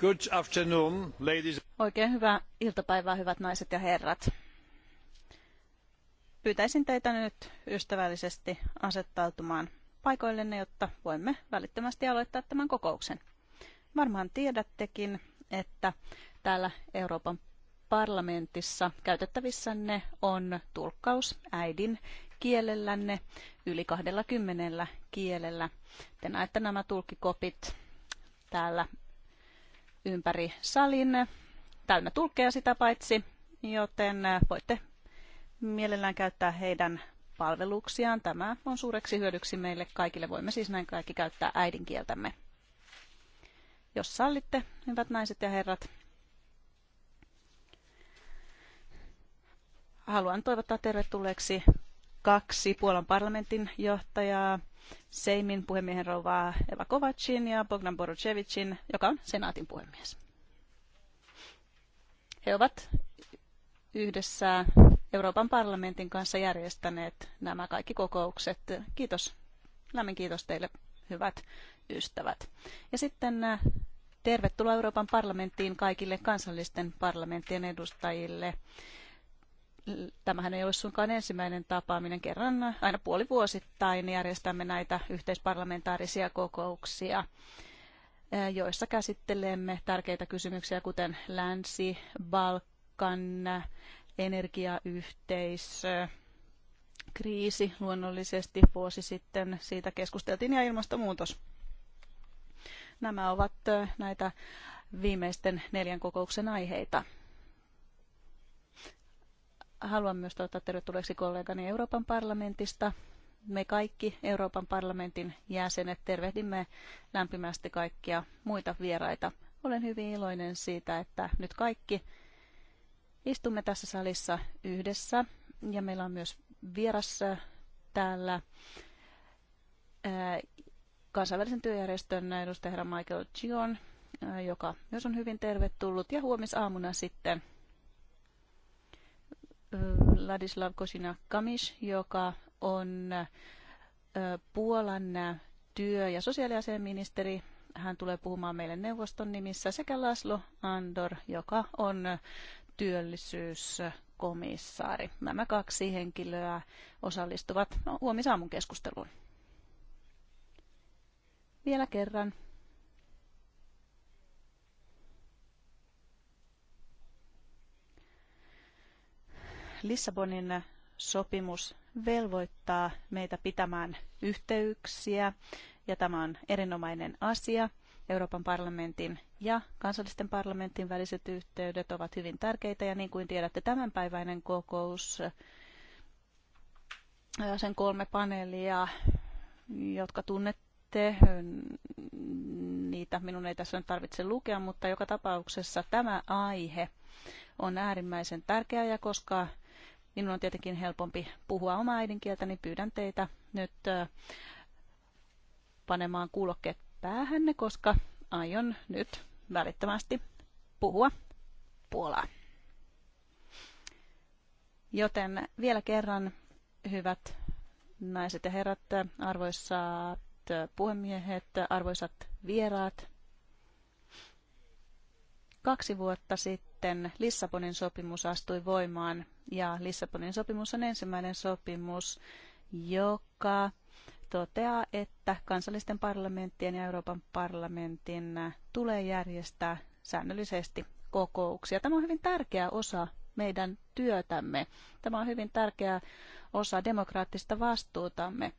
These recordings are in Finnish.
Good afternoon, ladies. Oikein hyvää iltapäivää, hyvät naiset ja herrat. Pyytäisin teitä nyt ystävällisesti asettautumaan paikoillenne, jotta voimme välittömästi aloittaa tämän kokouksen. Varmaan tiedättekin, että täällä Euroopan parlamentissa käytettävissänne on tulkkaus äidin kielellänne yli 20 kielellä. Te näette nämä tulkikopit täällä ympäri salin täynnä tulkkeja sitä paitsi, joten voitte mielellään käyttää heidän palveluksiaan. Tämä on suureksi hyödyksi meille kaikille. Voimme siis näin kaikki käyttää äidinkieltämme. Jos sallitte, hyvät naiset ja herrat, haluan toivottaa tervetulleeksi kaksi Puolan parlamentin johtajaa, Seimin puhemiehen rouvaa Eva Kovacin ja Bogdan Borucevicin, joka on senaatin puhemies. He ovat yhdessä Euroopan parlamentin kanssa järjestäneet nämä kaikki kokoukset. Kiitos, lämmin kiitos teille hyvät ystävät. Ja sitten äh, tervetuloa Euroopan parlamenttiin kaikille kansallisten parlamenttien edustajille tämähän ei ole suinkaan ensimmäinen tapaaminen. Kerran aina puolivuosittain järjestämme näitä yhteisparlamentaarisia kokouksia, eh, joissa käsittelemme tärkeitä kysymyksiä, kuten Länsi, Balkan, energiayhteisö, kriisi luonnollisesti vuosi sitten. Siitä keskusteltiin ja ilmastonmuutos. Nämä ovat eh, näitä viimeisten neljän kokouksen aiheita haluan myös toivottaa tervetulleeksi kollegani Euroopan parlamentista. Me kaikki Euroopan parlamentin jäsenet tervehdimme lämpimästi kaikkia muita vieraita. Olen hyvin iloinen siitä, että nyt kaikki istumme tässä salissa yhdessä ja meillä on myös vieras äh, täällä äh, kansainvälisen työjärjestön edustaja herra Michael Gion, äh, joka myös on hyvin tervetullut ja huomisaamuna sitten Ladislav Kosina Kamis, joka on Puolan työ- ja sosiaaliasiaministeri. Hän tulee puhumaan meille neuvoston nimissä sekä Laslo Andor, joka on työllisyyskomissaari. Nämä kaksi henkilöä osallistuvat no, huomisaamun keskusteluun. Vielä kerran Lissabonin sopimus velvoittaa meitä pitämään yhteyksiä ja tämä on erinomainen asia. Euroopan parlamentin ja kansallisten parlamentin väliset yhteydet ovat hyvin tärkeitä ja niin kuin tiedätte tämänpäiväinen kokous sen kolme paneelia, jotka tunnette, niitä minun ei tässä nyt tarvitse lukea, mutta joka tapauksessa tämä aihe on äärimmäisen tärkeä ja koska Minun on tietenkin helpompi puhua omaa äidinkieltä, niin pyydän teitä nyt panemaan kuulokkeet päähänne, koska aion nyt välittömästi puhua puolaa. Joten vielä kerran, hyvät naiset ja herrat, arvoisat puhemiehet, arvoisat vieraat. Kaksi vuotta sitten sitten Lissabonin sopimus astui voimaan ja Lissabonin sopimus on ensimmäinen sopimus, joka toteaa, että kansallisten parlamenttien ja Euroopan parlamentin tulee järjestää säännöllisesti kokouksia. Tämä on hyvin tärkeä osa meidän työtämme. Tämä on hyvin tärkeä osa demokraattista vastuutamme.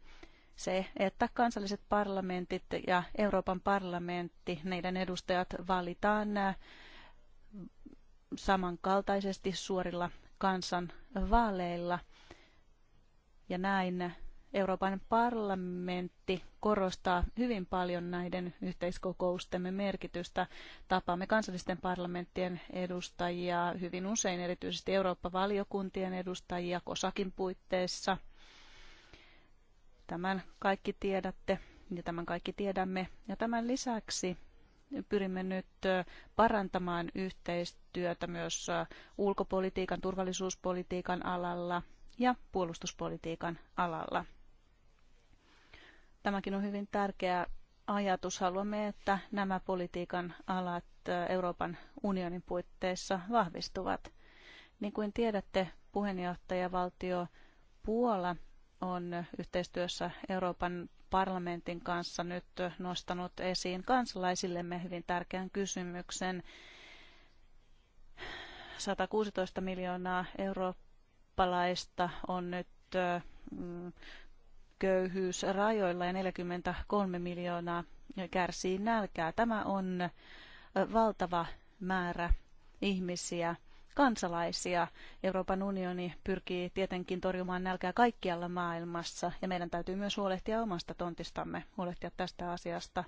Se, että kansalliset parlamentit ja Euroopan parlamentti, niiden edustajat valitaan samankaltaisesti suorilla kansan vaaleilla. Ja näin Euroopan parlamentti korostaa hyvin paljon näiden yhteiskokoustemme merkitystä. Tapaamme kansallisten parlamenttien edustajia, hyvin usein erityisesti Eurooppa-valiokuntien edustajia kosakin puitteissa. Tämän kaikki tiedätte ja tämän kaikki tiedämme. Ja tämän lisäksi pyrimme nyt parantamaan yhteistyötä myös ulkopolitiikan, turvallisuuspolitiikan alalla ja puolustuspolitiikan alalla. Tämäkin on hyvin tärkeä ajatus. Haluamme, että nämä politiikan alat Euroopan unionin puitteissa vahvistuvat. Niin kuin tiedätte, puheenjohtajavaltio Puola on yhteistyössä Euroopan parlamentin kanssa nyt nostanut esiin kansalaisillemme hyvin tärkeän kysymyksen. 116 miljoonaa eurooppalaista on nyt mm, köyhyysrajoilla ja 43 miljoonaa kärsii nälkää. Tämä on valtava määrä ihmisiä kansalaisia. Euroopan unioni pyrkii tietenkin torjumaan nälkää kaikkialla maailmassa ja meidän täytyy myös huolehtia omasta tontistamme, huolehtia tästä asiasta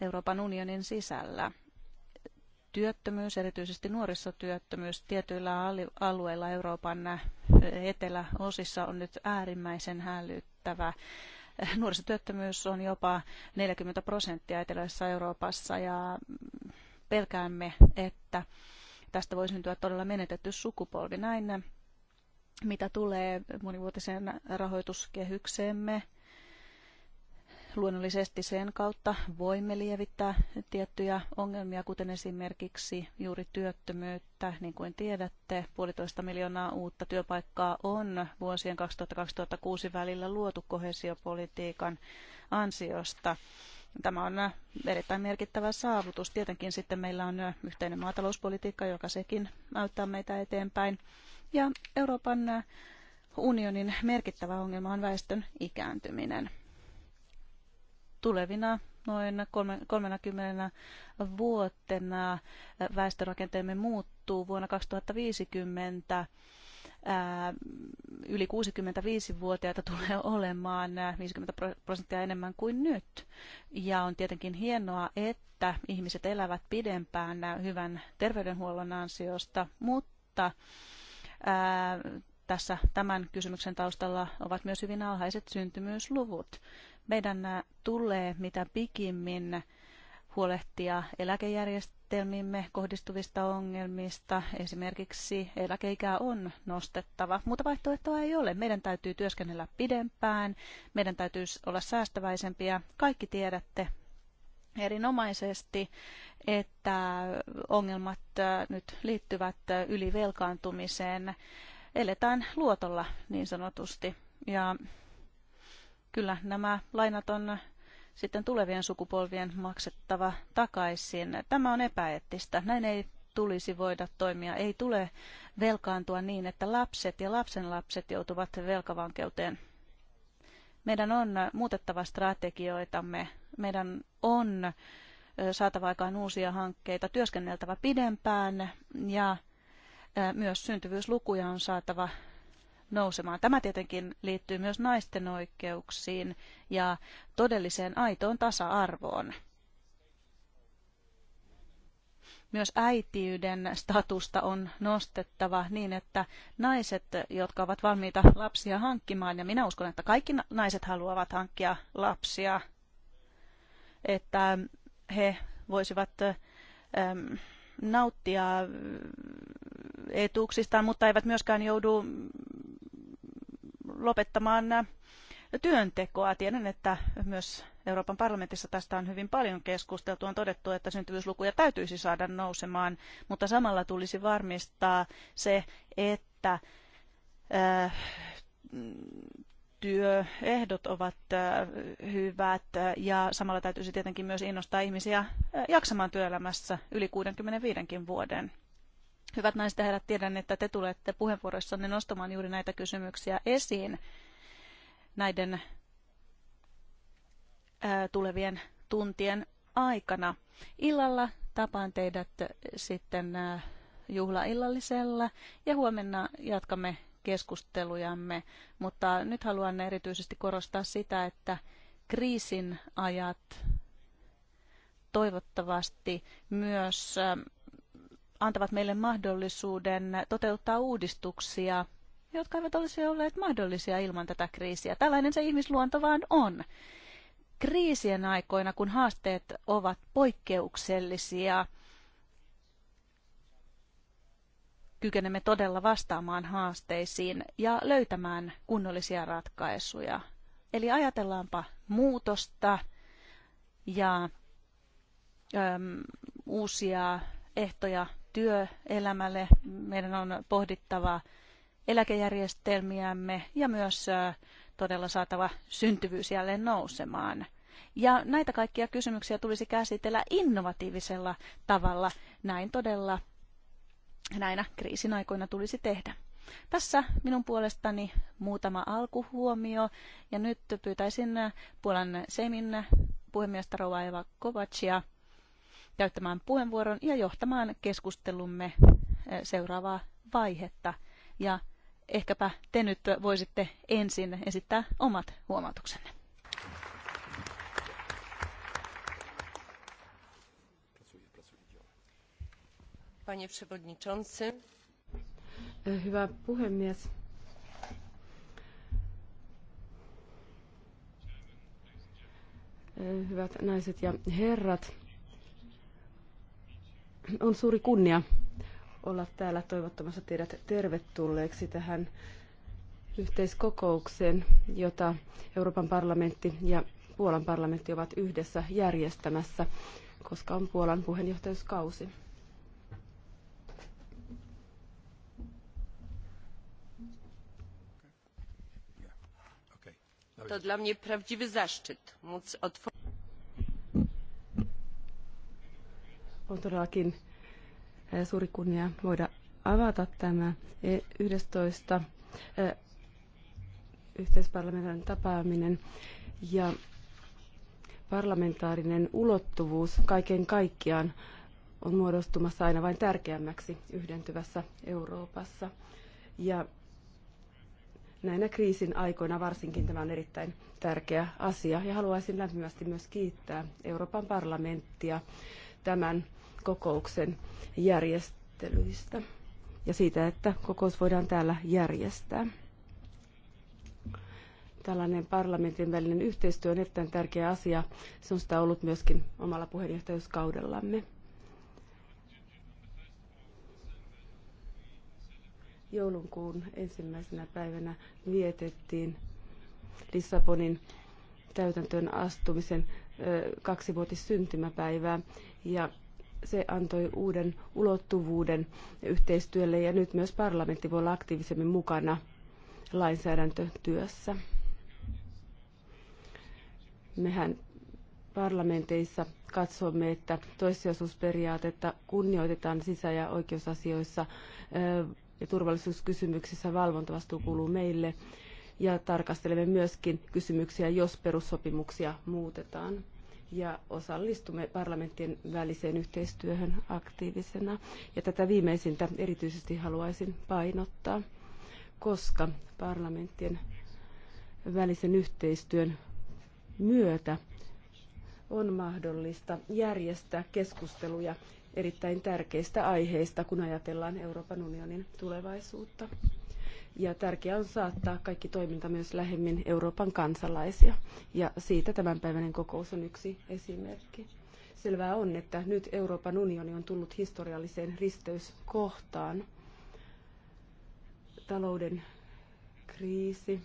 Euroopan unionin sisällä. Työttömyys, erityisesti nuorisotyöttömyys tietyillä alueilla Euroopan eh, eteläosissa on nyt äärimmäisen hälyttävä eh, nuorisotyöttömyys on jopa 40 prosenttia eteläisessä Euroopassa ja mm, pelkäämme, että tästä voi syntyä todella menetetty sukupolvi. Näin, mitä tulee monivuotiseen rahoituskehykseemme, luonnollisesti sen kautta voimme lievittää tiettyjä ongelmia, kuten esimerkiksi juuri työttömyyttä. Niin kuin tiedätte, puolitoista miljoonaa uutta työpaikkaa on vuosien 2000-2006 välillä luotu kohesiopolitiikan ansiosta. Tämä on äh, erittäin merkittävä saavutus. Tietenkin sitten meillä on äh, yhteinen maatalouspolitiikka, joka sekin auttaa meitä eteenpäin. Ja Euroopan äh, unionin merkittävä ongelma on väestön ikääntyminen. Tulevina noin 30 vuotena väestörakenteemme muuttuu vuonna 2050 yli 65-vuotiaita tulee olemaan 50 prosenttia enemmän kuin nyt. Ja on tietenkin hienoa, että ihmiset elävät pidempään hyvän terveydenhuollon ansiosta, mutta ää, tässä tämän kysymyksen taustalla ovat myös hyvin alhaiset syntymyysluvut. Meidän tulee mitä pikimmin huolehtia eläkejärjestelmimme kohdistuvista ongelmista. Esimerkiksi eläkeikää on nostettava. mutta vaihtoehtoa ei ole. Meidän täytyy työskennellä pidempään, meidän täytyy olla säästäväisempiä. Kaikki tiedätte erinomaisesti, että ongelmat äh, nyt liittyvät äh, ylivelkaantumiseen. Eletään luotolla niin sanotusti. Ja kyllä nämä lainat on sitten tulevien sukupolvien maksettava takaisin. Tämä on epäeettistä. Näin ei tulisi voida toimia. Ei tule velkaantua niin, että lapset ja lapsenlapset joutuvat velkavankeuteen. Meidän on muutettava strategioitamme. Meidän on saatava aikaan uusia hankkeita, työskenneltävä pidempään ja myös syntyvyyslukuja on saatava nousemaan. Tämä tietenkin liittyy myös naisten oikeuksiin ja todelliseen aitoon tasa-arvoon. Myös äitiyden statusta on nostettava niin, että naiset, jotka ovat valmiita lapsia hankkimaan, ja minä uskon, että kaikki naiset haluavat hankkia lapsia, että he voisivat ähm, nauttia äh, etuuksistaan, mutta eivät myöskään joudu lopettamaan äh, työntekoa. Tiedän, että myös Euroopan parlamentissa tästä on hyvin paljon keskusteltu. On todettu, että syntyvyyslukuja täytyisi saada nousemaan, mutta samalla tulisi varmistaa se, että äh, työehdot ovat äh, hyvät ja samalla täytyisi tietenkin myös innostaa ihmisiä jaksamaan työelämässä yli 65 vuoden Hyvät naiset ja herrat, tiedän, että te tulette puheenvuoroissanne nostamaan juuri näitä kysymyksiä esiin näiden tulevien tuntien aikana. Illalla tapaan teidät sitten juhlaillallisella ja huomenna jatkamme keskustelujamme, mutta nyt haluan erityisesti korostaa sitä, että kriisin ajat toivottavasti myös antavat meille mahdollisuuden toteuttaa uudistuksia, jotka eivät olisi olleet mahdollisia ilman tätä kriisiä. Tällainen se ihmisluonto vaan on. Kriisien aikoina, kun haasteet ovat poikkeuksellisia, kykenemme todella vastaamaan haasteisiin ja löytämään kunnollisia ratkaisuja. Eli ajatellaanpa muutosta ja äm, uusia ehtoja työelämälle. Meidän on pohdittava eläkejärjestelmiämme ja myös todella saatava syntyvyys jälleen nousemaan. Ja näitä kaikkia kysymyksiä tulisi käsitellä innovatiivisella tavalla. Näin todella näinä kriisin aikoina tulisi tehdä. Tässä minun puolestani muutama alkuhuomio ja nyt pyytäisin Puolan Semin puhemiestä Rova Eva Kovacia käyttämään puheenvuoron ja johtamaan keskustelumme eh, seuraavaa vaihetta. Ja ehkäpä te nyt voisitte ensin esittää omat huomautuksenne. Panie przewodniczący. Eh, hyvä puhemies. Eh, hyvät naiset ja herrat. On suuri kunnia olla täällä toivottamassa teidät tervetulleeksi tähän yhteiskokoukseen, jota Euroopan parlamentti ja Puolan parlamentti ovat yhdessä järjestämässä, koska on Puolan puheenjohtajuuskausi. to dla mnie prawdziwy zaszczyt móc otworzyć on todellakin eh, suuri kunnia voida avata tämä 11 e eh, yhteisparlamentaarinen tapaaminen ja parlamentaarinen ulottuvuus kaiken kaikkiaan on muodostumassa aina vain tärkeämmäksi yhdentyvässä Euroopassa. Ja näinä kriisin aikoina varsinkin tämä on erittäin tärkeä asia ja haluaisin lämpimästi myös kiittää Euroopan parlamenttia tämän kokouksen järjestelyistä ja siitä, että kokous voidaan täällä järjestää. Tällainen parlamentin välinen yhteistyö on erittäin tärkeä asia. Se on sitä ollut myöskin omalla puheenjohtajuuskaudellamme. Joulunkuun ensimmäisenä päivänä vietettiin Lissabonin täytäntöön astumisen kaksivuotissyntymäpäivää. Ja se antoi uuden ulottuvuuden yhteistyölle ja nyt myös parlamentti voi olla aktiivisemmin mukana lainsäädäntötyössä. Mehän parlamenteissa katsomme, että toissijaisuusperiaatetta kunnioitetaan sisä- ja oikeusasioissa ja turvallisuuskysymyksissä valvontavastuu kuuluu meille ja tarkastelemme myöskin kysymyksiä, jos perussopimuksia muutetaan ja osallistumme parlamenttien väliseen yhteistyöhön aktiivisena. Ja tätä viimeisintä erityisesti haluaisin painottaa, koska parlamenttien välisen yhteistyön myötä on mahdollista järjestää keskusteluja erittäin tärkeistä aiheista, kun ajatellaan Euroopan unionin tulevaisuutta. Ja tärkeää on saattaa kaikki toiminta myös lähemmin Euroopan kansalaisia. Ja siitä tämänpäiväinen kokous on yksi esimerkki. Selvää on, että nyt Euroopan unioni on tullut historialliseen risteyskohtaan. Talouden kriisi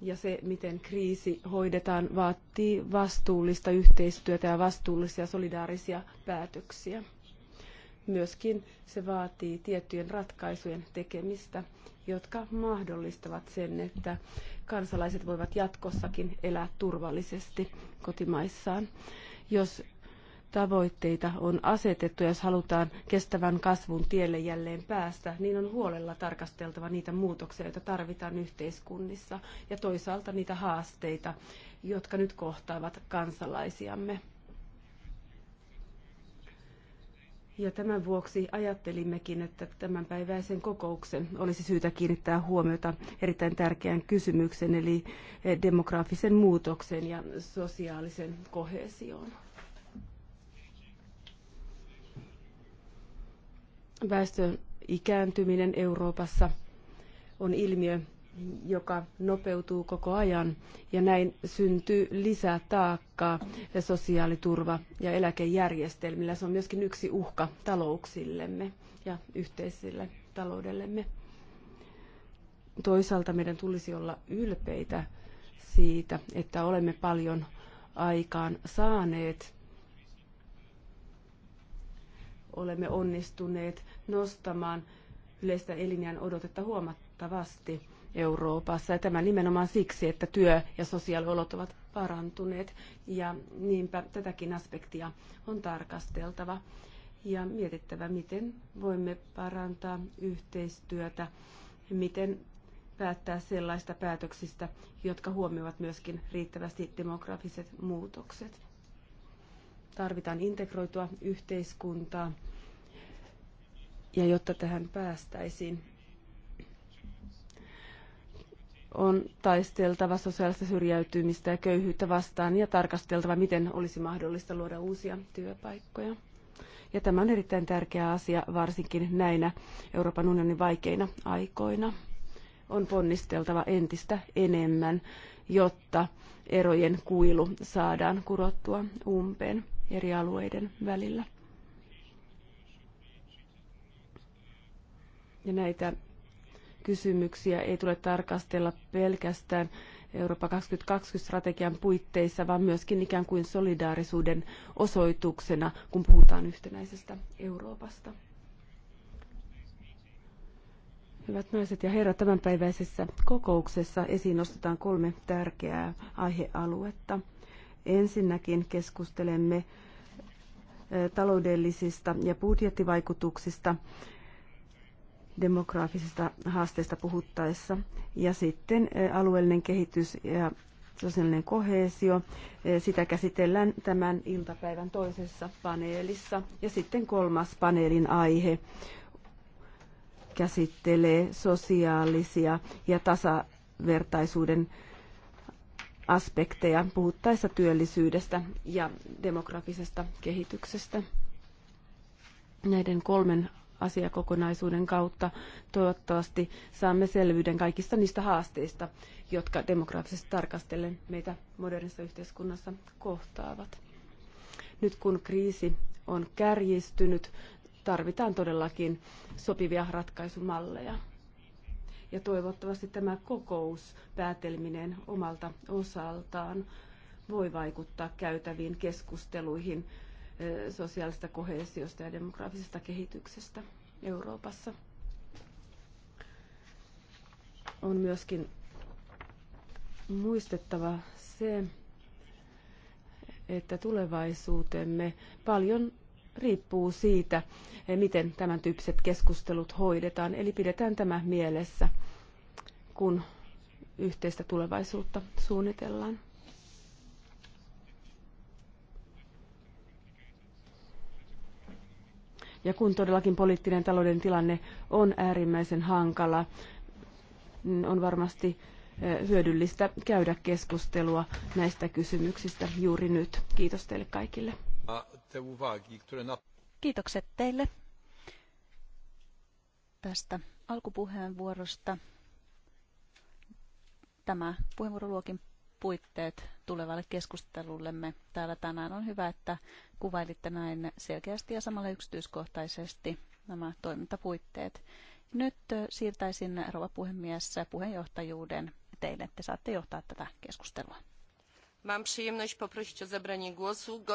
ja se, miten kriisi hoidetaan, vaatii vastuullista yhteistyötä ja vastuullisia solidaarisia päätöksiä myöskin se vaatii tiettyjen ratkaisujen tekemistä, jotka mahdollistavat sen, että kansalaiset voivat jatkossakin elää turvallisesti kotimaissaan. Jos tavoitteita on asetettu, jos halutaan kestävän kasvun tielle jälleen päästä, niin on huolella tarkasteltava niitä muutoksia, joita tarvitaan yhteiskunnissa ja toisaalta niitä haasteita, jotka nyt kohtaavat kansalaisiamme. Ja tämän vuoksi ajattelimmekin, että tämänpäiväisen kokouksen olisi syytä kiinnittää huomiota erittäin tärkeään kysymykseen, eli eh, demografisen muutoksen ja sosiaalisen kohesioon. Väestön ikääntyminen Euroopassa on ilmiö, joka nopeutuu koko ajan ja näin syntyy lisää taakkaa sosiaaliturva- ja eläkejärjestelmillä. Se on myöskin yksi uhka talouksillemme ja yhteisille taloudellemme. Toisaalta meidän tulisi olla ylpeitä siitä, että olemme paljon aikaan saaneet. Olemme onnistuneet nostamaan yleistä elinjään odotetta huomattavasti Euroopassa. Ja tämä nimenomaan siksi, että työ- ja sosiaaliolot ovat parantuneet ja niinpä tätäkin aspektia on tarkasteltava ja mietittävä, miten voimme parantaa yhteistyötä, miten päättää sellaista päätöksistä, jotka huomioivat myöskin riittävästi demografiset muutokset. Tarvitaan integroitua yhteiskuntaa ja jotta tähän päästäisiin, on taisteltava sosiaalista syrjäytymistä ja köyhyyttä vastaan ja tarkasteltava, miten olisi mahdollista luoda uusia työpaikkoja. Ja tämä on erittäin tärkeä asia, varsinkin näinä Euroopan unionin vaikeina aikoina. On ponnisteltava entistä enemmän, jotta erojen kuilu saadaan kurottua umpeen eri alueiden välillä. Ja näitä kysymyksiä ei tule tarkastella pelkästään Eurooppa 2020-strategian puitteissa, vaan myöskin ikään kuin solidaarisuuden osoituksena, kun puhutaan yhtenäisestä Euroopasta. Hyvät naiset ja herrat, tämänpäiväisessä kokouksessa esiin nostetaan kolme tärkeää aihealuetta. Ensinnäkin keskustelemme taloudellisista ja budjettivaikutuksista demografisista haasteista puhuttaessa. Ja sitten eh, alueellinen kehitys ja sosiaalinen kohesio. Eh, sitä käsitellään tämän iltapäivän toisessa paneelissa. Ja sitten kolmas paneelin aihe käsittelee sosiaalisia ja tasavertaisuuden aspekteja puhuttaessa työllisyydestä ja demografisesta kehityksestä. Näiden kolmen asiakokonaisuuden kautta toivottavasti saamme selvyyden kaikista niistä haasteista, jotka demokraattisesti tarkastellen meitä modernissa yhteiskunnassa kohtaavat. Nyt kun kriisi on kärjistynyt, tarvitaan todellakin sopivia ratkaisumalleja. Ja toivottavasti tämä kokous päätelminen omalta osaltaan voi vaikuttaa käytäviin keskusteluihin sosiaalista kohesiosta ja demografisesta kehityksestä Euroopassa. On myöskin muistettava se, että tulevaisuutemme paljon riippuu siitä, miten tämän tyyppiset keskustelut hoidetaan. Eli pidetään tämä mielessä, kun yhteistä tulevaisuutta suunnitellaan. Ja kun todellakin poliittinen talouden tilanne on äärimmäisen hankala, on varmasti hyödyllistä käydä keskustelua näistä kysymyksistä juuri nyt. Kiitos teille kaikille. Kiitokset teille tästä alkupuheenvuorosta. Tämä puheenvuoroluokin puitteet tulevalle keskustelullemme täällä tänään. On hyvä, että kuvailitte näin selkeästi ja samalla yksityiskohtaisesti nämä toimintapuitteet. Nyt siirtäisin rouva puhemies puheenjohtajuuden teille. että saatte johtaa tätä keskustelua. Mam przyjemność poprosić o zabranie głosu go...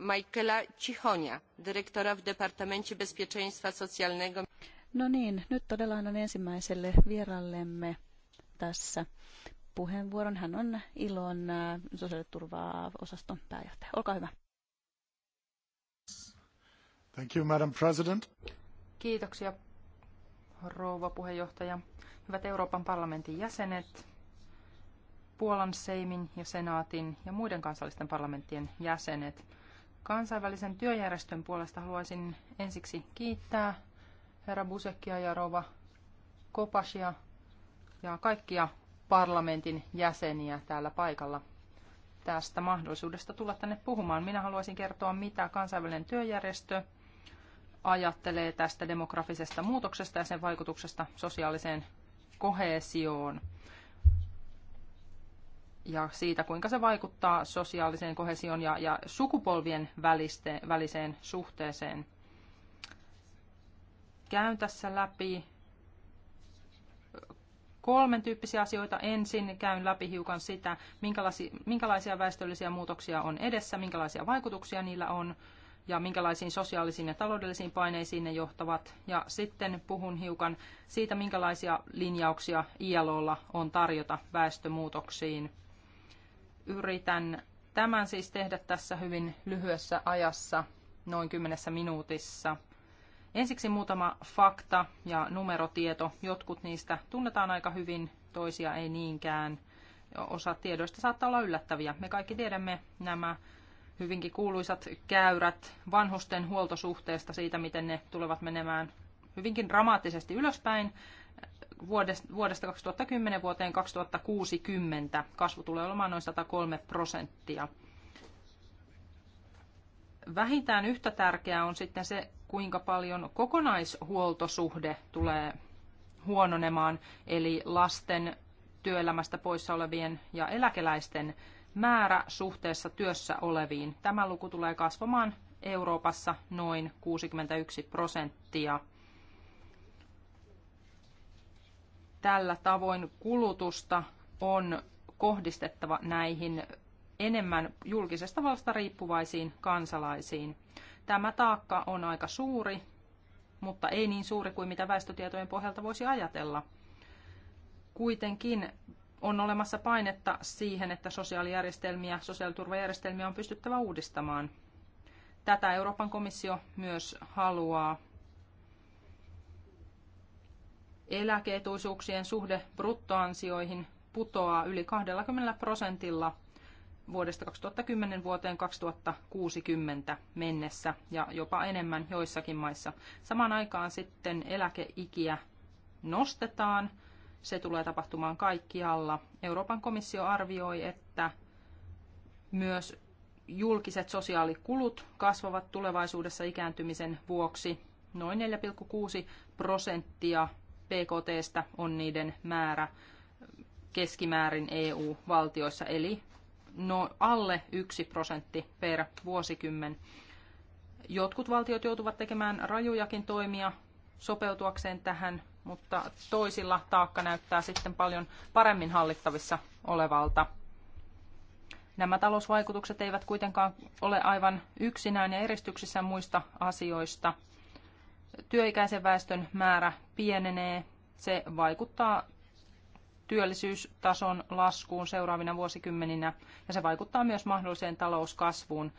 Michaela Cichonia, dyrektora w Departamencie Bezpieczeństwa Socjalnego. No niin, nyt todella annan ensimmäiselle vierallemme tässä puheenvuoron. Hän on Ilon äh, sosiaaliturvaosaston osaston pääjohtaja. Olkaa hyvä. Thank you, Madam President. Kiitoksia, rouva puheenjohtaja. Hyvät Euroopan parlamentin jäsenet, Puolan Seimin ja Senaatin ja muiden kansallisten parlamenttien jäsenet. Kansainvälisen työjärjestön puolesta haluaisin ensiksi kiittää herra Busekia ja rouva Kopasia ja kaikkia parlamentin jäseniä täällä paikalla tästä mahdollisuudesta tulla tänne puhumaan. Minä haluaisin kertoa, mitä kansainvälinen työjärjestö ajattelee tästä demografisesta muutoksesta ja sen vaikutuksesta sosiaaliseen kohesioon ja siitä, kuinka se vaikuttaa sosiaaliseen kohesioon ja, ja sukupolvien väliste, väliseen suhteeseen. Käyn tässä läpi kolmen tyyppisiä asioita. Ensin käyn läpi hiukan sitä, minkälaisia väestöllisiä muutoksia on edessä, minkälaisia vaikutuksia niillä on ja minkälaisiin sosiaalisiin ja taloudellisiin paineisiin ne johtavat. Ja sitten puhun hiukan siitä, minkälaisia linjauksia ILOlla on tarjota väestömuutoksiin. Yritän tämän siis tehdä tässä hyvin lyhyessä ajassa, noin kymmenessä minuutissa – Ensiksi muutama fakta ja numerotieto. Jotkut niistä tunnetaan aika hyvin, toisia ei niinkään. Osa tiedoista saattaa olla yllättäviä. Me kaikki tiedämme nämä hyvinkin kuuluisat käyrät vanhusten huoltosuhteesta siitä, miten ne tulevat menemään hyvinkin dramaattisesti ylöspäin vuodesta 2010 vuoteen 2060. Kasvu tulee olemaan noin 103 prosenttia. Vähintään yhtä tärkeää on sitten se kuinka paljon kokonaishuoltosuhde tulee huononemaan, eli lasten työelämästä poissa olevien ja eläkeläisten määrä suhteessa työssä oleviin. Tämä luku tulee kasvamaan Euroopassa noin 61 prosenttia. Tällä tavoin kulutusta on kohdistettava näihin enemmän julkisesta vallasta riippuvaisiin kansalaisiin. Tämä taakka on aika suuri, mutta ei niin suuri kuin mitä väestötietojen pohjalta voisi ajatella. Kuitenkin on olemassa painetta siihen, että sosiaalijärjestelmiä, sosiaaliturvajärjestelmiä on pystyttävä uudistamaan. Tätä Euroopan komissio myös haluaa. Eläkeetuisuuksien suhde bruttoansioihin putoaa yli 20 prosentilla vuodesta 2010 vuoteen 2060 mennessä ja jopa enemmän joissakin maissa. Samaan aikaan sitten eläkeikiä nostetaan. Se tulee tapahtumaan kaikkialla. Euroopan komissio arvioi, että myös julkiset sosiaalikulut kasvavat tulevaisuudessa ikääntymisen vuoksi. Noin 4,6 prosenttia PKTstä on niiden määrä keskimäärin EU-valtioissa, eli no, alle 1 prosentti per vuosikymmen. Jotkut valtiot joutuvat tekemään rajujakin toimia sopeutuakseen tähän, mutta toisilla taakka näyttää sitten paljon paremmin hallittavissa olevalta. Nämä talousvaikutukset eivät kuitenkaan ole aivan yksinään ja eristyksissä muista asioista. Työikäisen väestön määrä pienenee. Se vaikuttaa työllisyystason laskuun seuraavina vuosikymmeninä ja se vaikuttaa myös mahdolliseen talouskasvuun.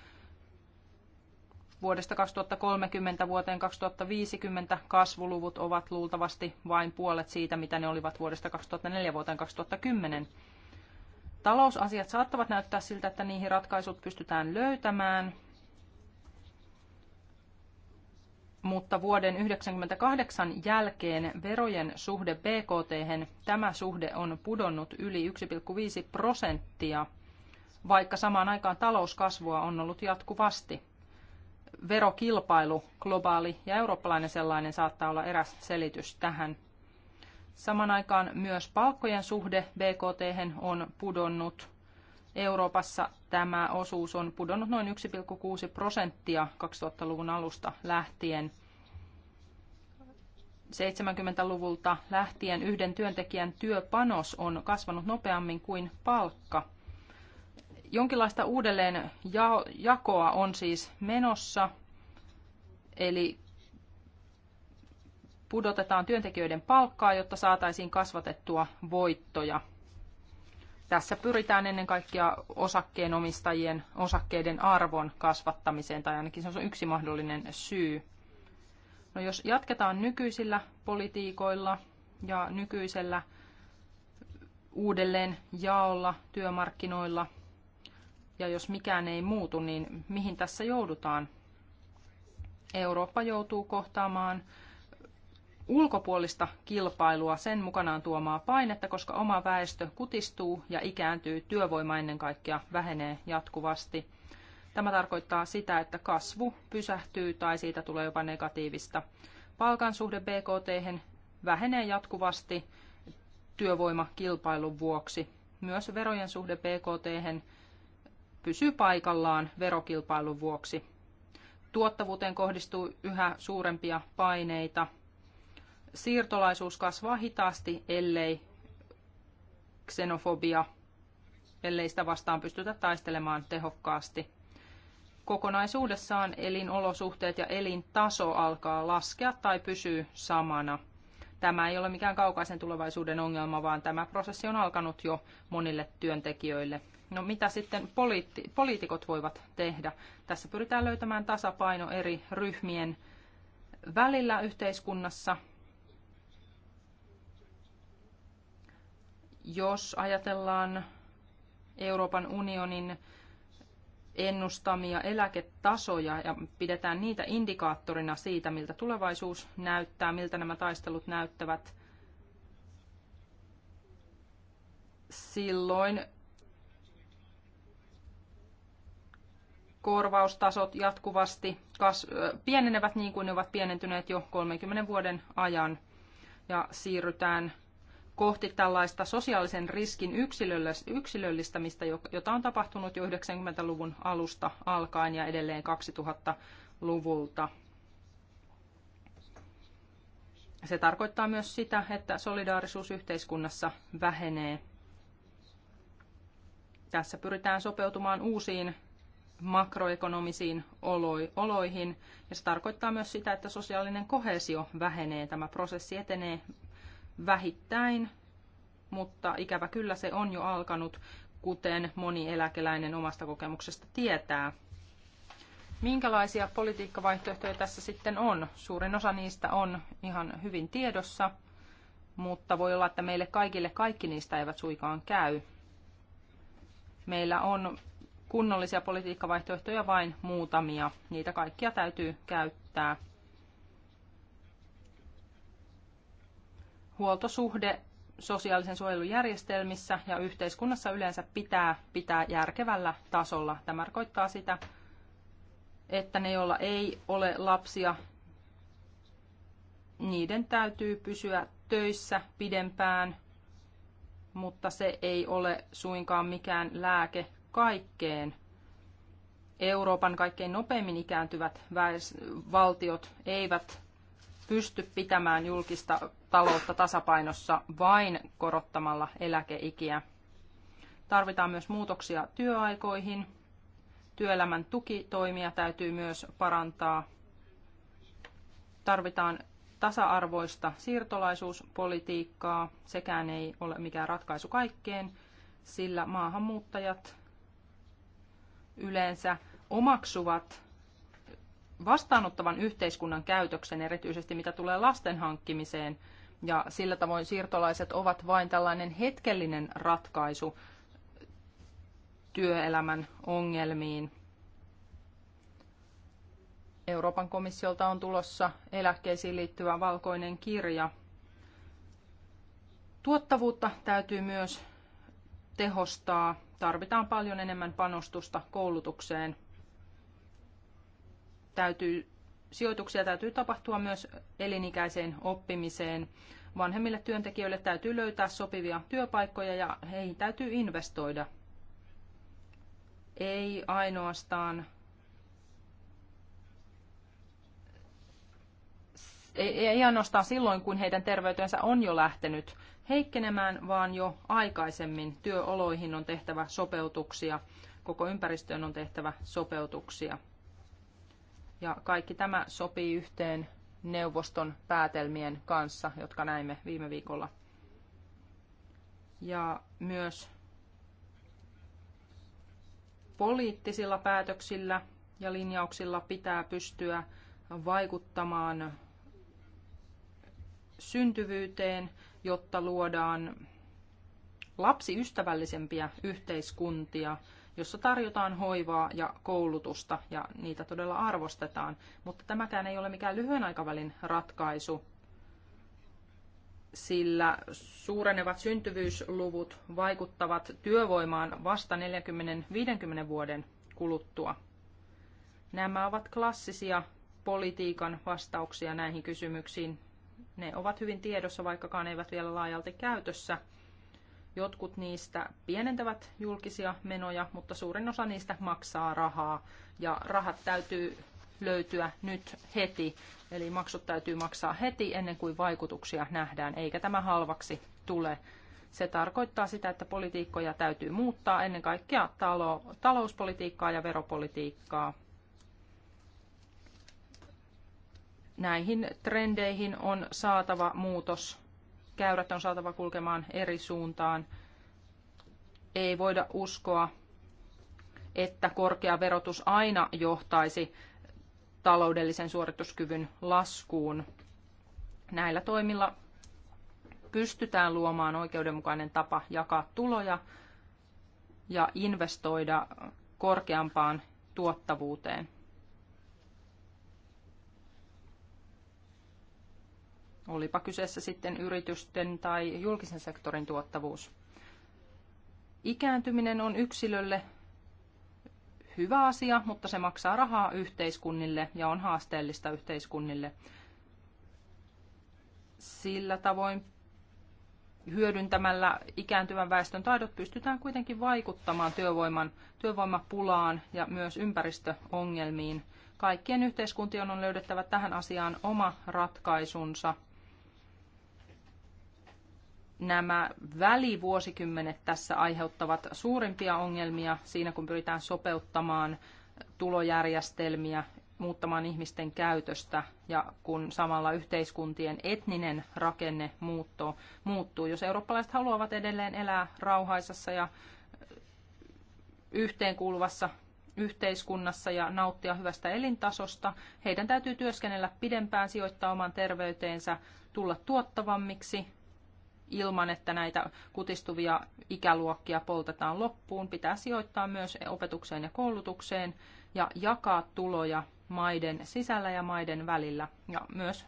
Vuodesta 2030 vuoteen 2050 kasvuluvut ovat luultavasti vain puolet siitä, mitä ne olivat vuodesta 2004 vuoteen 2010. Talousasiat saattavat näyttää siltä, että niihin ratkaisut pystytään löytämään – mutta vuoden 1998 jälkeen verojen suhde BKT, tämä suhde on pudonnut yli 1,5 prosenttia, vaikka samaan aikaan talouskasvua on ollut jatkuvasti. Verokilpailu, globaali ja eurooppalainen sellainen, saattaa olla eräs selitys tähän. Samaan aikaan myös palkkojen suhde BKT on pudonnut Euroopassa tämä osuus on pudonnut noin 1,6 prosenttia 2000-luvun alusta lähtien. 70-luvulta lähtien yhden työntekijän työpanos on kasvanut nopeammin kuin palkka. Jonkinlaista uudelleen jakoa on siis menossa, eli pudotetaan työntekijöiden palkkaa, jotta saataisiin kasvatettua voittoja – tässä pyritään ennen kaikkea osakkeenomistajien osakkeiden arvon kasvattamiseen, tai ainakin se on yksi mahdollinen syy. No jos jatketaan nykyisillä politiikoilla ja nykyisellä uudelleen jaolla työmarkkinoilla, ja jos mikään ei muutu, niin mihin tässä joudutaan? Eurooppa joutuu kohtaamaan ulkopuolista kilpailua, sen mukanaan tuomaa painetta, koska oma väestö kutistuu ja ikääntyy, työvoima ennen kaikkea vähenee jatkuvasti. Tämä tarkoittaa sitä, että kasvu pysähtyy tai siitä tulee jopa negatiivista. Palkan suhde BKT vähenee jatkuvasti työvoimakilpailun vuoksi. Myös verojen suhde BKT pysyy paikallaan verokilpailun vuoksi. Tuottavuuteen kohdistuu yhä suurempia paineita – siirtolaisuus kasvaa hitaasti, ellei ksenofobia, ellei sitä vastaan pystytä taistelemaan tehokkaasti. Kokonaisuudessaan elinolosuhteet ja elintaso alkaa laskea tai pysyy samana. Tämä ei ole mikään kaukaisen tulevaisuuden ongelma, vaan tämä prosessi on alkanut jo monille työntekijöille. No mitä sitten poliitti, poliitikot voivat tehdä? Tässä pyritään löytämään tasapaino eri ryhmien välillä yhteiskunnassa Jos ajatellaan Euroopan unionin ennustamia eläketasoja ja pidetään niitä indikaattorina siitä, miltä tulevaisuus näyttää, miltä nämä taistelut näyttävät, silloin korvaustasot jatkuvasti kas- pienenevät niin kuin ne ovat pienentyneet jo 30 vuoden ajan ja siirrytään kohti tällaista sosiaalisen riskin yksilöllistämistä, jota on tapahtunut jo 90-luvun alusta alkaen ja edelleen 2000-luvulta. Se tarkoittaa myös sitä, että solidaarisuus yhteiskunnassa vähenee. Tässä pyritään sopeutumaan uusiin makroekonomisiin oloihin, ja se tarkoittaa myös sitä, että sosiaalinen kohesio vähenee. Tämä prosessi etenee vähittäin, mutta ikävä kyllä se on jo alkanut, kuten moni eläkeläinen omasta kokemuksesta tietää. Minkälaisia politiikkavaihtoehtoja tässä sitten on? Suurin osa niistä on ihan hyvin tiedossa, mutta voi olla, että meille kaikille kaikki niistä eivät suikaan käy. Meillä on kunnollisia politiikkavaihtoehtoja vain muutamia. Niitä kaikkia täytyy käyttää. huoltosuhde sosiaalisen suojelun järjestelmissä ja yhteiskunnassa yleensä pitää pitää järkevällä tasolla. Tämä tarkoittaa sitä, että ne, joilla ei ole lapsia, niiden täytyy pysyä töissä pidempään, mutta se ei ole suinkaan mikään lääke kaikkeen. Euroopan kaikkein nopeimmin ikääntyvät väes- valtiot eivät pysty pitämään julkista taloutta tasapainossa vain korottamalla eläkeikiä. Tarvitaan myös muutoksia työaikoihin. Työelämän tukitoimia täytyy myös parantaa. Tarvitaan tasa-arvoista siirtolaisuuspolitiikkaa. Sekään ei ole mikään ratkaisu kaikkeen, sillä maahanmuuttajat yleensä omaksuvat vastaanottavan yhteiskunnan käytöksen, erityisesti mitä tulee lasten hankkimiseen. Ja sillä tavoin siirtolaiset ovat vain tällainen hetkellinen ratkaisu työelämän ongelmiin. Euroopan komissiolta on tulossa eläkkeisiin liittyvä valkoinen kirja. Tuottavuutta täytyy myös tehostaa. Tarvitaan paljon enemmän panostusta koulutukseen täytyy, sijoituksia täytyy tapahtua myös elinikäiseen oppimiseen. Vanhemmille työntekijöille täytyy löytää sopivia työpaikkoja ja heihin täytyy investoida. Ei ainoastaan ei, ei ainoastaan silloin, kun heidän terveytensä on jo lähtenyt heikkenemään, vaan jo aikaisemmin työoloihin on tehtävä sopeutuksia, koko ympäristöön on tehtävä sopeutuksia. Ja kaikki tämä sopii yhteen neuvoston päätelmien kanssa, jotka näimme viime viikolla. Ja myös poliittisilla päätöksillä ja linjauksilla pitää pystyä vaikuttamaan syntyvyyteen, jotta luodaan lapsiystävällisempiä yhteiskuntia, jossa tarjotaan hoivaa ja koulutusta ja niitä todella arvostetaan. Mutta tämäkään ei ole mikään lyhyen aikavälin ratkaisu, sillä suurenevat syntyvyysluvut vaikuttavat työvoimaan vasta 40-50 vuoden kuluttua. Nämä ovat klassisia politiikan vastauksia näihin kysymyksiin. Ne ovat hyvin tiedossa, vaikkakaan eivät vielä laajalti käytössä – Jotkut niistä pienentävät julkisia menoja, mutta suurin osa niistä maksaa rahaa. Ja rahat täytyy löytyä nyt heti. Eli maksut täytyy maksaa heti ennen kuin vaikutuksia nähdään, eikä tämä halvaksi tule. Se tarkoittaa sitä, että politiikkoja täytyy muuttaa ennen kaikkea talo, talouspolitiikkaa ja veropolitiikkaa. Näihin trendeihin on saatava muutos käyrät on saatava kulkemaan eri suuntaan. Ei voida uskoa, että korkea verotus aina johtaisi taloudellisen suorituskyvyn laskuun. Näillä toimilla pystytään luomaan oikeudenmukainen tapa jakaa tuloja ja investoida korkeampaan tuottavuuteen. olipa kyseessä sitten yritysten tai julkisen sektorin tuottavuus. Ikääntyminen on yksilölle hyvä asia, mutta se maksaa rahaa yhteiskunnille ja on haasteellista yhteiskunnille. Sillä tavoin hyödyntämällä ikääntyvän väestön taidot pystytään kuitenkin vaikuttamaan työvoiman, työvoimapulaan ja myös ympäristöongelmiin. Kaikkien yhteiskuntien on löydettävä tähän asiaan oma ratkaisunsa – nämä välivuosikymmenet tässä aiheuttavat suurimpia ongelmia siinä, kun pyritään sopeuttamaan tulojärjestelmiä, muuttamaan ihmisten käytöstä ja kun samalla yhteiskuntien etninen rakenne muuttuu. muuttuu. Jos eurooppalaiset haluavat edelleen elää rauhaisassa ja yhteenkuuluvassa yhteiskunnassa ja nauttia hyvästä elintasosta, heidän täytyy työskennellä pidempään, sijoittaa oman terveyteensä, tulla tuottavammiksi, ilman, että näitä kutistuvia ikäluokkia poltetaan loppuun. Pitää sijoittaa myös opetukseen ja koulutukseen ja jakaa tuloja maiden sisällä ja maiden välillä. Ja myös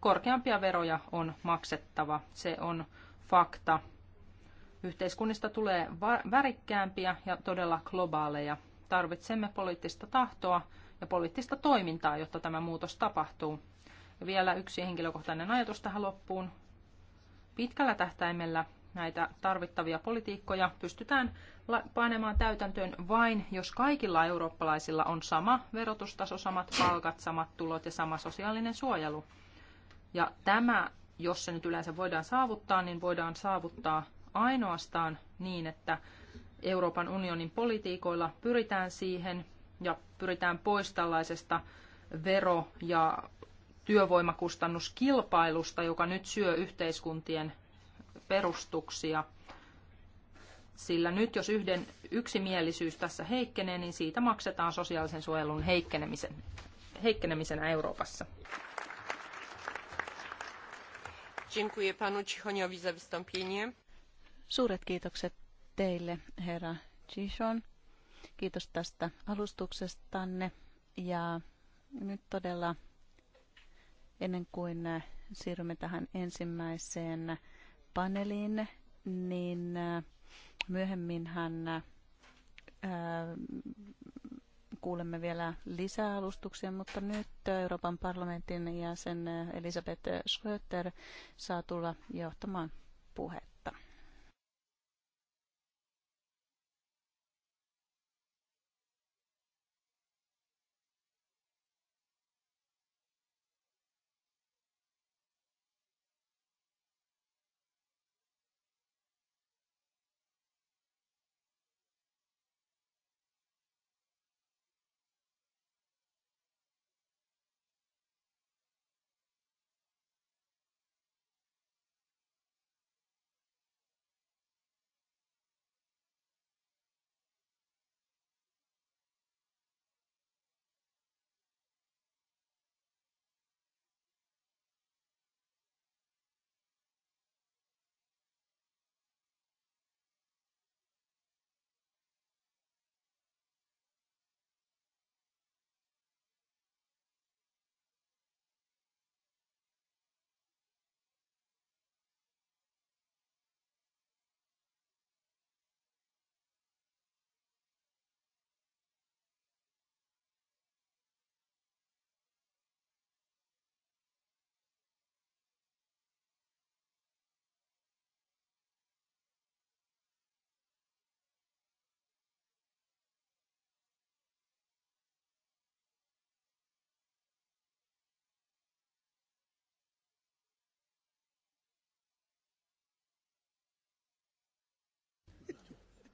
korkeampia veroja on maksettava. Se on fakta. Yhteiskunnista tulee värikkäämpiä ja todella globaaleja. Tarvitsemme poliittista tahtoa ja poliittista toimintaa, jotta tämä muutos tapahtuu. Ja vielä yksi henkilökohtainen ajatus tähän loppuun pitkällä tähtäimellä näitä tarvittavia politiikkoja pystytään panemaan täytäntöön vain, jos kaikilla eurooppalaisilla on sama verotustaso, samat palkat, samat tulot ja sama sosiaalinen suojelu. Ja tämä, jos se nyt yleensä voidaan saavuttaa, niin voidaan saavuttaa ainoastaan niin, että Euroopan unionin politiikoilla pyritään siihen ja pyritään pois tällaisesta vero- ja työvoimakustannuskilpailusta, joka nyt syö yhteiskuntien perustuksia. Sillä nyt jos yhden yksimielisyys tässä heikkenee, niin siitä maksetaan sosiaalisen suojelun heikkenemisen, heikkenemisenä Euroopassa. Dziękuję panu Cichoniowi za wystąpienie. Suuret kiitokset teille, herra Cichon. Kiitos tästä alustuksestanne. Ja nyt todella Ennen kuin äh, siirrymme tähän ensimmäiseen paneeliin, niin äh, myöhemmin hän äh, kuulemme vielä lisää alustuksia, mutta nyt Euroopan parlamentin jäsen Elisabeth Schröter saa tulla johtamaan puhetta.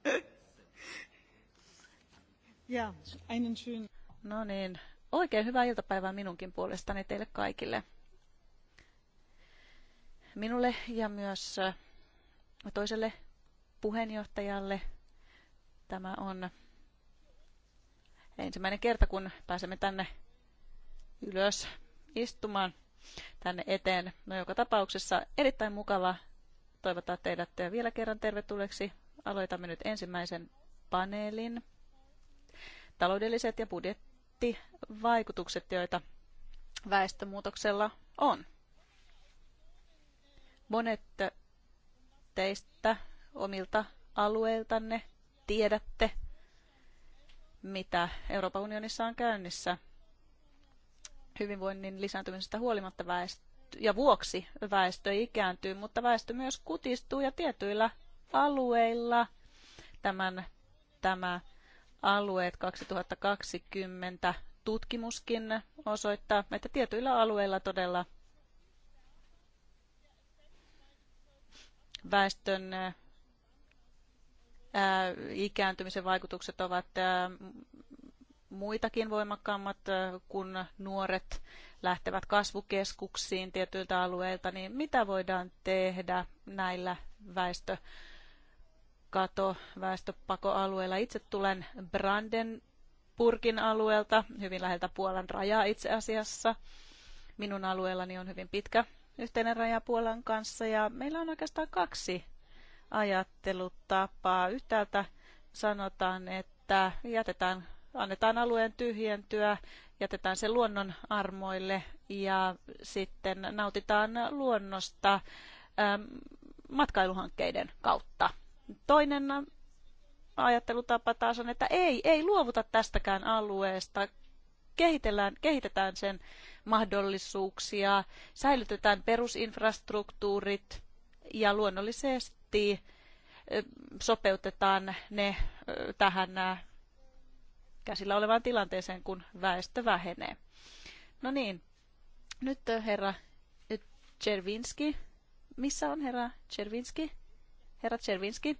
Ja, einen No niin, oikein hyvää iltapäivää minunkin puolestani teille kaikille. Minulle ja myös äh, toiselle puheenjohtajalle tämä on ensimmäinen kerta, kun pääsemme tänne ylös istumaan tänne eteen. No joka tapauksessa erittäin mukava toivottaa teidät vielä kerran tervetulleeksi Aloitamme nyt ensimmäisen paneelin. Taloudelliset ja budjettivaikutukset, joita väestömuutoksella on. Monet teistä omilta alueiltanne tiedätte, mitä Euroopan unionissa on käynnissä hyvinvoinnin lisääntymisestä huolimatta väestö ja vuoksi väestö ikääntyy, mutta väestö myös kutistuu ja tietyillä alueilla. Tämän, tämä alueet 2020 tutkimuskin osoittaa, että tietyillä alueilla todella väestön ää, ikääntymisen vaikutukset ovat ää, muitakin voimakkaammat, kun nuoret lähtevät kasvukeskuksiin tietyiltä alueilta, niin mitä voidaan tehdä näillä väestö kato väestöpakoalueella. Itse tulen Brandenburgin alueelta, hyvin läheltä Puolan rajaa itse asiassa. Minun alueellani on hyvin pitkä yhteinen raja Puolan kanssa ja meillä on oikeastaan kaksi ajattelutapaa. Yhtäältä sanotaan, että jätetään, annetaan alueen tyhjentyä, jätetään se luonnon armoille ja sitten nautitaan luonnosta matkailuhankkeiden kautta. Toinen ajattelutapa taas on, että ei, ei luovuta tästäkään alueesta, kehitellään, kehitetään sen mahdollisuuksia, säilytetään perusinfrastruktuurit ja luonnollisesti sopeutetaan ne tähän käsillä olevaan tilanteeseen, kun väestö vähenee. No niin, nyt herra Chervinski. Missä on herra Chervinski? herra Czervinski.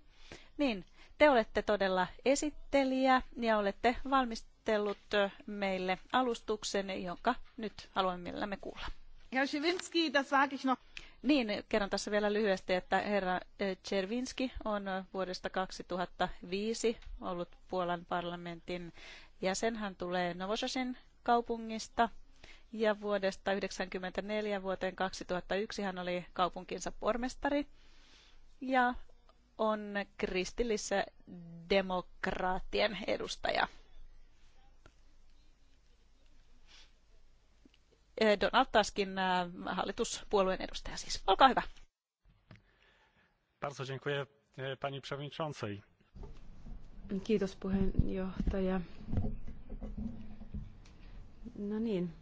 Niin, te olette todella esittelijä ja olette valmistellut meille alustuksen, jonka nyt haluamme mielellämme kuulla. Herr Schivinski, das sage ich noch. Niin, kerron tässä vielä lyhyesti, että herra Czervinski on vuodesta 2005 ollut Puolan parlamentin jäsen. Hän tulee Novosasin kaupungista ja vuodesta 1994 vuoteen 2001 hän oli kaupunkinsa pormestari. Ja on kristillisessä demokraattien edustaja. Eh, Donald Taskin eh, hallituspuolueen edustaja siis. Olkaa hyvä. Bardzo dziękuję eh, pani przewodniczącej. Kiitos puheenjohtaja. No niin.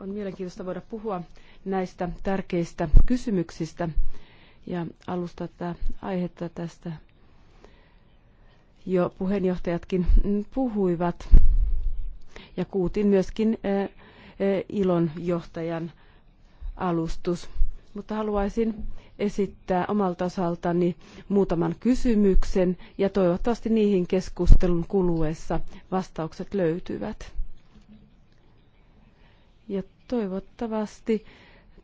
On mielenkiintoista voida puhua näistä tärkeistä kysymyksistä ja alusta tätä aihetta tästä jo puheenjohtajatkin puhuivat. Ja kuutin myöskin ilon johtajan alustus. Mutta haluaisin esittää omalta osaltani muutaman kysymyksen ja toivottavasti niihin keskustelun kuluessa vastaukset löytyvät. Ja toivottavasti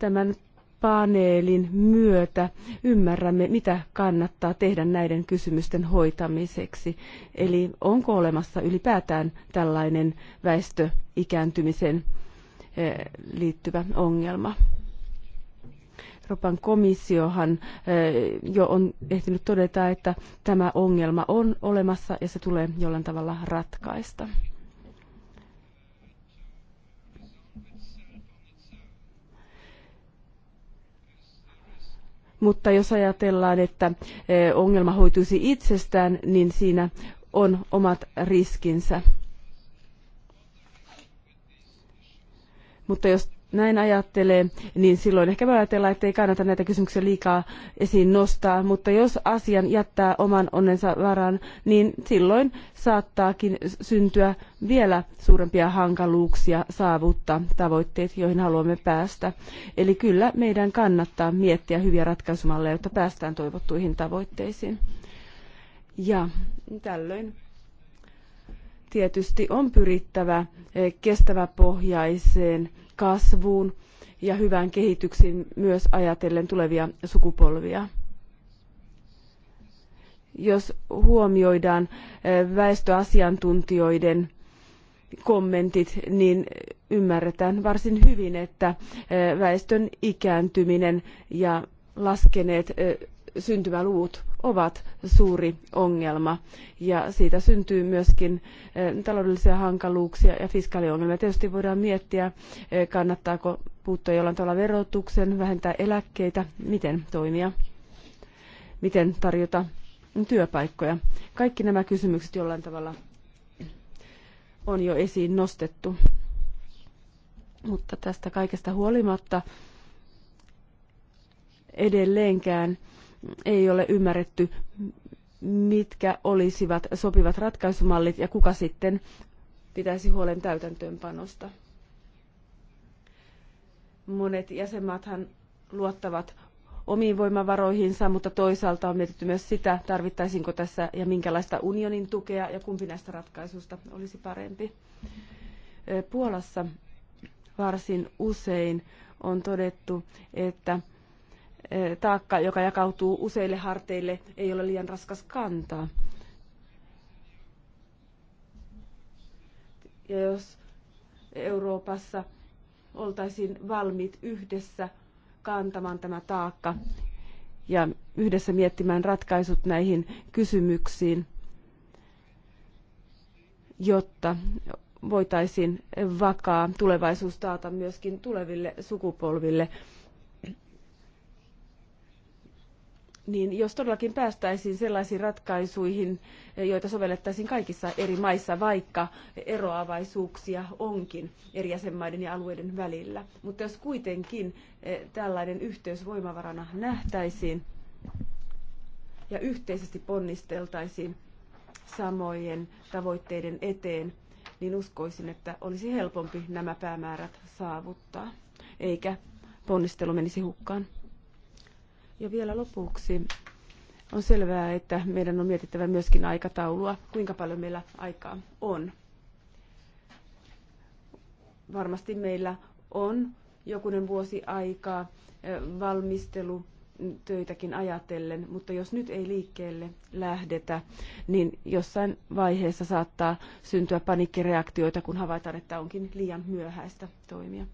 Tämän paneelin myötä ymmärrämme, mitä kannattaa tehdä näiden kysymysten hoitamiseksi. Eli onko olemassa ylipäätään tällainen väestöikääntymisen eh, liittyvä ongelma. Euroopan komissiohan eh, jo on ehtinyt todeta, että tämä ongelma on olemassa ja se tulee jollain tavalla ratkaista. Mutta jos ajatellaan, että e, ongelma hoituisi itsestään, niin siinä on omat riskinsä. Mutta jos näin ajattelee, niin silloin ehkä voi ajatella, että ei kannata näitä kysymyksiä liikaa esiin nostaa, mutta jos asian jättää oman onnensa varaan, niin silloin saattaakin syntyä vielä suurempia hankaluuksia saavuttaa tavoitteet, joihin haluamme päästä. Eli kyllä meidän kannattaa miettiä hyviä ratkaisumalleja, jotta päästään toivottuihin tavoitteisiin. Ja tällöin tietysti on pyrittävä eh, kestäväpohjaiseen pohjaiseen kasvuun ja hyvään kehitykseen myös ajatellen tulevia sukupolvia. Jos huomioidaan eh, väestöasiantuntijoiden kommentit, niin ymmärretään varsin hyvin, että eh, väestön ikääntyminen ja laskeneet eh, syntymäluvut ovat suuri ongelma ja siitä syntyy myöskin eh, taloudellisia hankaluuksia ja fiskaaliongelmia. Tietysti voidaan miettiä, eh, kannattaako puuttua jollain tavalla verotuksen, vähentää eläkkeitä, miten toimia, miten tarjota työpaikkoja. Kaikki nämä kysymykset jollain tavalla on jo esiin nostettu. Mutta tästä kaikesta huolimatta edelleenkään ei ole ymmärretty, mitkä olisivat sopivat ratkaisumallit ja kuka sitten pitäisi huolen täytäntöönpanosta. Monet jäsenmaathan luottavat omiin voimavaroihinsa, mutta toisaalta on mietitty myös sitä, tarvittaisiinko tässä ja minkälaista unionin tukea ja kumpi näistä ratkaisuista olisi parempi. Puolassa varsin usein on todettu, että taakka, joka jakautuu useille harteille, ei ole liian raskas kantaa. Ja jos Euroopassa oltaisiin valmiit yhdessä kantamaan tämä taakka ja yhdessä miettimään ratkaisut näihin kysymyksiin, jotta voitaisiin vakaa tulevaisuus taata myöskin tuleville sukupolville. niin jos todellakin päästäisiin sellaisiin ratkaisuihin, eh, joita sovellettaisiin kaikissa eri maissa, vaikka eroavaisuuksia onkin eri jäsenmaiden ja alueiden välillä. Mutta jos kuitenkin eh, tällainen yhteys voimavarana nähtäisiin ja yhteisesti ponnisteltaisiin samojen tavoitteiden eteen, niin uskoisin, että olisi helpompi nämä päämäärät saavuttaa, eikä ponnistelu menisi hukkaan. Ja vielä lopuksi on selvää, että meidän on mietittävä myöskin aikataulua, kuinka paljon meillä aikaa on. Varmasti meillä on jokunen vuosi aikaa eh, valmistelu töitäkin ajatellen, mutta jos nyt ei liikkeelle lähdetä, niin jossain vaiheessa saattaa syntyä paniikkireaktioita, kun havaitaan, että onkin liian myöhäistä toimia.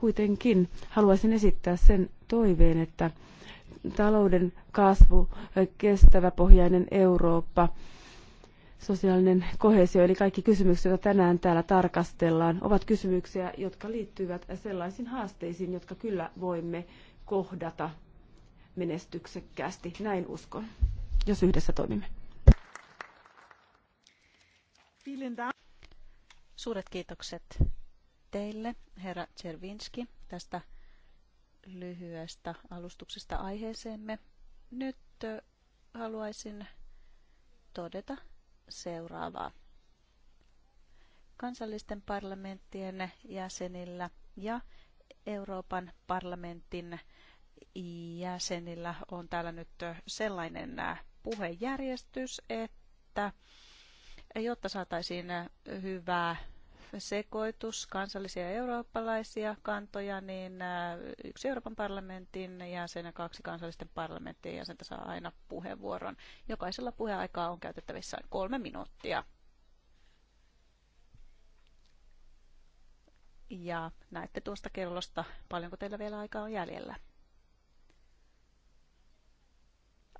Kuitenkin haluaisin esittää sen toiveen, että talouden kasvu, kestävä pohjainen Eurooppa, sosiaalinen kohesio, eli kaikki kysymykset, joita tänään täällä tarkastellaan, ovat kysymyksiä, jotka liittyvät sellaisiin haasteisiin, jotka kyllä voimme kohdata menestyksekkäästi. Näin uskon, jos yhdessä toimimme. Suuret kiitokset teille, herra Cervinski, tästä lyhyestä alustuksesta aiheeseemme. Nyt haluaisin todeta seuraavaa. Kansallisten parlamenttien jäsenillä ja Euroopan parlamentin jäsenillä on täällä nyt sellainen puhejärjestys, että jotta saataisiin hyvää sekoitus kansallisia ja eurooppalaisia kantoja, niin äh, yksi Euroopan parlamentin jäsen ja kaksi kansallisten parlamenttien jäsentä saa aina puheenvuoron. Jokaisella puheaikaa on käytettävissä kolme minuuttia. Ja näette tuosta kellosta, paljonko teillä vielä aikaa on jäljellä.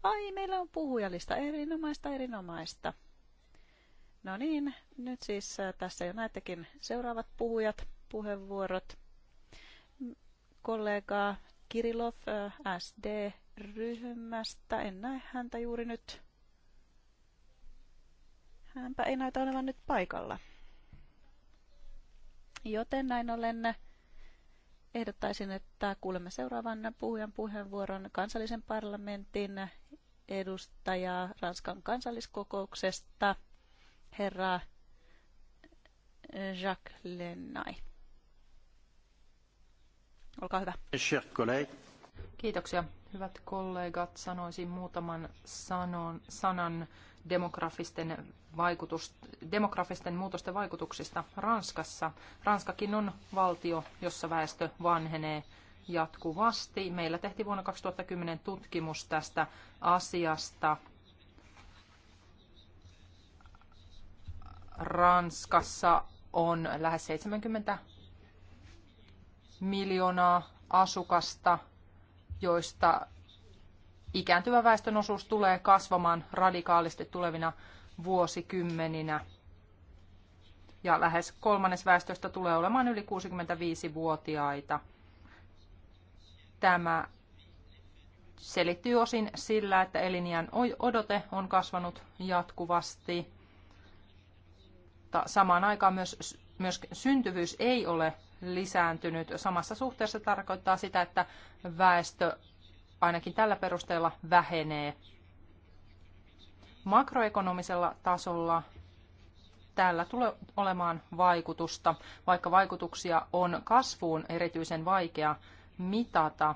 Ai, meillä on puhujalista. Erinomaista, erinomaista. No niin, nyt siis äh, tässä jo näettekin seuraavat puhujat, puheenvuorot. Kollega Kirilov äh, SD-ryhmästä. En näe häntä juuri nyt. Hänpä ei näytä olevan nyt paikalla. Joten näin ollen äh, ehdottaisin, että kuulemme seuraavan puhujan puheenvuoron kansallisen parlamentin edustajaa Ranskan kansalliskokouksesta – herra eh, Jacques Lennay. Olkaa hyvä. Kiitoksia. Hyvät kollegat, sanoisin muutaman sanon, sanan demografisten, vaikutus, demografisten muutosten vaikutuksista Ranskassa. Ranskakin on valtio, jossa väestö vanhenee jatkuvasti. Meillä tehtiin vuonna 2010 tutkimus tästä asiasta Ranskassa on lähes 70 miljoonaa asukasta, joista ikääntyvä väestön osuus tulee kasvamaan radikaalisti tulevina vuosikymmeninä. Ja lähes kolmannes väestöstä tulee olemaan yli 65-vuotiaita. Tämä selittyy osin sillä, että eliniän odote on kasvanut jatkuvasti mutta samaan aikaan myös, myös syntyvyys ei ole lisääntynyt. Samassa suhteessa tarkoittaa sitä, että väestö ainakin tällä perusteella vähenee. Makroekonomisella tasolla tällä tulee olemaan vaikutusta, vaikka vaikutuksia on kasvuun erityisen vaikea mitata.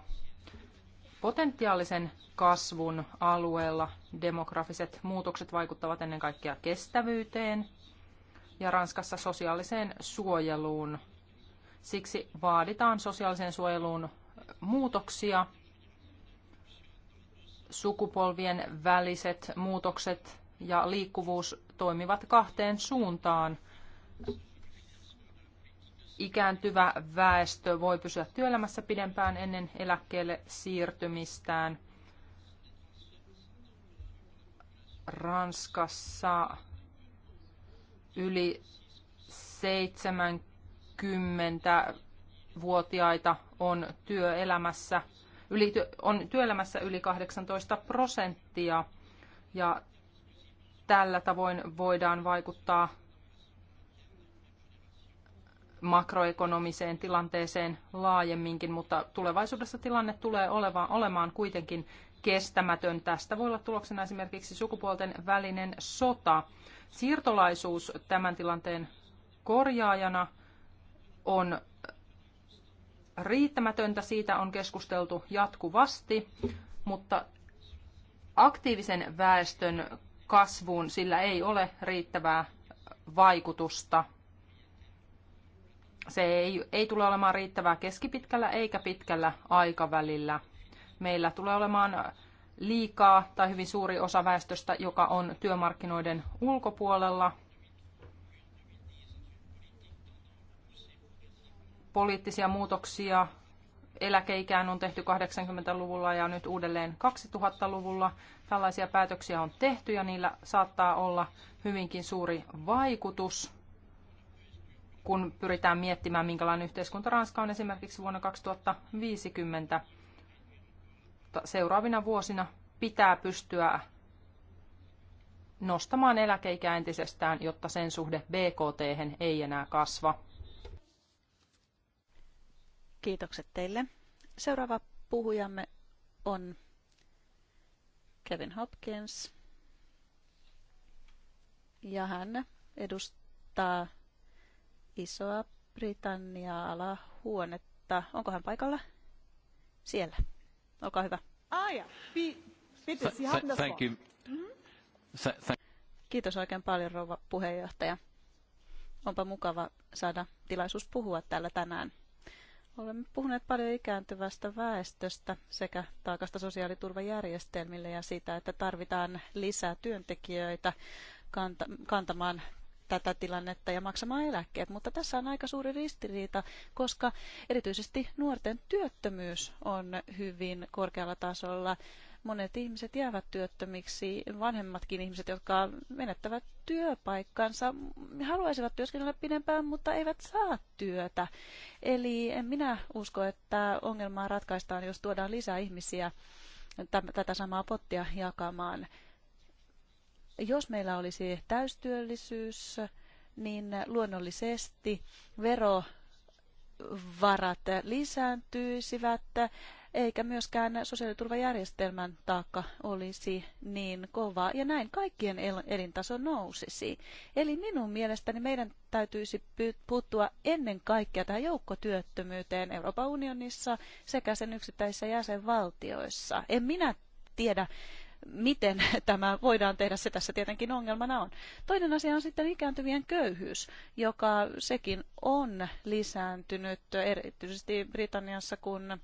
Potentiaalisen kasvun alueella demografiset muutokset vaikuttavat ennen kaikkea kestävyyteen, ja Ranskassa sosiaaliseen suojeluun. Siksi vaaditaan sosiaaliseen suojeluun muutoksia. Sukupolvien väliset muutokset ja liikkuvuus toimivat kahteen suuntaan. Ikääntyvä väestö voi pysyä työelämässä pidempään ennen eläkkeelle siirtymistään. Ranskassa yli 70-vuotiaita on työelämässä, yli, on työelämässä yli 18 prosenttia ja tällä tavoin voidaan vaikuttaa makroekonomiseen tilanteeseen laajemminkin, mutta tulevaisuudessa tilanne tulee olevaan, olemaan kuitenkin kestämätön. Tästä voi olla tuloksena esimerkiksi sukupuolten välinen sota. Siirtolaisuus tämän tilanteen korjaajana on riittämätöntä, siitä on keskusteltu jatkuvasti, mutta aktiivisen väestön kasvuun sillä ei ole riittävää vaikutusta. Se ei, ei tule olemaan riittävää keskipitkällä eikä pitkällä aikavälillä. Meillä tulee olemaan liikaa tai hyvin suuri osa väestöstä, joka on työmarkkinoiden ulkopuolella. Poliittisia muutoksia eläkeikään on tehty 80-luvulla ja nyt uudelleen 2000-luvulla. Tällaisia päätöksiä on tehty ja niillä saattaa olla hyvinkin suuri vaikutus, kun pyritään miettimään, minkälainen yhteiskunta Ranska on esimerkiksi vuonna 2050 seuraavina vuosina pitää pystyä nostamaan eläkeikä entisestään, jotta sen suhde BKT ei enää kasva. Kiitokset teille. Seuraava puhujamme on Kevin Hopkins. Ja hän edustaa Isoa Britanniaa alahuonetta. Onko hän paikalla? Siellä. Olkaa hyvä. Ah, Thank you. Mhm. Kiitos oikein paljon, rouva puheenjohtaja. Onpa mukava saada tilaisuus puhua täällä tänään. Olemme puhuneet paljon ikääntyvästä väestöstä sekä taakasta sosiaaliturvajärjestelmille ja siitä, että tarvitaan lisää työntekijöitä kantamaan tätä tilannetta ja maksamaan eläkkeet. Mutta tässä on aika suuri ristiriita, koska erityisesti nuorten työttömyys on hyvin korkealla tasolla. Monet ihmiset jäävät työttömiksi, vanhemmatkin ihmiset, jotka menettävät työpaikkansa, haluaisivat työskennellä pidempään, mutta eivät saa työtä. Eli en minä usko, että ongelmaa ratkaistaan, jos tuodaan lisää ihmisiä tätä samaa pottia jakamaan. Jos meillä olisi täystyöllisyys, niin luonnollisesti verovarat lisääntyisivät, eikä myöskään sosiaaliturvajärjestelmän taakka olisi niin kova, ja näin kaikkien elintaso nousisi. Eli minun mielestäni meidän täytyisi puuttua ennen kaikkea tähän joukkotyöttömyyteen Euroopan unionissa sekä sen yksittäisissä jäsenvaltioissa. En minä tiedä, miten tämä voidaan tehdä, se tässä tietenkin ongelmana on. Toinen asia on sitten ikääntyvien köyhyys, joka sekin on lisääntynyt erityisesti Britanniassa, kun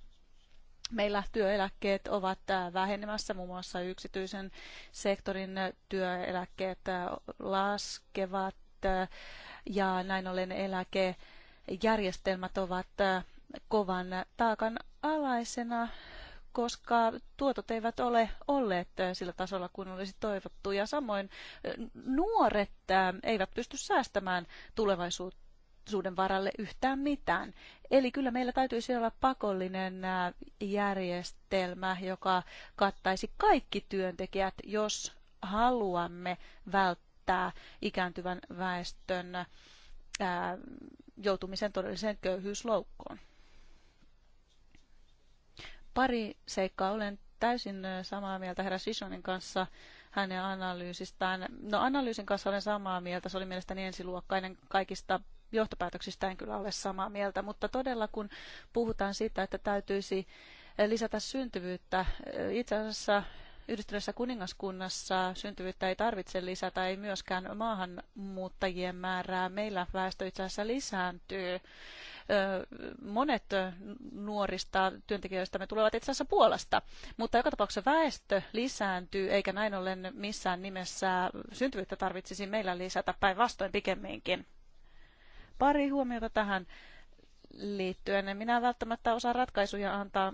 meillä työeläkkeet ovat äh, vähenemässä, muun muassa yksityisen sektorin äh, työeläkkeet äh, laskevat ja näin ollen eläkejärjestelmät ovat kovan taakan alaisena koska tuotot eivät ole olleet sillä tasolla kuin olisi toivottu. Ja samoin nuoret eivät pysty säästämään tulevaisuuden varalle yhtään mitään. Eli kyllä meillä täytyisi olla pakollinen järjestelmä, joka kattaisi kaikki työntekijät, jos haluamme välttää ikääntyvän väestön joutumisen todelliseen köyhyysloukkoon. Pari seikkaa olen täysin samaa mieltä herra Sishonin kanssa hänen analyysistään. No analyysin kanssa olen samaa mieltä, se oli mielestäni ensiluokkainen kaikista johtopäätöksistä en kyllä ole samaa mieltä, mutta todella kun puhutaan siitä, että täytyisi lisätä syntyvyyttä, itse asiassa Yhdistyneessä kuningaskunnassa syntyvyyttä ei tarvitse lisätä, ei myöskään maahanmuuttajien määrää. Meillä väestö itse asiassa lisääntyy. Monet nuorista työntekijöistä me tulevat itse asiassa Puolasta, mutta joka tapauksessa väestö lisääntyy, eikä näin ollen missään nimessä syntyvyyttä tarvitsisi meillä lisätä päinvastoin pikemminkin. Pari huomiota tähän liittyen. minä välttämättä osaa ratkaisuja antaa.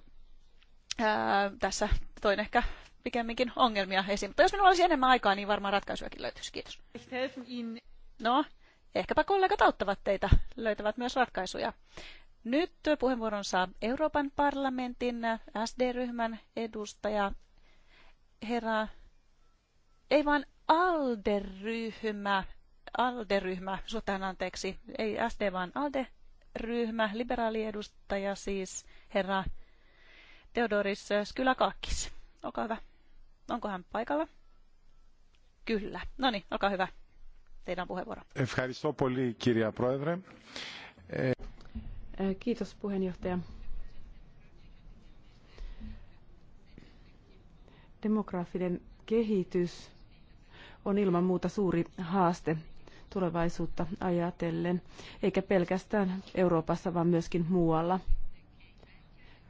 Ää, tässä toin ehkä pikemminkin ongelmia esiin. Mutta jos minulla olisi enemmän aikaa, niin varmaan ratkaisuakin löytyisi. Kiitos. No, ehkäpä kollegat auttavat teitä, löytävät myös ratkaisuja. Nyt puheenvuoron saa Euroopan parlamentin SD-ryhmän edustaja herra, ei vaan ALDE-ryhmä, ALDE-ryhmä, suotaan anteeksi, ei SD vaan ALDE-ryhmä, liberaaliedustaja siis herra Teodoris Skyläkakis. Olkaa hyvä. Onko hän paikalla? Kyllä. No niin, olkaa hyvä. Teidän on puheenvuoro. Kiitos puheenjohtaja. Demografinen kehitys on ilman muuta suuri haaste tulevaisuutta ajatellen, eikä pelkästään Euroopassa, vaan myöskin muualla.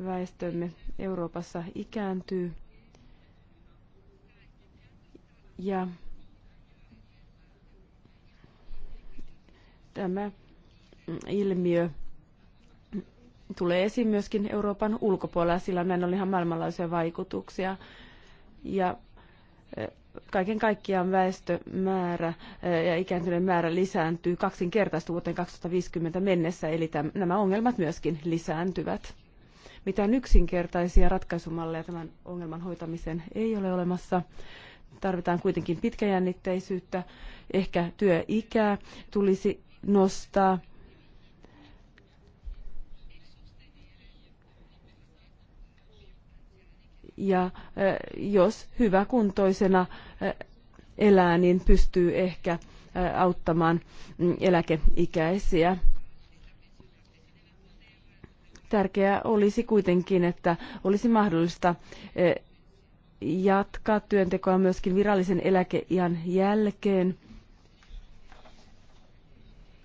Väestömme Euroopassa ikääntyy ja tämä ilmiö tulee esiin myöskin Euroopan ulkopuolella, sillä näin oli ihan maailmanlaajuisia vaikutuksia. Ja e, kaiken kaikkiaan väestömäärä e, ja ikääntyneen määrä lisääntyy kaksinkertaisesti vuoteen 2050 mennessä, eli tämän, nämä ongelmat myöskin lisääntyvät. Mitään yksinkertaisia ratkaisumalleja tämän ongelman hoitamiseen ei ole olemassa, tarvitaan kuitenkin pitkäjännitteisyyttä, ehkä työikää tulisi nostaa. Ja eh, jos hyväkuntoisena eh, elää, niin pystyy ehkä eh, auttamaan mm, eläkeikäisiä tärkeää olisi kuitenkin, että olisi mahdollista jatkaa työntekoa myöskin virallisen eläkeiän jälkeen.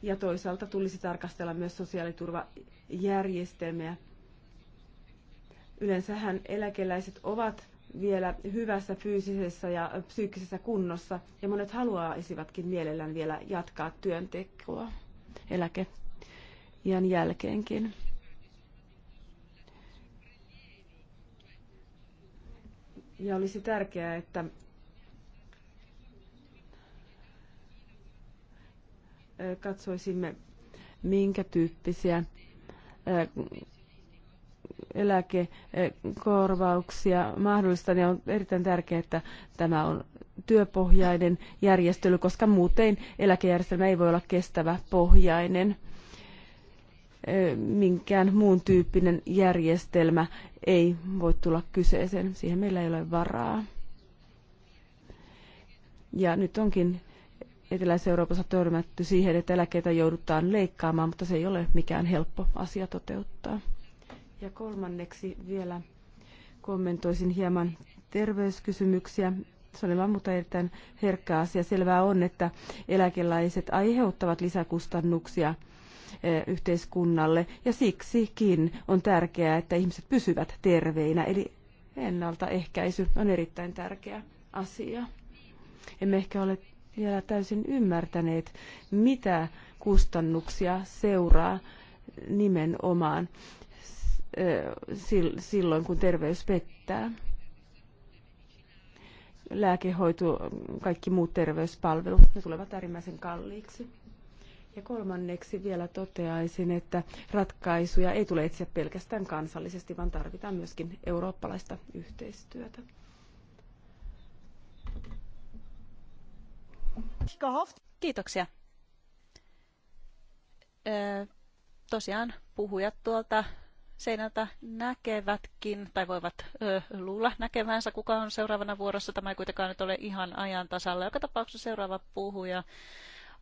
Ja toisaalta tulisi tarkastella myös sosiaaliturvajärjestelmiä. Yleensähän eläkeläiset ovat vielä hyvässä fyysisessä ja psyykkisessä kunnossa, ja monet haluaisivatkin mielellään vielä jatkaa työntekoa eläkeiän jälkeenkin. Ja olisi tärkeää, että katsoisimme, minkä tyyppisiä eläkekorvauksia mahdollista, Ja on erittäin tärkeää, että tämä on työpohjainen järjestely, koska muuten eläkejärjestelmä ei voi olla kestävä pohjainen minkään muun tyyppinen järjestelmä ei voi tulla kyseeseen. Siihen meillä ei ole varaa. Ja nyt onkin Etelä-Euroopassa törmätty siihen, että eläkeitä joudutaan leikkaamaan, mutta se ei ole mikään helppo asia toteuttaa. Ja kolmanneksi vielä kommentoisin hieman terveyskysymyksiä. Se oli vaan mutta erittäin herkkä asia. Selvää on, että eläkeläiset aiheuttavat lisäkustannuksia – yhteiskunnalle. Ja siksikin on tärkeää, että ihmiset pysyvät terveinä. Eli ennaltaehkäisy on erittäin tärkeä asia. Emme ehkä ole vielä täysin ymmärtäneet, mitä kustannuksia seuraa nimenomaan silloin, kun terveys pettää. Lääkehoito, kaikki muut terveyspalvelut, ne tulevat äärimmäisen kalliiksi. Ja kolmanneksi vielä toteaisin, että ratkaisuja ei tule etsiä pelkästään kansallisesti, vaan tarvitaan myöskin eurooppalaista yhteistyötä. Kiitoksia. Ö, tosiaan puhujat tuolta seinältä näkevätkin, tai voivat ö, luulla näkevänsä, kuka on seuraavana vuorossa. Tämä ei kuitenkaan nyt ole ihan ajan tasalla. Joka tapauksessa seuraava puhuja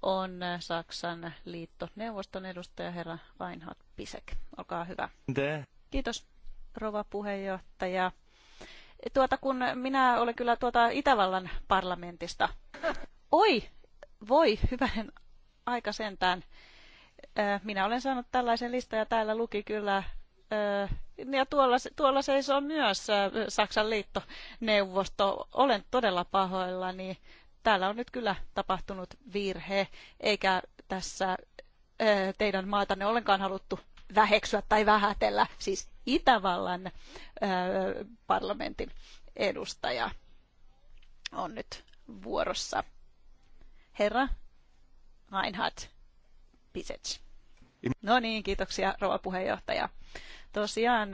on Saksan liittoneuvoston edustaja herra Reinhard Pisek. Olkaa hyvä. De. Kiitos rouva puheenjohtaja. Tuota kun minä olen kyllä tuota Itävallan parlamentista. Oi, voi, hyvänen aika sentään. Minä olen saanut tällaisen listan ja täällä luki kyllä ja tuolla, tuolla seisoo myös Saksan liittoneuvosto. Olen todella pahoillani. Niin täällä on nyt kyllä tapahtunut virhe, eikä tässä teidän maatanne ollenkaan haluttu väheksyä tai vähätellä, siis Itävallan parlamentin edustaja on nyt vuorossa. Herra Reinhard Pisec. No niin, kiitoksia rouva puheenjohtaja. Tosiaan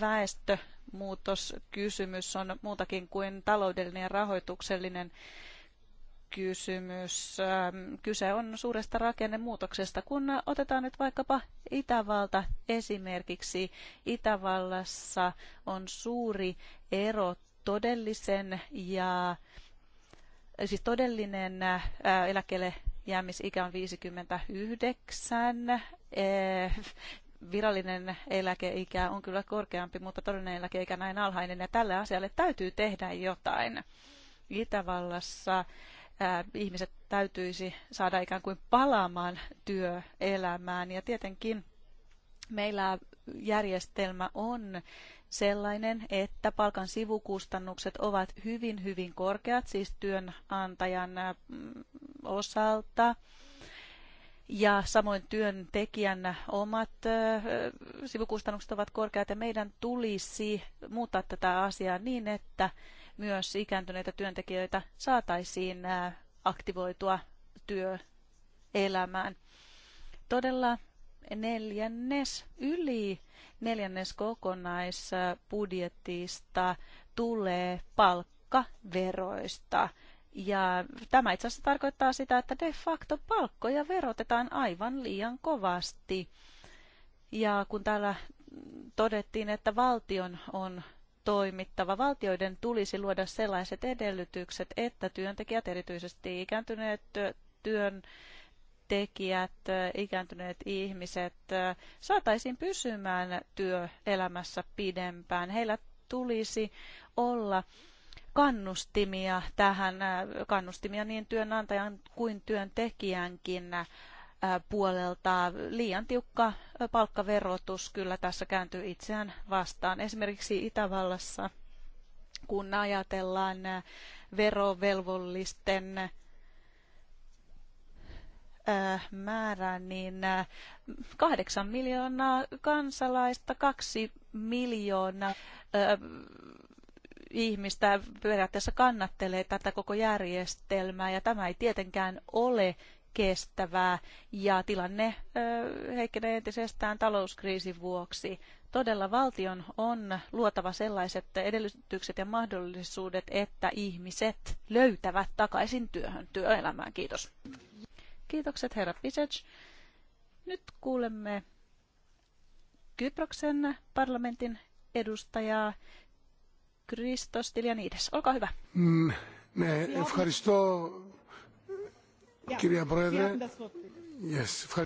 väestömuutoskysymys on muutakin kuin taloudellinen ja rahoituksellinen kysymys. Ähm, kyse on suuresta rakennemuutoksesta. Kun otetaan nyt vaikkapa Itävalta esimerkiksi, Itävallassa on suuri ero todellisen ja siis todellinen äh, eläkkeelle jäämisikä on 59. Eh, virallinen eläkeikä on kyllä korkeampi, mutta todellinen eläkeikä näin alhainen ja tälle asialle täytyy tehdä jotain. Itävallassa ihmiset täytyisi saada ikään kuin palaamaan työelämään. Ja tietenkin meillä järjestelmä on sellainen, että palkan sivukustannukset ovat hyvin, hyvin korkeat, siis työnantajan mm, osalta. Ja samoin työntekijän omat sivukustannukset ovat korkeat ja meidän tulisi muuttaa tätä asiaa niin, että myös ikääntyneitä työntekijöitä saataisiin aktivoitua työelämään. Todella neljännes, yli neljännes kokonaisbudjetista tulee palkkaveroista. Ja tämä itse asiassa tarkoittaa sitä, että de facto palkkoja verotetaan aivan liian kovasti. Ja kun täällä todettiin, että valtion on toimittava. Valtioiden tulisi luoda sellaiset edellytykset, että työntekijät, erityisesti ikääntyneet työn tekijät, ikääntyneet ihmiset saataisiin pysymään työelämässä pidempään. Heillä tulisi olla kannustimia tähän, kannustimia niin työnantajan kuin työntekijänkin puolelta liian tiukka palkkaverotus kyllä tässä kääntyy itseään vastaan. Esimerkiksi Itävallassa, kun ajatellaan verovelvollisten määrää, niin kahdeksan miljoonaa kansalaista, kaksi miljoonaa ihmistä periaatteessa kannattelee tätä koko järjestelmää ja tämä ei tietenkään ole kestävää ja tilanne heikkenee entisestään talouskriisin vuoksi. Todella valtion on luotava sellaiset edellytykset ja mahdollisuudet, että ihmiset löytävät takaisin työhön, työelämään. Kiitos. Kiitokset herra Pisec. Nyt kuulemme Kyproksen parlamentin edustajaa Kristos Tilianides. Olkaa hyvä. Mm, me, Κυρία Πρόεδρε, yes.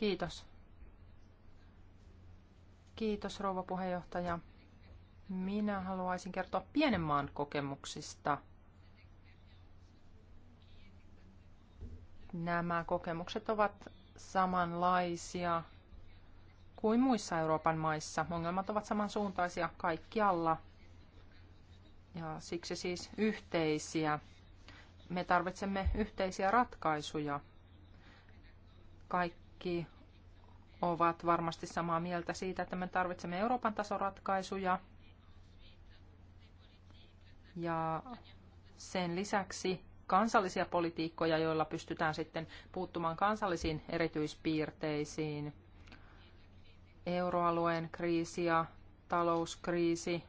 Kiitos. Kiitos rouva puheenjohtaja. Minä haluaisin kertoa pienen maan kokemuksista. Nämä kokemukset ovat samanlaisia kuin muissa Euroopan maissa. Ongelmat ovat samansuuntaisia kaikkialla ja siksi siis yhteisiä me tarvitsemme yhteisiä ratkaisuja. Kaikki ovat varmasti samaa mieltä siitä, että me tarvitsemme Euroopan tason ratkaisuja. Ja sen lisäksi kansallisia politiikkoja, joilla pystytään sitten puuttumaan kansallisiin erityispiirteisiin. Euroalueen kriisi ja talouskriisi,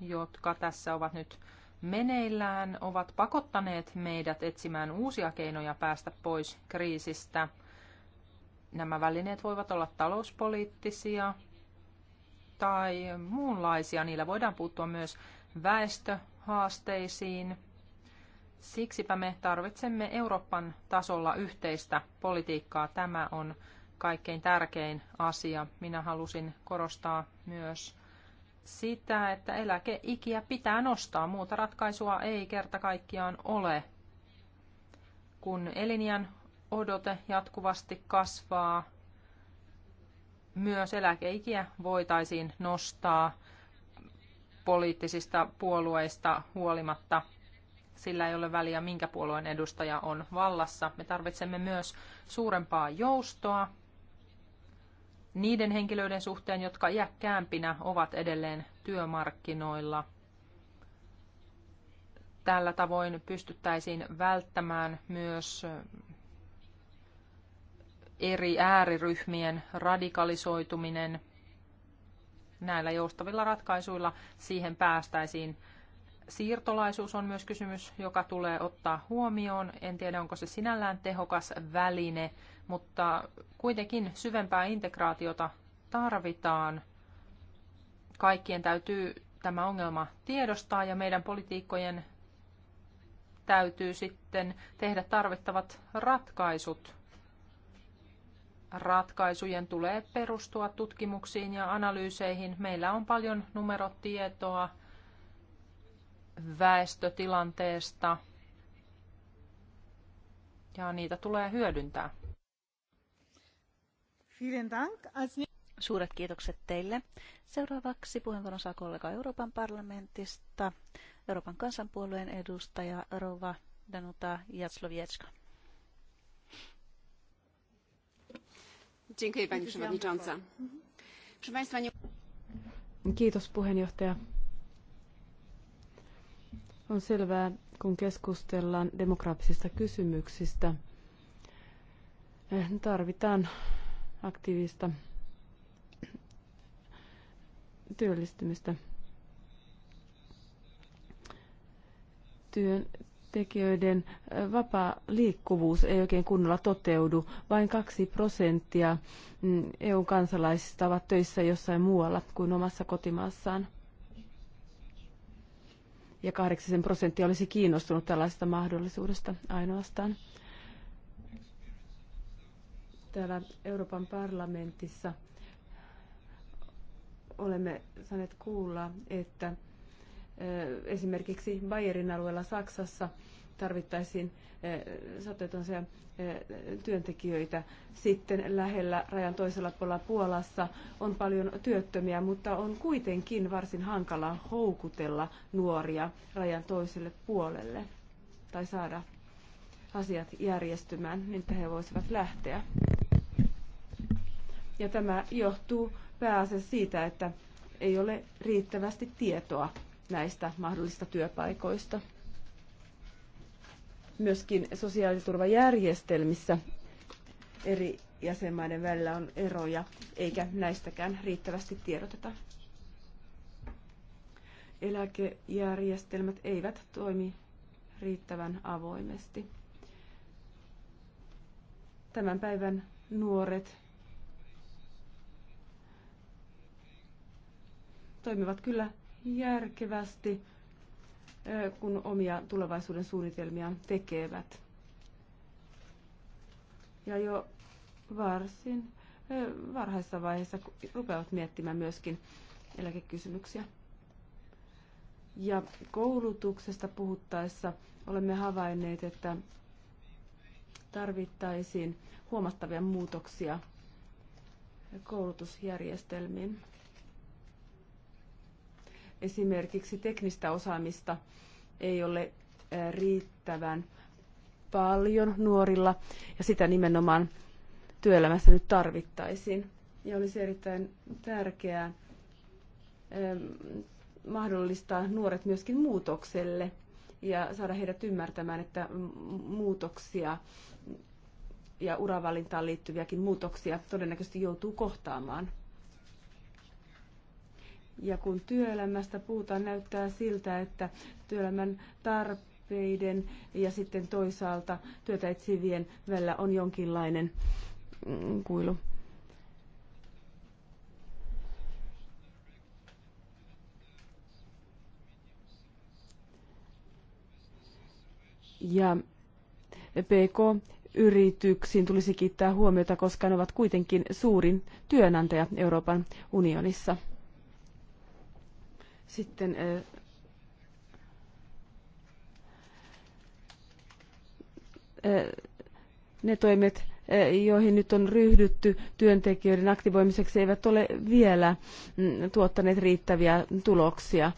jotka tässä ovat nyt meneillään ovat pakottaneet meidät etsimään uusia keinoja päästä pois kriisistä. Nämä välineet voivat olla talouspoliittisia tai muunlaisia. Niillä voidaan puuttua myös väestöhaasteisiin. Siksipä me tarvitsemme Euroopan tasolla yhteistä politiikkaa. Tämä on kaikkein tärkein asia. Minä halusin korostaa myös sitä, että eläkeikiä pitää nostaa. Muuta ratkaisua ei kerta kaikkiaan ole. Kun elinjän odote jatkuvasti kasvaa, myös eläkeikiä voitaisiin nostaa poliittisista puolueista huolimatta. Sillä ei ole väliä, minkä puolueen edustaja on vallassa. Me tarvitsemme myös suurempaa joustoa niiden henkilöiden suhteen, jotka iäkkäämpinä ovat edelleen työmarkkinoilla. Tällä tavoin pystyttäisiin välttämään myös eri ääriryhmien radikalisoituminen. Näillä joustavilla ratkaisuilla siihen päästäisiin. Siirtolaisuus on myös kysymys, joka tulee ottaa huomioon. En tiedä, onko se sinällään tehokas väline, mutta Kuitenkin syvempää integraatiota tarvitaan. Kaikkien täytyy tämä ongelma tiedostaa ja meidän politiikkojen täytyy sitten tehdä tarvittavat ratkaisut. Ratkaisujen tulee perustua tutkimuksiin ja analyyseihin. Meillä on paljon numerotietoa väestötilanteesta ja niitä tulee hyödyntää. Suuret kiitokset teille. Seuraavaksi puheenvuoron saa kollega Euroopan parlamentista, Euroopan kansanpuolueen edustaja Rova Danuta Jaclowiecka. Kiitos puheenjohtaja. On selvää, kun keskustellaan demokraattisista kysymyksistä, tarvitaan aktiivista työllistymistä työntekijöiden vapaa liikkuvuus ei oikein kunnolla toteudu. Vain kaksi prosenttia mm, EU-kansalaisista ovat töissä jossain muualla kuin omassa kotimaassaan. Ja 8 prosenttia olisi kiinnostunut tällaisesta mahdollisuudesta ainoastaan täällä Euroopan parlamentissa olemme saaneet kuulla, että esimerkiksi Bayerin alueella Saksassa tarvittaisiin sotetonsia työntekijöitä. Sitten lähellä rajan toisella puolella Puolassa on paljon työttömiä, mutta on kuitenkin varsin hankalaa houkutella nuoria rajan toiselle puolelle tai saada asiat järjestymään, niin että he voisivat lähteä. Ja tämä johtuu pääasiassa siitä, että ei ole riittävästi tietoa näistä mahdollisista työpaikoista. Myöskin sosiaaliturvajärjestelmissä eri jäsenmaiden välillä on eroja, eikä näistäkään riittävästi tiedoteta. Eläkejärjestelmät eivät toimi riittävän avoimesti. Tämän päivän nuoret toimivat kyllä järkevästi, kun omia tulevaisuuden suunnitelmiaan tekevät. Ja jo varsin varhaisessa vaiheessa rupeavat miettimään myöskin eläkekysymyksiä. Ja koulutuksesta puhuttaessa olemme havainneet, että tarvittaisiin huomattavia muutoksia koulutusjärjestelmiin. Esimerkiksi teknistä osaamista ei ole riittävän paljon nuorilla ja sitä nimenomaan työelämässä nyt tarvittaisiin. Ja olisi erittäin tärkeää mahdollistaa nuoret myöskin muutokselle ja saada heidät ymmärtämään, että muutoksia ja uravalintaan liittyviäkin muutoksia todennäköisesti joutuu kohtaamaan – ja kun työelämästä puhutaan, näyttää siltä, että työelämän tarpeiden ja sitten toisaalta työtä etsivien välillä on jonkinlainen mm, kuilu. Ja PK-yrityksiin tulisi kiittää huomiota, koska ne ovat kuitenkin suurin työnantaja Euroopan unionissa. Sitten ne toimet, joihin nyt on ryhdytty työntekijöiden aktivoimiseksi, eivät ole vielä mm, tuottaneet riittäviä tuloksia.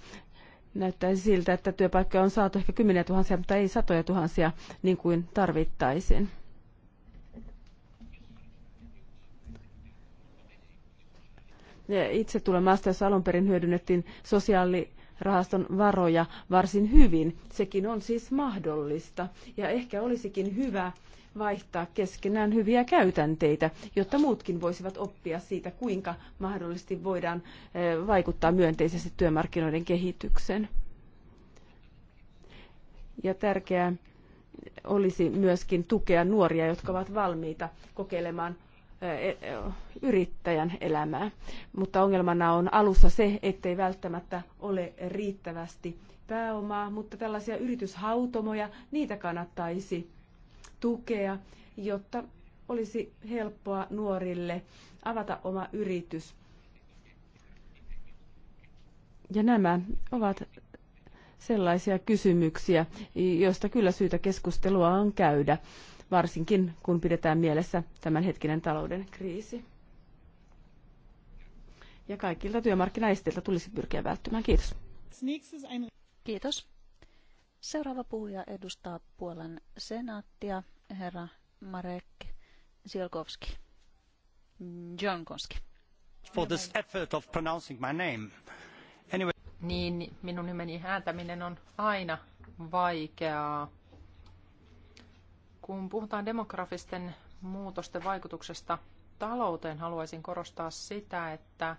Näyttäisi siltä, että työpaikkoja on saatu ehkä kymmeniä tuhansia, mutta ei satoja tuhansia niin kuin tarvittaisiin. itse tulemasta, jossa alun perin hyödynnettiin sosiaali rahaston varoja varsin hyvin. Sekin on siis mahdollista ja ehkä olisikin hyvä vaihtaa keskenään hyviä käytänteitä, jotta muutkin voisivat oppia siitä, kuinka mahdollisesti voidaan eh, vaikuttaa myönteisesti työmarkkinoiden kehitykseen. Ja tärkeää olisi myöskin tukea nuoria, jotka ovat valmiita kokeilemaan E, yrittäjän elämää. Mutta ongelmana on alussa se, ettei välttämättä ole riittävästi pääomaa, mutta tällaisia yrityshautomoja, niitä kannattaisi tukea, jotta olisi helppoa nuorille avata oma yritys. Ja nämä ovat sellaisia kysymyksiä, joista kyllä syytä keskustelua on käydä varsinkin kun pidetään mielessä tämänhetkinen talouden kriisi. Ja kaikilta työmarkkinaesteiltä tulisi pyrkiä välttymään. Kiitos. Kiitos. Seuraava puhuja edustaa Puolan senaattia, herra Marek Sielkowski. Jankowski. For this effort of pronouncing my name. Anyway. Niin, minun nimeni ääntäminen on aina vaikeaa. Kun puhutaan demografisten muutosten vaikutuksesta talouteen, haluaisin korostaa sitä, että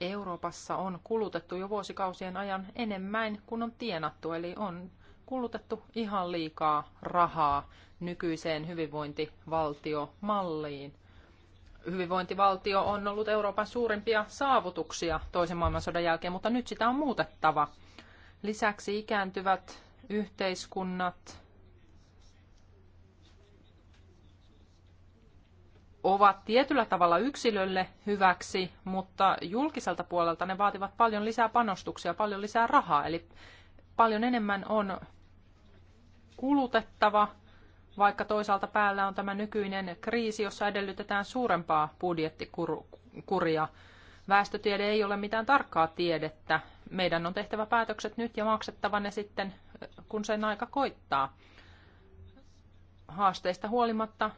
Euroopassa on kulutettu jo vuosikausien ajan enemmän kuin on tienattu, eli on kulutettu ihan liikaa rahaa nykyiseen hyvinvointivaltiomalliin. Hyvinvointivaltio on ollut Euroopan suurimpia saavutuksia toisen maailmansodan jälkeen, mutta nyt sitä on muutettava. Lisäksi ikääntyvät yhteiskunnat ovat tietyllä tavalla yksilölle hyväksi, mutta julkiselta puolelta ne vaativat paljon lisää panostuksia, paljon lisää rahaa. Eli paljon enemmän on kulutettava, vaikka toisaalta päällä on tämä nykyinen kriisi, jossa edellytetään suurempaa budjettikuria. Väestötiede ei ole mitään tarkkaa tiedettä. Meidän on tehtävä päätökset nyt ja maksettava ne sitten, kun sen aika koittaa. Haasteista huolimatta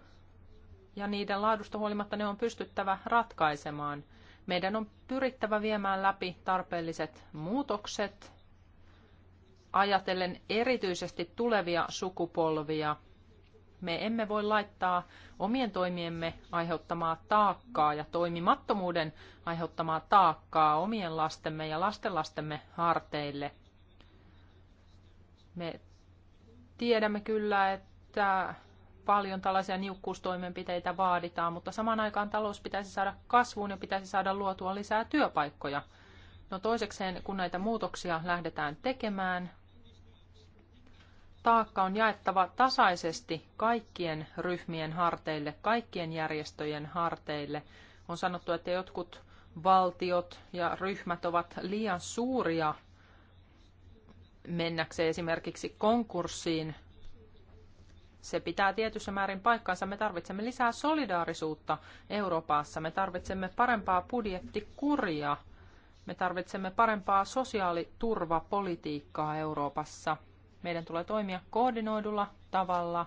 ja niiden laadusta huolimatta ne on pystyttävä ratkaisemaan. Meidän on pyrittävä viemään läpi tarpeelliset muutokset ajatellen erityisesti tulevia sukupolvia. Me emme voi laittaa omien toimiemme aiheuttamaa taakkaa ja toimimattomuuden aiheuttamaa taakkaa omien lastemme ja lastenlastemme harteille. Me tiedämme kyllä, että paljon tällaisia niukkuustoimenpiteitä vaaditaan, mutta samaan aikaan talous pitäisi saada kasvuun ja pitäisi saada luotua lisää työpaikkoja. No toisekseen, kun näitä muutoksia lähdetään tekemään, taakka on jaettava tasaisesti kaikkien ryhmien harteille, kaikkien järjestöjen harteille. On sanottu, että jotkut valtiot ja ryhmät ovat liian suuria mennäkseen esimerkiksi konkurssiin se pitää tietyssä määrin paikkaansa. Me tarvitsemme lisää solidaarisuutta Euroopassa. Me tarvitsemme parempaa budjettikuria. Me tarvitsemme parempaa sosiaaliturvapolitiikkaa Euroopassa. Meidän tulee toimia koordinoidulla tavalla.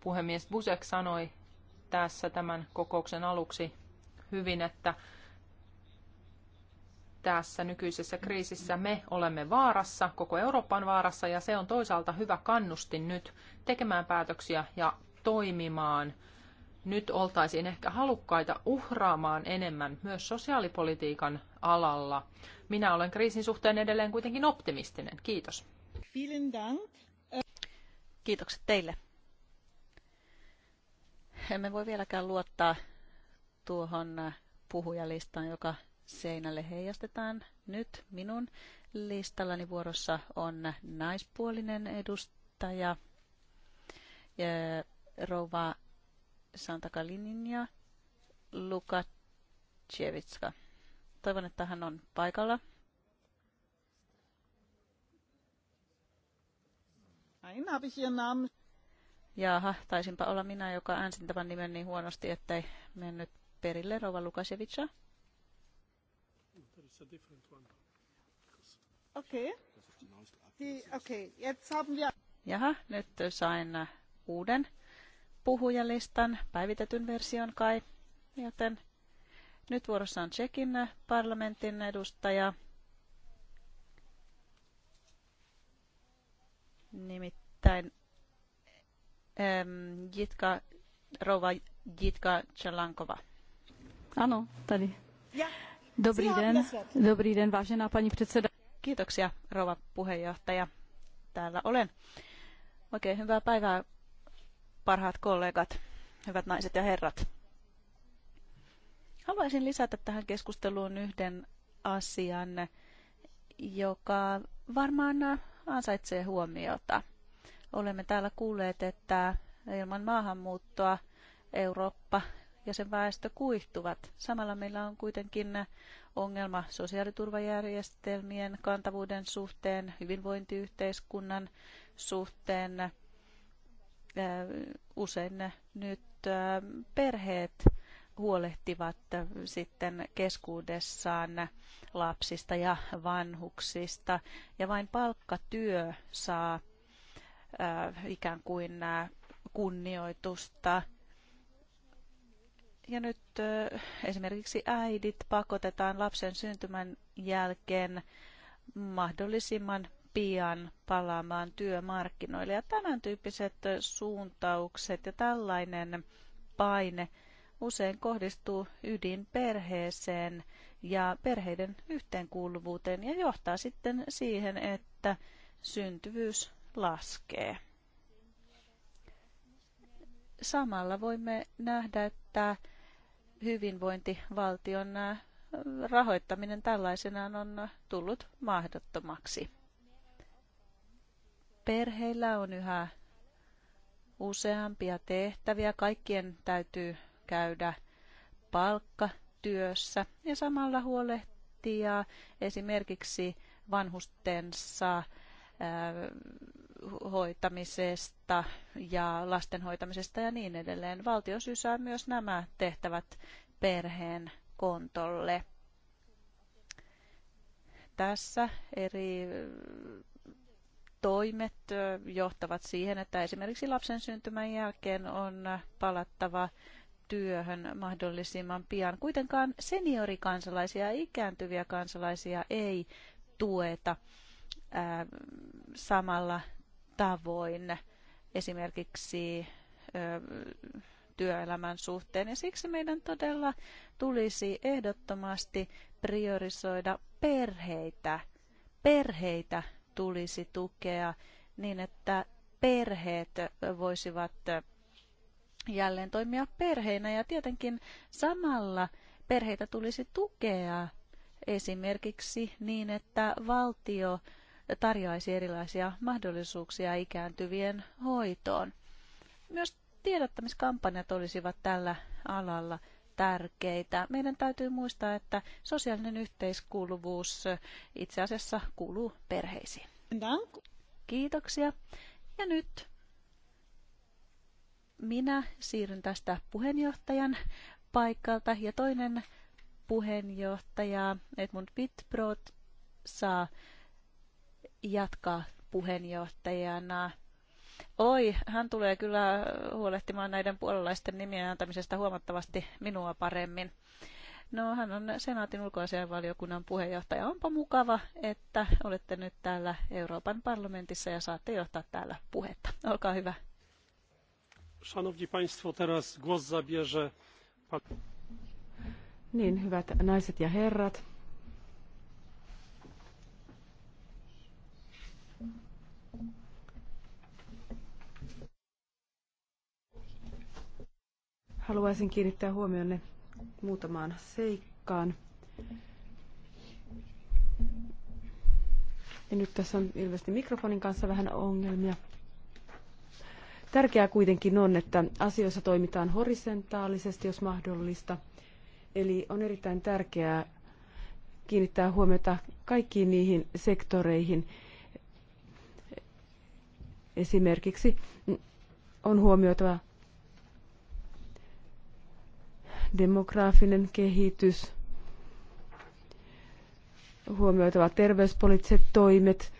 Puhemies Busek sanoi tässä tämän kokouksen aluksi hyvin, että tässä nykyisessä kriisissä me olemme vaarassa, koko Eurooppa on vaarassa ja se on toisaalta hyvä kannustin nyt tekemään päätöksiä ja toimimaan. Nyt oltaisiin ehkä halukkaita uhraamaan enemmän myös sosiaalipolitiikan alalla. Minä olen kriisin suhteen edelleen kuitenkin optimistinen. Kiitos. Kiitokset teille. Emme voi vieläkään luottaa tuohon puhujalistaan, joka seinälle heijastetaan. Nyt minun listallani vuorossa on naispuolinen edustaja rouva Santa Kalinin ja Luka Tsevitska. Toivon, että hän on paikalla. Jaaha, taisinpa olla minä, joka äänsin tämän nimen niin huonosti, ettei mennyt perille. Rova Lukasevitsa a different one. Okei. Okay. Okay. Jaha, nyt sain uuden puhujalistan, päivitetyn version kai, joten nyt vuorossa on Tsekin parlamentin edustaja. Nimittäin äm, Jitka, rouva Jitka Chalankova. Ano, tady. Ja. Dobrý den, dobrý den, vážená paní Kiitoksia, puheenjohtaja. Täällä olen. Oikein hyvää päivää, parhaat kollegat, hyvät naiset ja herrat. Haluaisin lisätä tähän keskusteluun yhden asian, joka varmaan ansaitsee huomiota. Olemme täällä kuulleet, että ilman maahanmuuttoa Eurooppa ja sen väestö kuihtuvat. Samalla meillä on kuitenkin ongelma sosiaaliturvajärjestelmien kantavuuden suhteen, hyvinvointiyhteiskunnan suhteen. Äh, usein nyt äh, perheet huolehtivat sitten keskuudessaan lapsista ja vanhuksista. Ja vain palkkatyö saa äh, ikään kuin kunnioitusta ja nyt äh, esimerkiksi äidit pakotetaan lapsen syntymän jälkeen mahdollisimman pian palaamaan työmarkkinoille. Ja tämän tyyppiset äh, suuntaukset ja tällainen paine usein kohdistuu ydinperheeseen ja perheiden yhteenkuuluvuuteen ja johtaa sitten siihen, että syntyvyys laskee. Samalla voimme nähdä, että hyvinvointivaltion äh, rahoittaminen tällaisenaan on tullut mahdottomaksi. Perheillä on yhä useampia tehtäviä. Kaikkien täytyy käydä palkkatyössä ja samalla huolehtia esimerkiksi vanhustensa äh, hoitamisesta ja lasten hoitamisesta ja niin edelleen. Valtio sysää myös nämä tehtävät perheen kontolle. Tässä eri äh, toimet äh, johtavat siihen, että esimerkiksi lapsen syntymän jälkeen on palattava työhön mahdollisimman pian. Kuitenkaan seniorikansalaisia, ikääntyviä kansalaisia ei tueta ää, äh, samalla tavoin esimerkiksi työelämän suhteen. Ja siksi meidän todella tulisi ehdottomasti priorisoida perheitä. Perheitä tulisi tukea niin, että perheet voisivat jälleen toimia perheinä ja tietenkin samalla perheitä tulisi tukea esimerkiksi niin, että valtio tarjoaisi erilaisia mahdollisuuksia ikääntyvien hoitoon. Myös tiedottamiskampanjat olisivat tällä alalla tärkeitä. Meidän täytyy muistaa, että sosiaalinen yhteiskuuluvuus itse asiassa kuuluu perheisiin. Kiitoksia. Ja nyt minä siirryn tästä puheenjohtajan paikalta ja toinen puheenjohtaja Edmund Wittbrod saa jatkaa puheenjohtajana. Oi, hän tulee kyllä huolehtimaan näiden puolalaisten nimien antamisesta huomattavasti minua paremmin. No, hän on senaatin ulkoasianvaliokunnan puheenjohtaja. Onpa mukava, että olette nyt täällä Euroopan parlamentissa ja saatte johtaa täällä puhetta. Olkaa hyvä. Szanowni Państwo, teraz głos zabierze... Niin, hyvät naiset ja herrat. Haluaisin kiinnittää huomionne muutamaan seikkaan. Ja nyt tässä on ilmeisesti mikrofonin kanssa vähän ongelmia. Tärkeää kuitenkin on, että asioissa toimitaan horisontaalisesti, jos mahdollista. Eli on erittäin tärkeää kiinnittää huomiota kaikkiin niihin sektoreihin. Esimerkiksi on huomioitava demograafinen kehitys, huomioitava terveyspoliittiset toimet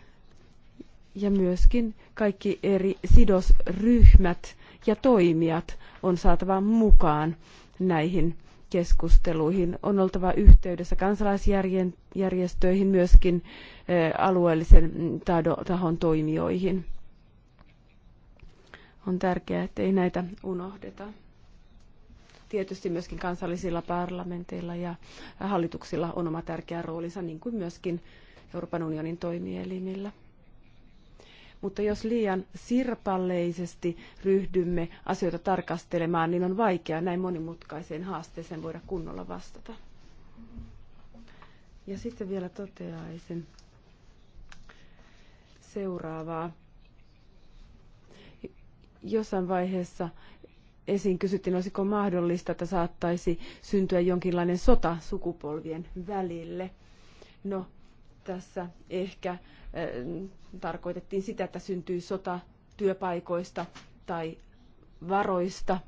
ja myöskin kaikki eri sidosryhmät ja toimijat on saatava mukaan näihin keskusteluihin. On oltava yhteydessä kansalaisjärjestöihin, myöskin eh, alueellisen tahon toimijoihin. On tärkeää, ettei näitä unohdeta tietysti myöskin kansallisilla parlamenteilla ja hallituksilla on oma tärkeä roolinsa, niin kuin myöskin Euroopan unionin toimielimillä. Mutta jos liian sirpalleisesti ryhdymme asioita tarkastelemaan, niin on vaikea näin monimutkaiseen haasteeseen voida kunnolla vastata. Ja sitten vielä toteaisin seuraavaa. Jossain vaiheessa esiin kysyttiin, olisiko mahdollista, että saattaisi syntyä jonkinlainen sota sukupolvien välille. No, tässä ehkä äh, tarkoitettiin sitä, että syntyy sota työpaikoista tai varoista,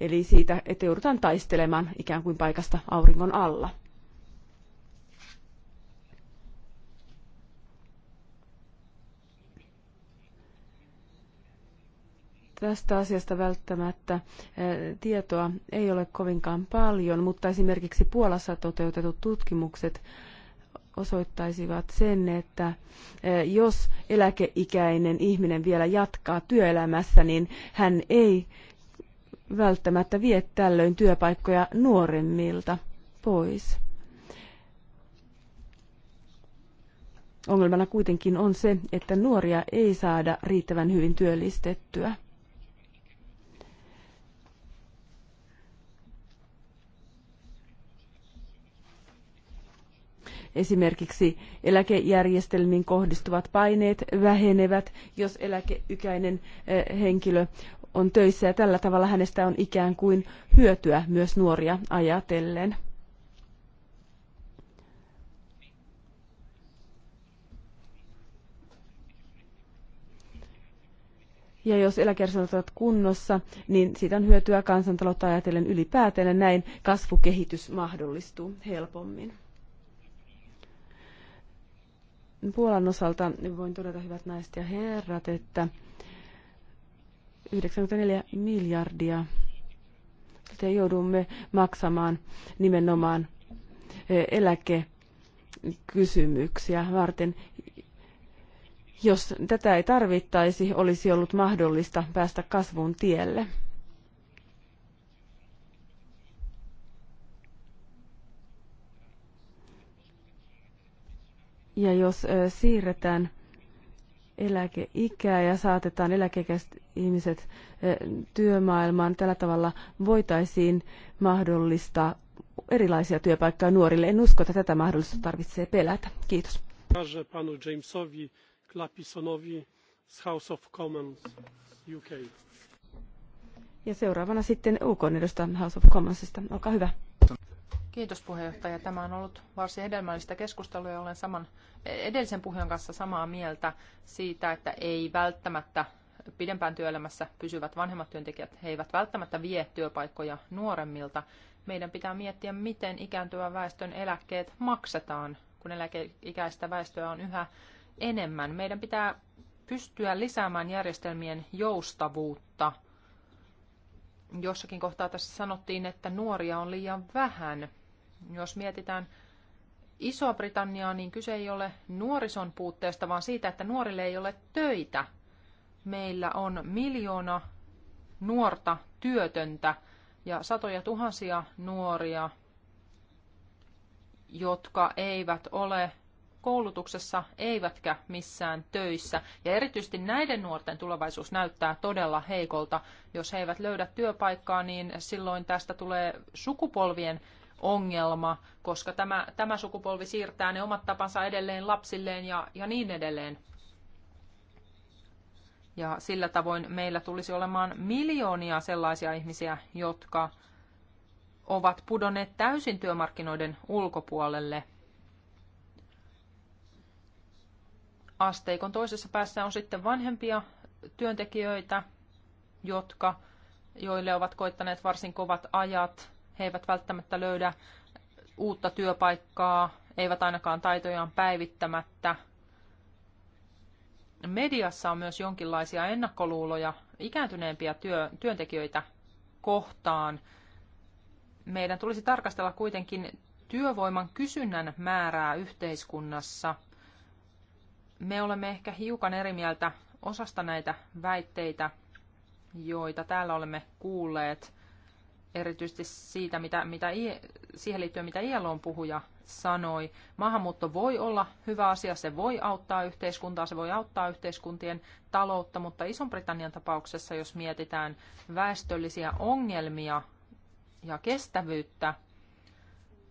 eli siitä, että joudutaan taistelemaan ikään kuin paikasta auringon alla. Tästä asiasta välttämättä eh, tietoa ei ole kovinkaan paljon, mutta esimerkiksi Puolassa toteutetut tutkimukset osoittaisivat sen, että eh, jos eläkeikäinen ihminen vielä jatkaa työelämässä, niin hän ei välttämättä vie tällöin työpaikkoja nuoremmilta pois. Ongelmana kuitenkin on se, että nuoria ei saada riittävän hyvin työllistettyä. Esimerkiksi eläkejärjestelmiin kohdistuvat paineet vähenevät, jos eläkeikäinen eh, henkilö on töissä ja tällä tavalla hänestä on ikään kuin hyötyä myös nuoria ajatellen. Ja jos eläkejärjestelmät ovat kunnossa, niin siitä on hyötyä kansantaloutta ajatellen ylipäätään. Näin kasvukehitys mahdollistuu helpommin. Puolan osalta voin todeta, hyvät naiset ja herrat, että 94 miljardia sitten joudumme maksamaan nimenomaan e, eläkekysymyksiä varten. Jos tätä ei tarvittaisi, olisi ollut mahdollista päästä kasvun tielle. Ja jos siirretään eläkeikää ja saatetaan eläkeikäiset ihmiset työmaailmaan, tällä tavalla voitaisiin mahdollistaa erilaisia työpaikkoja nuorille. En usko, että tätä mahdollisuutta tarvitsee pelätä. Kiitos. panu Jamesowi Clapisonowi House of Commons UK. Ja seuraavana sitten UK-edustaja House of Commonsista. Olkaa hyvä. Kiitos puheenjohtaja. Tämä on ollut varsin hedelmällistä keskustelua ja olen saman, edellisen puheen kanssa samaa mieltä siitä, että ei välttämättä pidempään työelämässä pysyvät vanhemmat työntekijät, he eivät välttämättä vie työpaikkoja nuoremmilta. Meidän pitää miettiä, miten ikääntyvän väestön eläkkeet maksetaan, kun eläkeikäistä väestöä on yhä enemmän. Meidän pitää pystyä lisäämään järjestelmien joustavuutta. Jossakin kohtaa tässä sanottiin, että nuoria on liian vähän. Jos mietitään Iso-Britanniaa, niin kyse ei ole nuorison puutteesta, vaan siitä, että nuorille ei ole töitä. Meillä on miljoona nuorta työtöntä ja satoja tuhansia nuoria, jotka eivät ole koulutuksessa eivätkä missään töissä. Ja erityisesti näiden nuorten tulevaisuus näyttää todella heikolta. Jos he eivät löydä työpaikkaa, niin silloin tästä tulee sukupolvien ongelma, koska tämä, tämä sukupolvi siirtää ne omat tapansa edelleen lapsilleen ja, ja niin edelleen. Ja sillä tavoin meillä tulisi olemaan miljoonia sellaisia ihmisiä, jotka ovat pudonneet täysin työmarkkinoiden ulkopuolelle. Asteikon toisessa päässä on sitten vanhempia työntekijöitä, jotka, joille ovat koittaneet varsin kovat ajat he eivät välttämättä löydä uutta työpaikkaa, eivät ainakaan taitojaan päivittämättä. Mediassa on myös jonkinlaisia ennakkoluuloja ikääntyneempiä työ, työntekijöitä kohtaan. Meidän tulisi tarkastella kuitenkin työvoiman kysynnän määrää yhteiskunnassa. Me olemme ehkä hiukan eri mieltä osasta näitä väitteitä, joita täällä olemme kuulleet erityisesti siitä, mitä, mitä, siihen liittyen, mitä ILOn puhuja sanoi. Maahanmuutto voi olla hyvä asia, se voi auttaa yhteiskuntaa, se voi auttaa yhteiskuntien taloutta, mutta Ison-Britannian tapauksessa, jos mietitään väestöllisiä ongelmia ja kestävyyttä,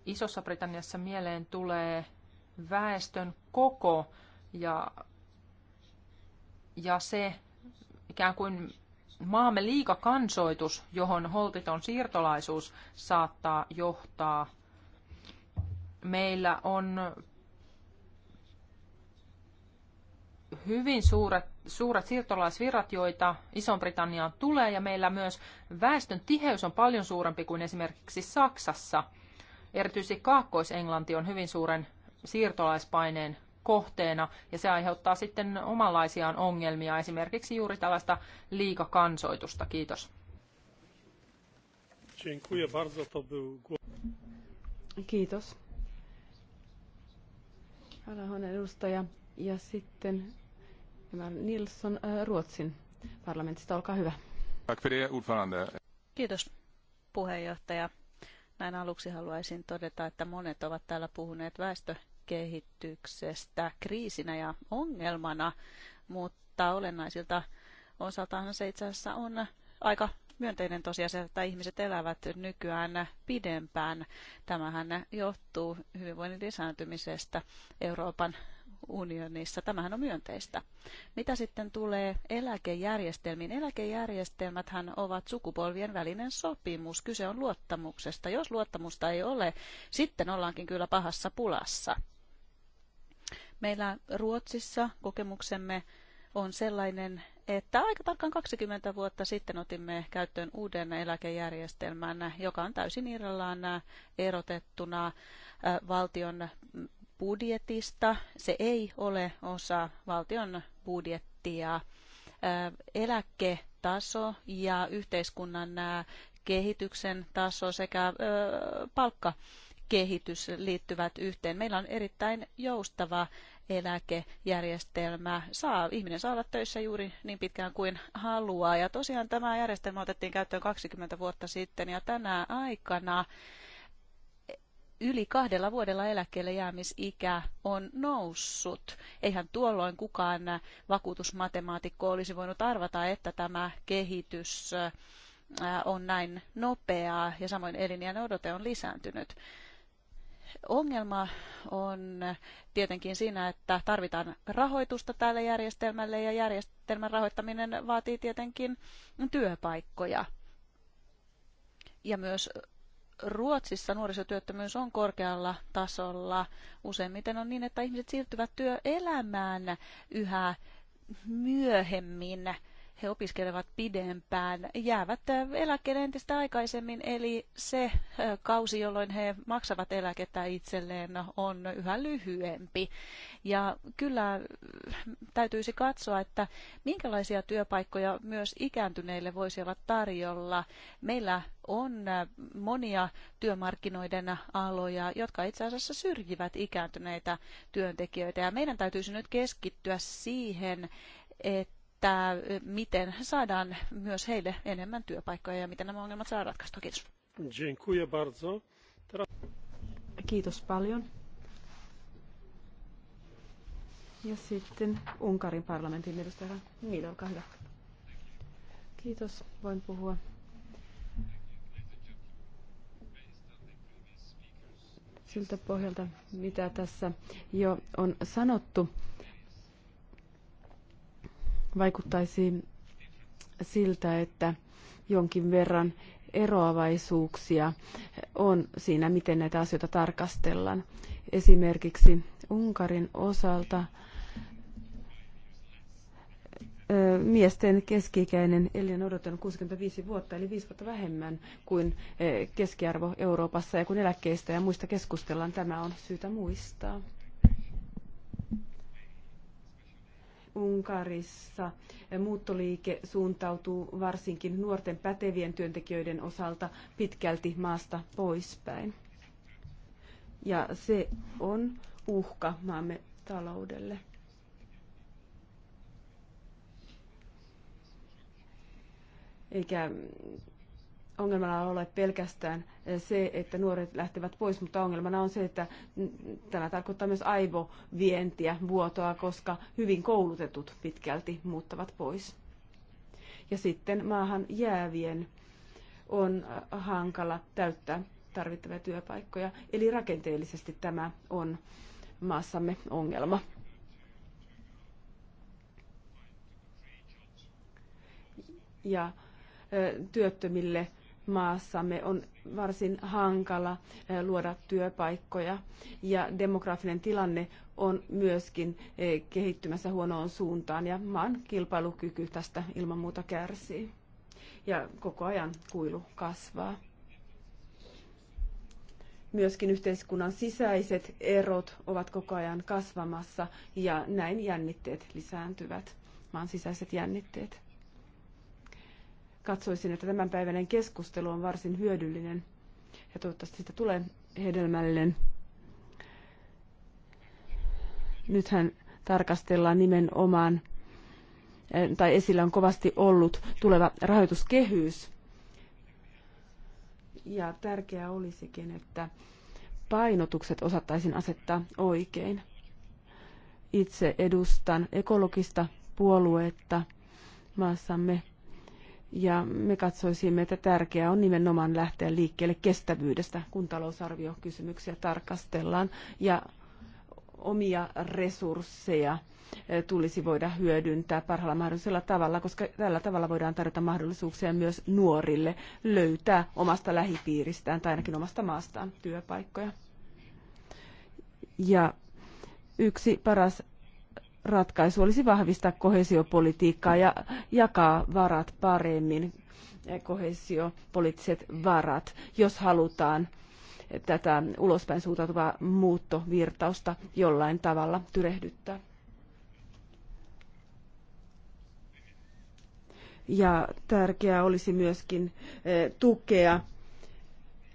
Isossa Britanniassa mieleen tulee väestön koko ja, ja se ikään kuin maamme liikakansoitus, johon holtiton siirtolaisuus saattaa johtaa. Meillä on hyvin suuret, suuret siirtolaisvirrat, joita Iso-Britanniaan tulee, ja meillä myös väestön tiheys on paljon suurempi kuin esimerkiksi Saksassa. Erityisesti Kaakkois-Englanti on hyvin suuren siirtolaispaineen kohteena ja se aiheuttaa sitten omanlaisiaan ongelmia, esimerkiksi juuri tällaista liikakansoitusta. Kiitos. Kiitos. Alahon edustaja ja sitten Nilsson Ruotsin parlamentista, olkaa hyvä. Kiitos puheenjohtaja. Näin aluksi haluaisin todeta, että monet ovat täällä puhuneet väestö kehityksestä kriisinä ja ongelmana, mutta olennaisilta osaltaan se itse asiassa on aika myönteinen tosiasia, että ihmiset elävät nykyään pidempään. Tämähän johtuu hyvinvoinnin lisääntymisestä Euroopan unionissa. Tämähän on myönteistä. Mitä sitten tulee eläkejärjestelmiin? Eläkejärjestelmäthän ovat sukupolvien välinen sopimus. Kyse on luottamuksesta. Jos luottamusta ei ole, sitten ollaankin kyllä pahassa pulassa. Meillä Ruotsissa kokemuksemme on sellainen, että aika tarkkaan 20 vuotta sitten otimme käyttöön uuden eläkejärjestelmän, joka on täysin irrallaan äh, erotettuna äh, valtion budjetista. Se ei ole osa valtion budjettia. Äh, eläketaso ja yhteiskunnan kehityksen taso sekä palkka kehitys liittyvät yhteen. Meillä on erittäin joustava eläkejärjestelmä. Saa, ihminen saa olla töissä juuri niin pitkään kuin haluaa. Ja tosiaan tämä järjestelmä otettiin käyttöön 20 vuotta sitten ja tänä aikana yli kahdella vuodella eläkkeelle jäämisikä on noussut. Eihän tuolloin kukaan vakuutusmatemaatikko olisi voinut arvata, että tämä kehitys äh, on näin nopeaa ja samoin elinjään odote on lisääntynyt. Ongelma on tietenkin siinä, että tarvitaan rahoitusta tälle järjestelmälle ja järjestelmän rahoittaminen vaatii tietenkin työpaikkoja. Ja myös Ruotsissa nuorisotyöttömyys on korkealla tasolla. Useimmiten on niin, että ihmiset siirtyvät työelämään yhä myöhemmin he opiskelevat pidempään, jäävät eläkkeelle entistä aikaisemmin, eli se kausi, jolloin he maksavat eläkettä itselleen, on yhä lyhyempi. Ja kyllä täytyisi katsoa, että minkälaisia työpaikkoja myös ikääntyneille voisi olla tarjolla. Meillä on monia työmarkkinoiden aloja, jotka itse asiassa syrjivät ikääntyneitä työntekijöitä, ja meidän täytyisi nyt keskittyä siihen, että että miten saadaan myös heille enemmän työpaikkoja ja miten nämä ongelmat saadaan ratkaistua. Kiitos. Kiitos paljon. Ja sitten Unkarin parlamentin edustaja. Niillä, olkaa hyvä. Kiitos, voin puhua. Siltä pohjalta, mitä tässä jo on sanottu, Vaikuttaisi siltä, että jonkin verran eroavaisuuksia on siinä, miten näitä asioita tarkastellaan. Esimerkiksi Unkarin osalta miesten keski-ikäinen elin odotan 65 vuotta, eli 5 vuotta vähemmän kuin keskiarvo Euroopassa. Ja kun eläkkeistä ja muista keskustellaan, tämä on syytä muistaa. Unkarissa muuttoliike suuntautuu varsinkin nuorten pätevien työntekijöiden osalta pitkälti maasta poispäin. Ja se on uhka maamme taloudelle. Eikä ongelmana ole pelkästään eh, se, että nuoret lähtevät pois, mutta ongelmana on se, että tämä tarkoittaa myös aivovientiä, vuotoa, koska hyvin koulutetut pitkälti muuttavat pois. Ja sitten maahan jäävien on eh, hankala täyttää tarvittavia työpaikkoja. Eli rakenteellisesti tämä on maassamme ongelma. Ja eh, työttömille maassamme on varsin hankala eh, luoda työpaikkoja ja demografinen tilanne on myöskin eh, kehittymässä huonoon suuntaan ja maan kilpailukyky tästä ilman muuta kärsii. Ja koko ajan kuilu kasvaa. Myöskin yhteiskunnan sisäiset erot ovat koko ajan kasvamassa ja näin jännitteet lisääntyvät, maan sisäiset jännitteet katsoisin, että tämänpäiväinen keskustelu on varsin hyödyllinen ja toivottavasti siitä tulee hedelmällinen. Nythän tarkastellaan nimenomaan, eh, tai esillä on kovasti ollut tuleva rahoituskehys. Ja tärkeää olisikin, että painotukset osattaisiin asettaa oikein. Itse edustan ekologista puoluetta maassamme ja me katsoisimme, että tärkeää on nimenomaan lähteä liikkeelle kestävyydestä, kun talousarviokysymyksiä tarkastellaan. Ja omia resursseja eh, tulisi voida hyödyntää parhaalla mahdollisella tavalla, koska tällä tavalla voidaan tarjota mahdollisuuksia myös nuorille löytää omasta lähipiiristään tai ainakin omasta maastaan työpaikkoja. Ja yksi paras ratkaisu olisi vahvistaa kohesiopolitiikkaa ja jakaa varat paremmin, eh, kohesiopoliittiset varat, jos halutaan tätä ulospäin suuntautuvaa muuttovirtausta jollain tavalla tyrehdyttää. Ja tärkeää olisi myöskin eh, tukea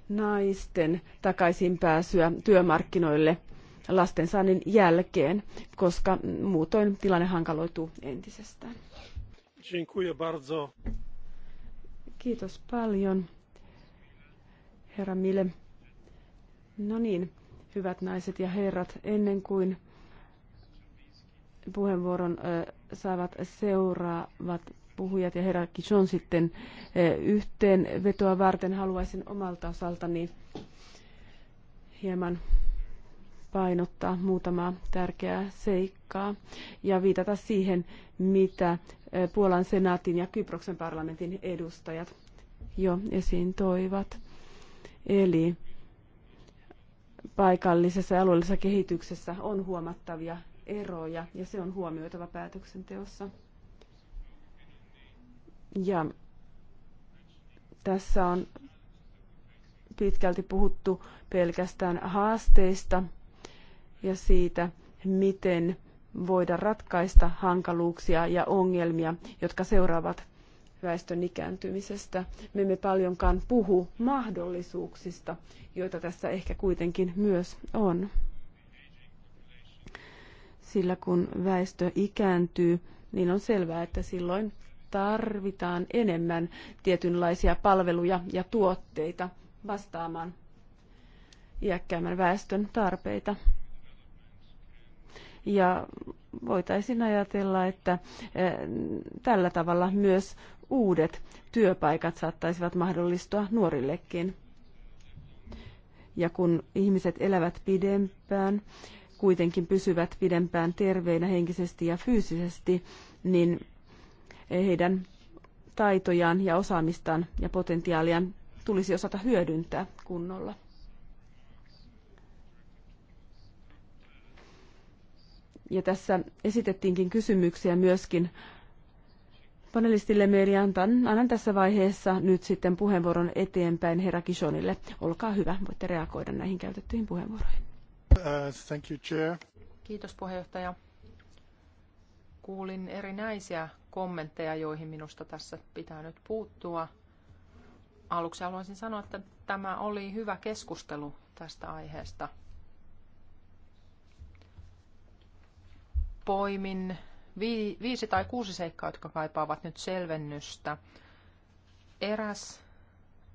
naisten takaisinpääsyä työmarkkinoille – lastensaannin jälkeen, koska muutoin tilanne hankaloituu entisestään. Kiitos paljon, herra Mille. No niin, hyvät naiset ja herrat, ennen kuin puheenvuoron saavat seuraavat puhujat ja herra Kijon sitten yhteenvetoa varten haluaisin omalta osaltani hieman painottaa muutamaa tärkeää seikkaa ja viitata siihen, mitä Puolan senaatin ja Kyproksen parlamentin edustajat jo esiin toivat. Eli paikallisessa ja alueellisessa kehityksessä on huomattavia eroja ja se on huomioitava päätöksenteossa. Ja tässä on pitkälti puhuttu pelkästään haasteista, ja siitä, miten voida ratkaista hankaluuksia ja ongelmia, jotka seuraavat väestön ikääntymisestä. Me emme paljonkaan puhu mahdollisuuksista, joita tässä ehkä kuitenkin myös on. Sillä kun väestö ikääntyy, niin on selvää, että silloin tarvitaan enemmän tietynlaisia palveluja ja tuotteita vastaamaan iäkkäämmän väestön tarpeita ja voitaisiin ajatella, että eh, tällä tavalla myös uudet työpaikat saattaisivat mahdollistua nuorillekin. Ja kun ihmiset elävät pidempään, kuitenkin pysyvät pidempään terveinä henkisesti ja fyysisesti, niin heidän taitojaan ja osaamistaan ja potentiaaliaan tulisi osata hyödyntää kunnolla. Ja tässä esitettiinkin kysymyksiä myöskin panelistille Meri Antan. Annan tässä vaiheessa nyt sitten puheenvuoron eteenpäin herra Kishonille. Olkaa hyvä, voitte reagoida näihin käytettyihin puheenvuoroihin. Uh, thank you, chair. Kiitos puheenjohtaja. Kuulin erinäisiä kommentteja, joihin minusta tässä pitää nyt puuttua. Aluksi haluaisin sanoa, että tämä oli hyvä keskustelu tästä aiheesta – poimin vi- viisi tai kuusi seikkaa, jotka kaipaavat nyt selvennystä. Eräs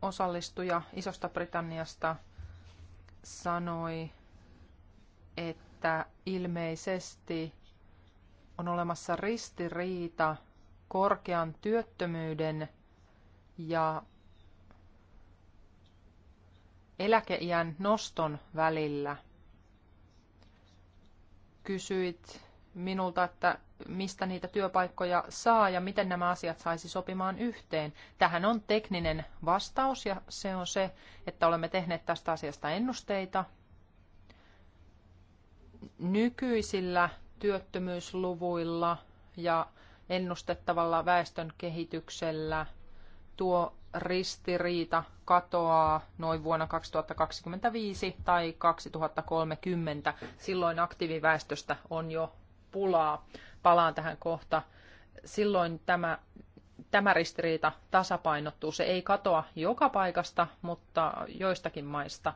osallistuja Isosta Britanniasta sanoi, että ilmeisesti on olemassa ristiriita korkean työttömyyden ja eläkeiän noston välillä. Kysyit minulta, että mistä niitä työpaikkoja saa ja miten nämä asiat saisi sopimaan yhteen. Tähän on tekninen vastaus ja se on se, että olemme tehneet tästä asiasta ennusteita. Nykyisillä työttömyysluvuilla ja ennustettavalla väestön kehityksellä tuo ristiriita katoaa noin vuonna 2025 tai 2030. Silloin aktiiviväestöstä on jo pulaa. Palaan tähän kohta. Silloin tämä, tämä ristiriita tasapainottuu. Se ei katoa joka paikasta, mutta joistakin maista.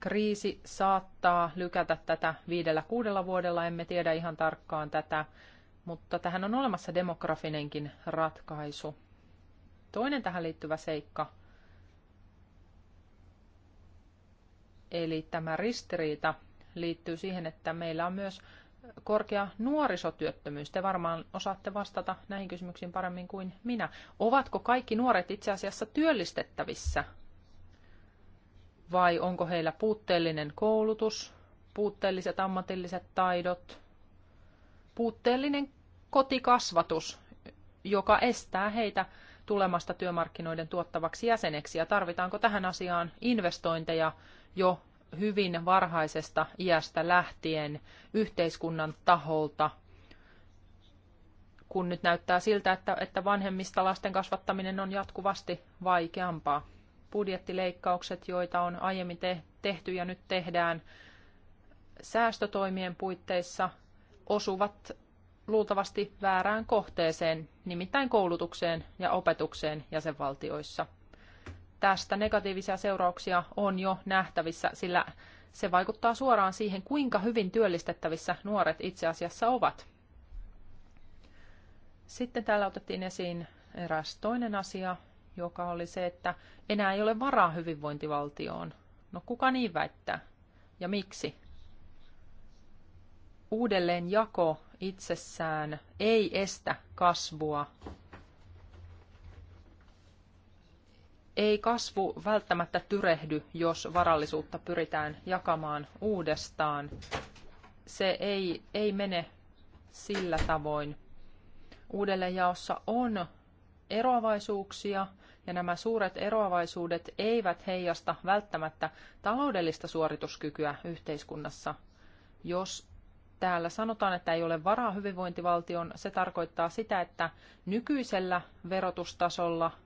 Kriisi saattaa lykätä tätä viidellä kuudella vuodella, emme tiedä ihan tarkkaan tätä, mutta tähän on olemassa demografinenkin ratkaisu. Toinen tähän liittyvä seikka – Eli tämä ristiriita liittyy siihen, että meillä on myös korkea nuorisotyöttömyys? Te varmaan osaatte vastata näihin kysymyksiin paremmin kuin minä. Ovatko kaikki nuoret itse asiassa työllistettävissä? Vai onko heillä puutteellinen koulutus, puutteelliset ammatilliset taidot, puutteellinen kotikasvatus, joka estää heitä tulemasta työmarkkinoiden tuottavaksi jäseneksi? Ja tarvitaanko tähän asiaan investointeja jo hyvin varhaisesta iästä lähtien yhteiskunnan taholta, kun nyt näyttää siltä, että, että vanhemmista lasten kasvattaminen on jatkuvasti vaikeampaa. Budjettileikkaukset, joita on aiemmin te, tehty ja nyt tehdään säästötoimien puitteissa, osuvat luultavasti väärään kohteeseen, nimittäin koulutukseen ja opetukseen jäsenvaltioissa – tästä negatiivisia seurauksia on jo nähtävissä, sillä se vaikuttaa suoraan siihen, kuinka hyvin työllistettävissä nuoret itse asiassa ovat. Sitten täällä otettiin esiin eräs toinen asia, joka oli se, että enää ei ole varaa hyvinvointivaltioon. No kuka niin väittää? Ja miksi? Uudelleenjako itsessään ei estä kasvua ei kasvu välttämättä tyrehdy, jos varallisuutta pyritään jakamaan uudestaan. Se ei, ei mene sillä tavoin. Uudelleenjaossa on eroavaisuuksia, ja nämä suuret eroavaisuudet eivät heijasta välttämättä taloudellista suorituskykyä yhteiskunnassa. Jos täällä sanotaan, että ei ole varaa hyvinvointivaltion, se tarkoittaa sitä, että nykyisellä verotustasolla –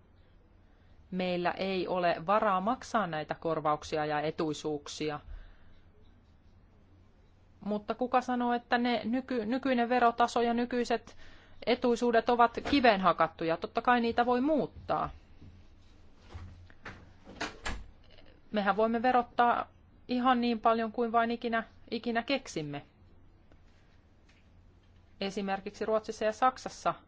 meillä ei ole varaa maksaa näitä korvauksia ja etuisuuksia. Mutta kuka sanoo, että ne nyky, nykyinen verotaso ja nykyiset etuisuudet ovat kiveen hakattuja? Totta kai niitä voi muuttaa. Mehän voimme verottaa ihan niin paljon kuin vain ikinä, ikinä keksimme. Esimerkiksi Ruotsissa ja Saksassa –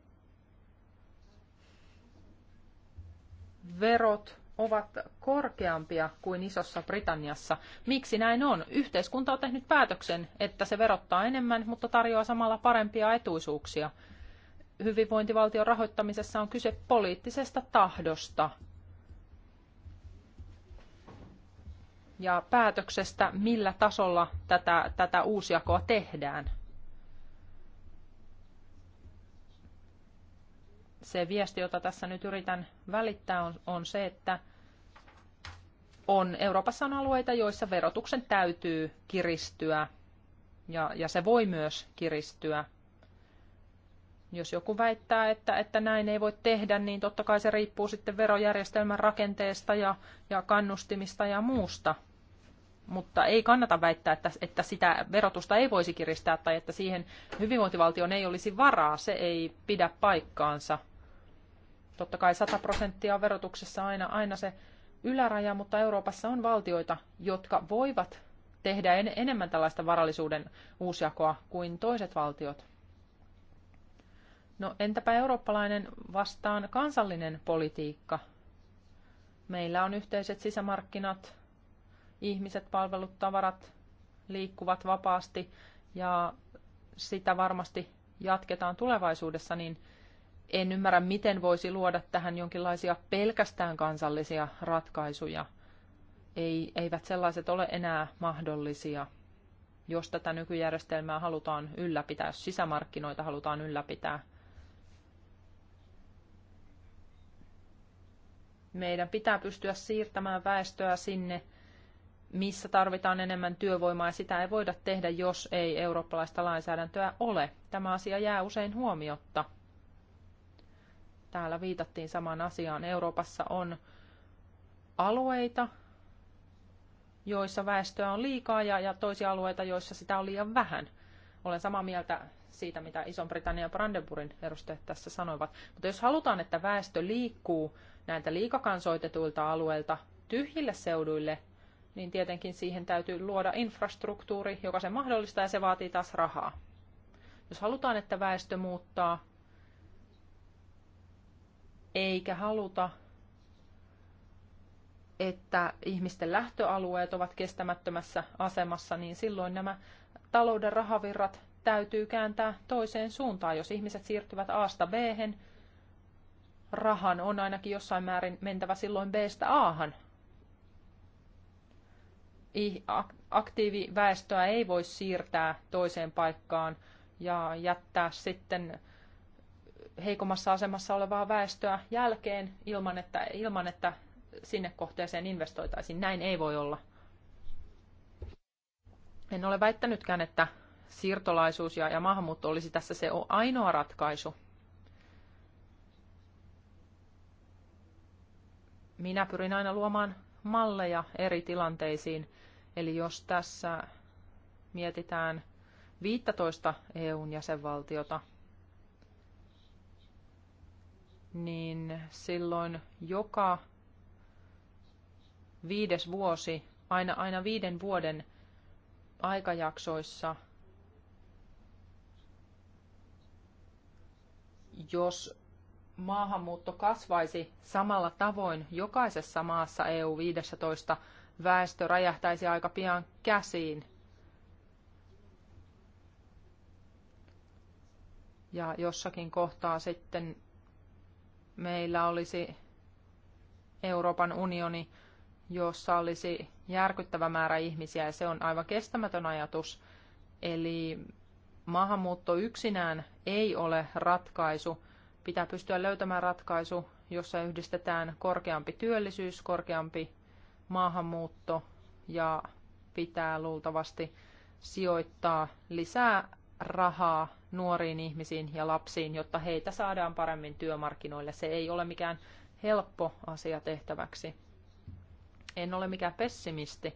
verot ovat korkeampia kuin Isossa Britanniassa. Miksi näin on? Yhteiskunta on tehnyt päätöksen, että se verottaa enemmän, mutta tarjoaa samalla parempia etuisuuksia. Hyvinvointivaltion rahoittamisessa on kyse poliittisesta tahdosta ja päätöksestä, millä tasolla tätä, tätä uusjakoa tehdään. se viesti, jota tässä nyt yritän välittää, on, on se, että on, Euroopassa on alueita, joissa verotuksen täytyy kiristyä ja, ja se voi myös kiristyä. Jos joku väittää, että, että näin ei voi tehdä, niin totta kai se riippuu sitten verojärjestelmän rakenteesta ja, ja kannustimista ja muusta. Mutta ei kannata väittää, että, että sitä verotusta ei voisi kiristää tai että siihen hyvinvointivaltion ei olisi varaa. Se ei pidä paikkaansa. Totta kai 100 prosenttia on verotuksessa aina, aina se yläraja, mutta Euroopassa on valtioita, jotka voivat tehdä en, enemmän tällaista varallisuuden uusjakoa kuin toiset valtiot. No entäpä eurooppalainen vastaan kansallinen politiikka? Meillä on yhteiset sisämarkkinat, ihmiset, palvelut, tavarat liikkuvat vapaasti ja sitä varmasti jatketaan tulevaisuudessa, niin en ymmärrä, miten voisi luoda tähän jonkinlaisia pelkästään kansallisia ratkaisuja. Ei, eivät sellaiset ole enää mahdollisia, jos tätä nykyjärjestelmää halutaan ylläpitää, jos sisämarkkinoita halutaan ylläpitää. Meidän pitää pystyä siirtämään väestöä sinne, missä tarvitaan enemmän työvoimaa, ja sitä ei voida tehdä, jos ei eurooppalaista lainsäädäntöä ole. Tämä asia jää usein huomiotta – Täällä viitattiin samaan asiaan. Euroopassa on alueita, joissa väestöä on liikaa ja, ja toisia alueita, joissa sitä on liian vähän. Olen samaa mieltä siitä, mitä ison britannia ja Brandenburgin edustajat tässä sanoivat. Mutta jos halutaan, että väestö liikkuu näiltä liikakansoitetuilta alueilta tyhjille seuduille, niin tietenkin siihen täytyy luoda infrastruktuuri, joka se mahdollistaa ja se vaatii taas rahaa. Jos halutaan, että väestö muuttaa eikä haluta, että ihmisten lähtöalueet ovat kestämättömässä asemassa, niin silloin nämä talouden rahavirrat täytyy kääntää toiseen suuntaan. Jos ihmiset siirtyvät A-sta b rahan on ainakin jossain määrin mentävä silloin B-stä A-han. Aktiiviväestöä ei voi siirtää toiseen paikkaan ja jättää sitten heikommassa asemassa olevaa väestöä jälkeen ilman, että, ilman, että sinne kohteeseen investoitaisiin. Näin ei voi olla. En ole väittänytkään, että siirtolaisuus ja, ja maahanmuutto olisi tässä se ainoa ratkaisu. Minä pyrin aina luomaan malleja eri tilanteisiin. Eli jos tässä mietitään 15 EUn jäsenvaltiota, niin silloin joka viides vuosi, aina, aina viiden vuoden aikajaksoissa, jos maahanmuutto kasvaisi samalla tavoin jokaisessa maassa EU-15, väestö räjähtäisi aika pian käsiin. Ja jossakin kohtaa sitten meillä olisi Euroopan unioni, jossa olisi järkyttävä määrä ihmisiä ja se on aivan kestämätön ajatus. Eli maahanmuutto yksinään ei ole ratkaisu. Pitää pystyä löytämään ratkaisu, jossa yhdistetään korkeampi työllisyys, korkeampi maahanmuutto ja pitää luultavasti sijoittaa lisää rahaa nuoriin ihmisiin ja lapsiin, jotta heitä saadaan paremmin työmarkkinoille. Se ei ole mikään helppo asia tehtäväksi. En ole mikään pessimisti,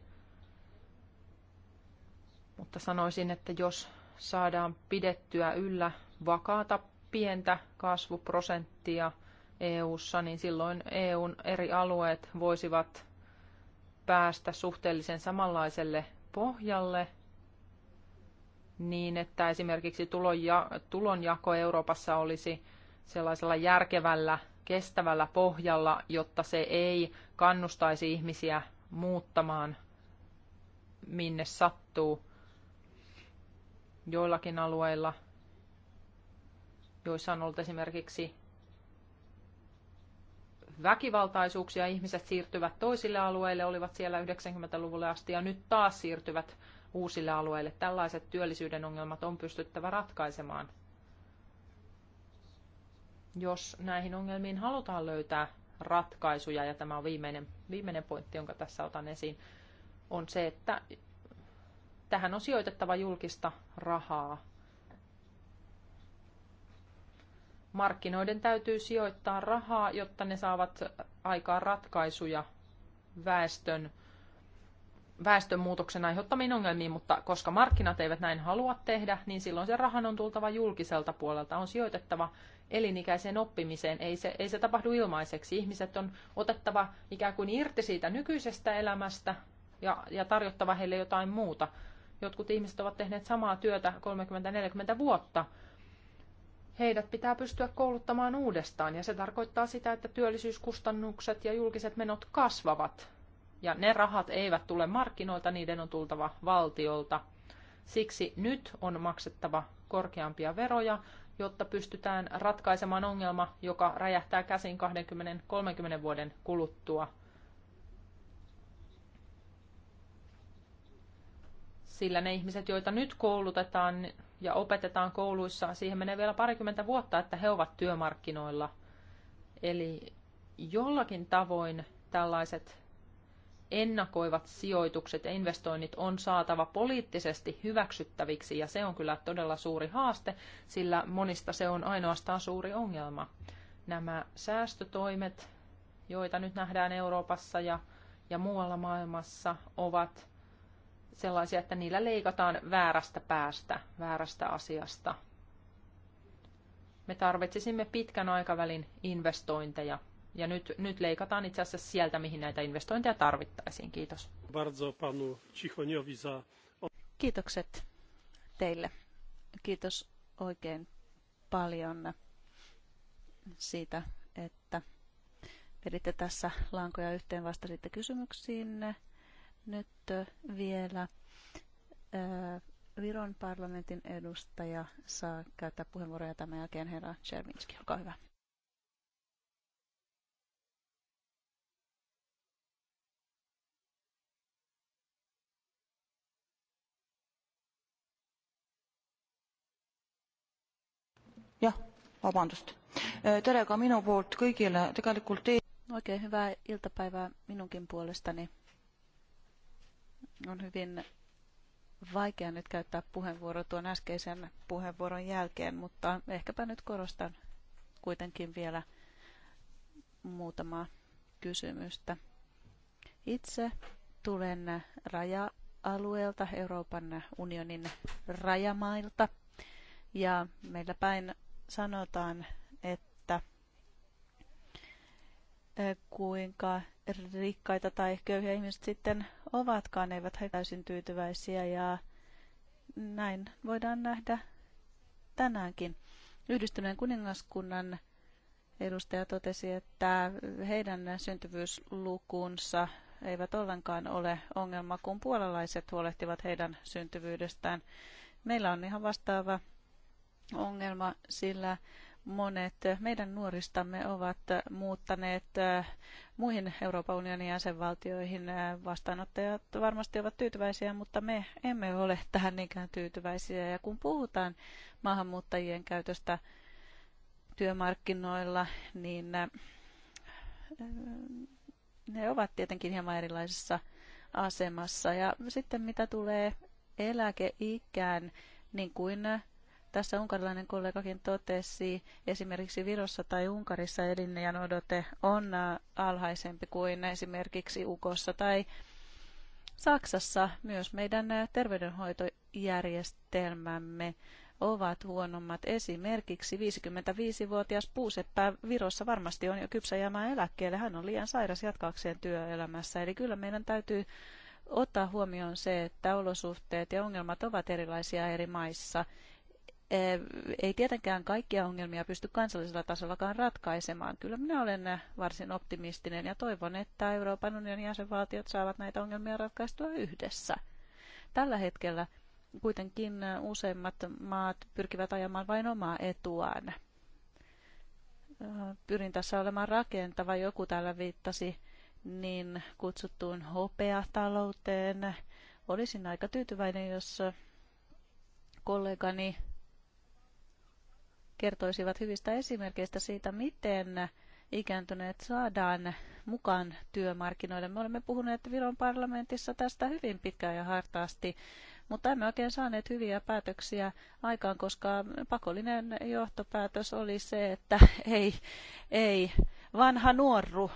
mutta sanoisin, että jos saadaan pidettyä yllä vakaata pientä kasvuprosenttia EU:ssa, niin silloin EUn eri alueet voisivat päästä suhteellisen samanlaiselle pohjalle – niin, että esimerkiksi tulonja, tulonjako Euroopassa olisi sellaisella järkevällä, kestävällä pohjalla, jotta se ei kannustaisi ihmisiä muuttamaan minne sattuu joillakin alueilla, joissa on ollut esimerkiksi väkivaltaisuuksia, ihmiset siirtyvät toisille alueille, olivat siellä 90-luvulle asti ja nyt taas siirtyvät uusille alueille. Tällaiset työllisyyden ongelmat on pystyttävä ratkaisemaan. Jos näihin ongelmiin halutaan löytää ratkaisuja, ja tämä on viimeinen, viimeinen pointti, jonka tässä otan esiin, on se, että tähän on sijoitettava julkista rahaa. Markkinoiden täytyy sijoittaa rahaa, jotta ne saavat aikaan ratkaisuja väestön väestönmuutoksen aiheuttamiin ongelmiin, mutta koska markkinat eivät näin halua tehdä, niin silloin se rahan on tultava julkiselta puolelta, on sijoitettava elinikäiseen oppimiseen. Ei se, ei se tapahdu ilmaiseksi. Ihmiset on otettava ikään kuin irti siitä nykyisestä elämästä ja, ja tarjottava heille jotain muuta. Jotkut ihmiset ovat tehneet samaa työtä 30-40 vuotta. Heidät pitää pystyä kouluttamaan uudestaan ja se tarkoittaa sitä, että työllisyyskustannukset ja julkiset menot kasvavat ja ne rahat eivät tule markkinoilta, niiden on tultava valtiolta. Siksi nyt on maksettava korkeampia veroja, jotta pystytään ratkaisemaan ongelma, joka räjähtää käsin 20-30 vuoden kuluttua. Sillä ne ihmiset, joita nyt koulutetaan ja opetetaan kouluissa, siihen menee vielä parikymmentä vuotta, että he ovat työmarkkinoilla. Eli jollakin tavoin tällaiset ennakoivat sijoitukset ja investoinnit on saatava poliittisesti hyväksyttäviksi ja se on kyllä todella suuri haaste, sillä monista se on ainoastaan suuri ongelma. Nämä säästötoimet, joita nyt nähdään Euroopassa ja, ja muualla maailmassa, ovat sellaisia, että niillä leikataan väärästä päästä, väärästä asiasta. Me tarvitsisimme pitkän aikavälin investointeja ja nyt, nyt leikataan itse asiassa sieltä, mihin näitä investointeja tarvittaisiin. Kiitos. Kiitokset teille. Kiitos oikein paljon siitä, että veditte tässä lankoja yhteen vastasitte kysymyksiin. Nyt vielä Viron parlamentin edustaja saa käyttää puheenvuoroja tämän jälkeen herra Cherminski. Olkaa hyvä. vabandust öö, tere ka minu poolt kõigile tegelikult no oikein hyvää iltapäivää minunkin puolestani on hyvin vaikea nyt käyttää puheenvuoro tuon äskeisen puheenvuoron jälkeen, mutta ehkäpä nyt korostan kuitenkin vielä muutamaa kysymystä. Itse tulen raja-alueelta, Euroopan unionin rajamailta, ja meillä päin sanotaan, että kuinka rikkaita tai köyhiä ihmiset sitten ovatkaan, eivät he täysin tyytyväisiä ja näin voidaan nähdä tänäänkin. Yhdistyneen kuningaskunnan edustaja totesi, että heidän syntyvyyslukunsa eivät ollenkaan ole ongelma, kun puolalaiset huolehtivat heidän syntyvyydestään. Meillä on ihan vastaava ongelma, sillä monet meidän nuoristamme ovat muuttaneet muihin Euroopan unionin jäsenvaltioihin. Vastaanottajat varmasti ovat tyytyväisiä, mutta me emme ole tähän niinkään tyytyväisiä. Ja kun puhutaan maahanmuuttajien käytöstä työmarkkinoilla, niin ne ovat tietenkin hieman erilaisessa asemassa. Ja sitten mitä tulee eläkeikään, niin kuin tässä unkarilainen kollegakin totesi, esimerkiksi Virossa tai Unkarissa elinjän odote on äh, alhaisempi kuin esimerkiksi Ukossa tai Saksassa. Myös meidän äh, terveydenhoitojärjestelmämme ovat huonommat. Esimerkiksi 55-vuotias puuseppä Virossa varmasti on jo kypsä jäämään eläkkeelle. Hän on liian sairas jatkaakseen työelämässä. Eli kyllä meidän täytyy ottaa huomioon se, että olosuhteet ja ongelmat ovat erilaisia eri maissa. Eh, ei tietenkään kaikkia ongelmia pysty kansallisella tasollakaan ratkaisemaan. Kyllä minä olen varsin optimistinen ja toivon, että Euroopan unionin jäsenvaltiot saavat näitä ongelmia ratkaistua yhdessä. Tällä hetkellä kuitenkin useimmat maat pyrkivät ajamaan vain omaa etuaan. Eh, pyrin tässä olemaan rakentava. Joku täällä viittasi niin kutsuttuun hopeatalouteen. Olisin aika tyytyväinen, jos kollegani kertoisivat hyvistä esimerkkeistä siitä, miten ikääntyneet saadaan mukaan työmarkkinoille. Me olemme puhuneet Viron parlamentissa tästä hyvin pitkään ja hartaasti, mutta emme oikein saaneet hyviä päätöksiä aikaan, koska pakollinen johtopäätös oli se, että ei, ei, vanha nuorru.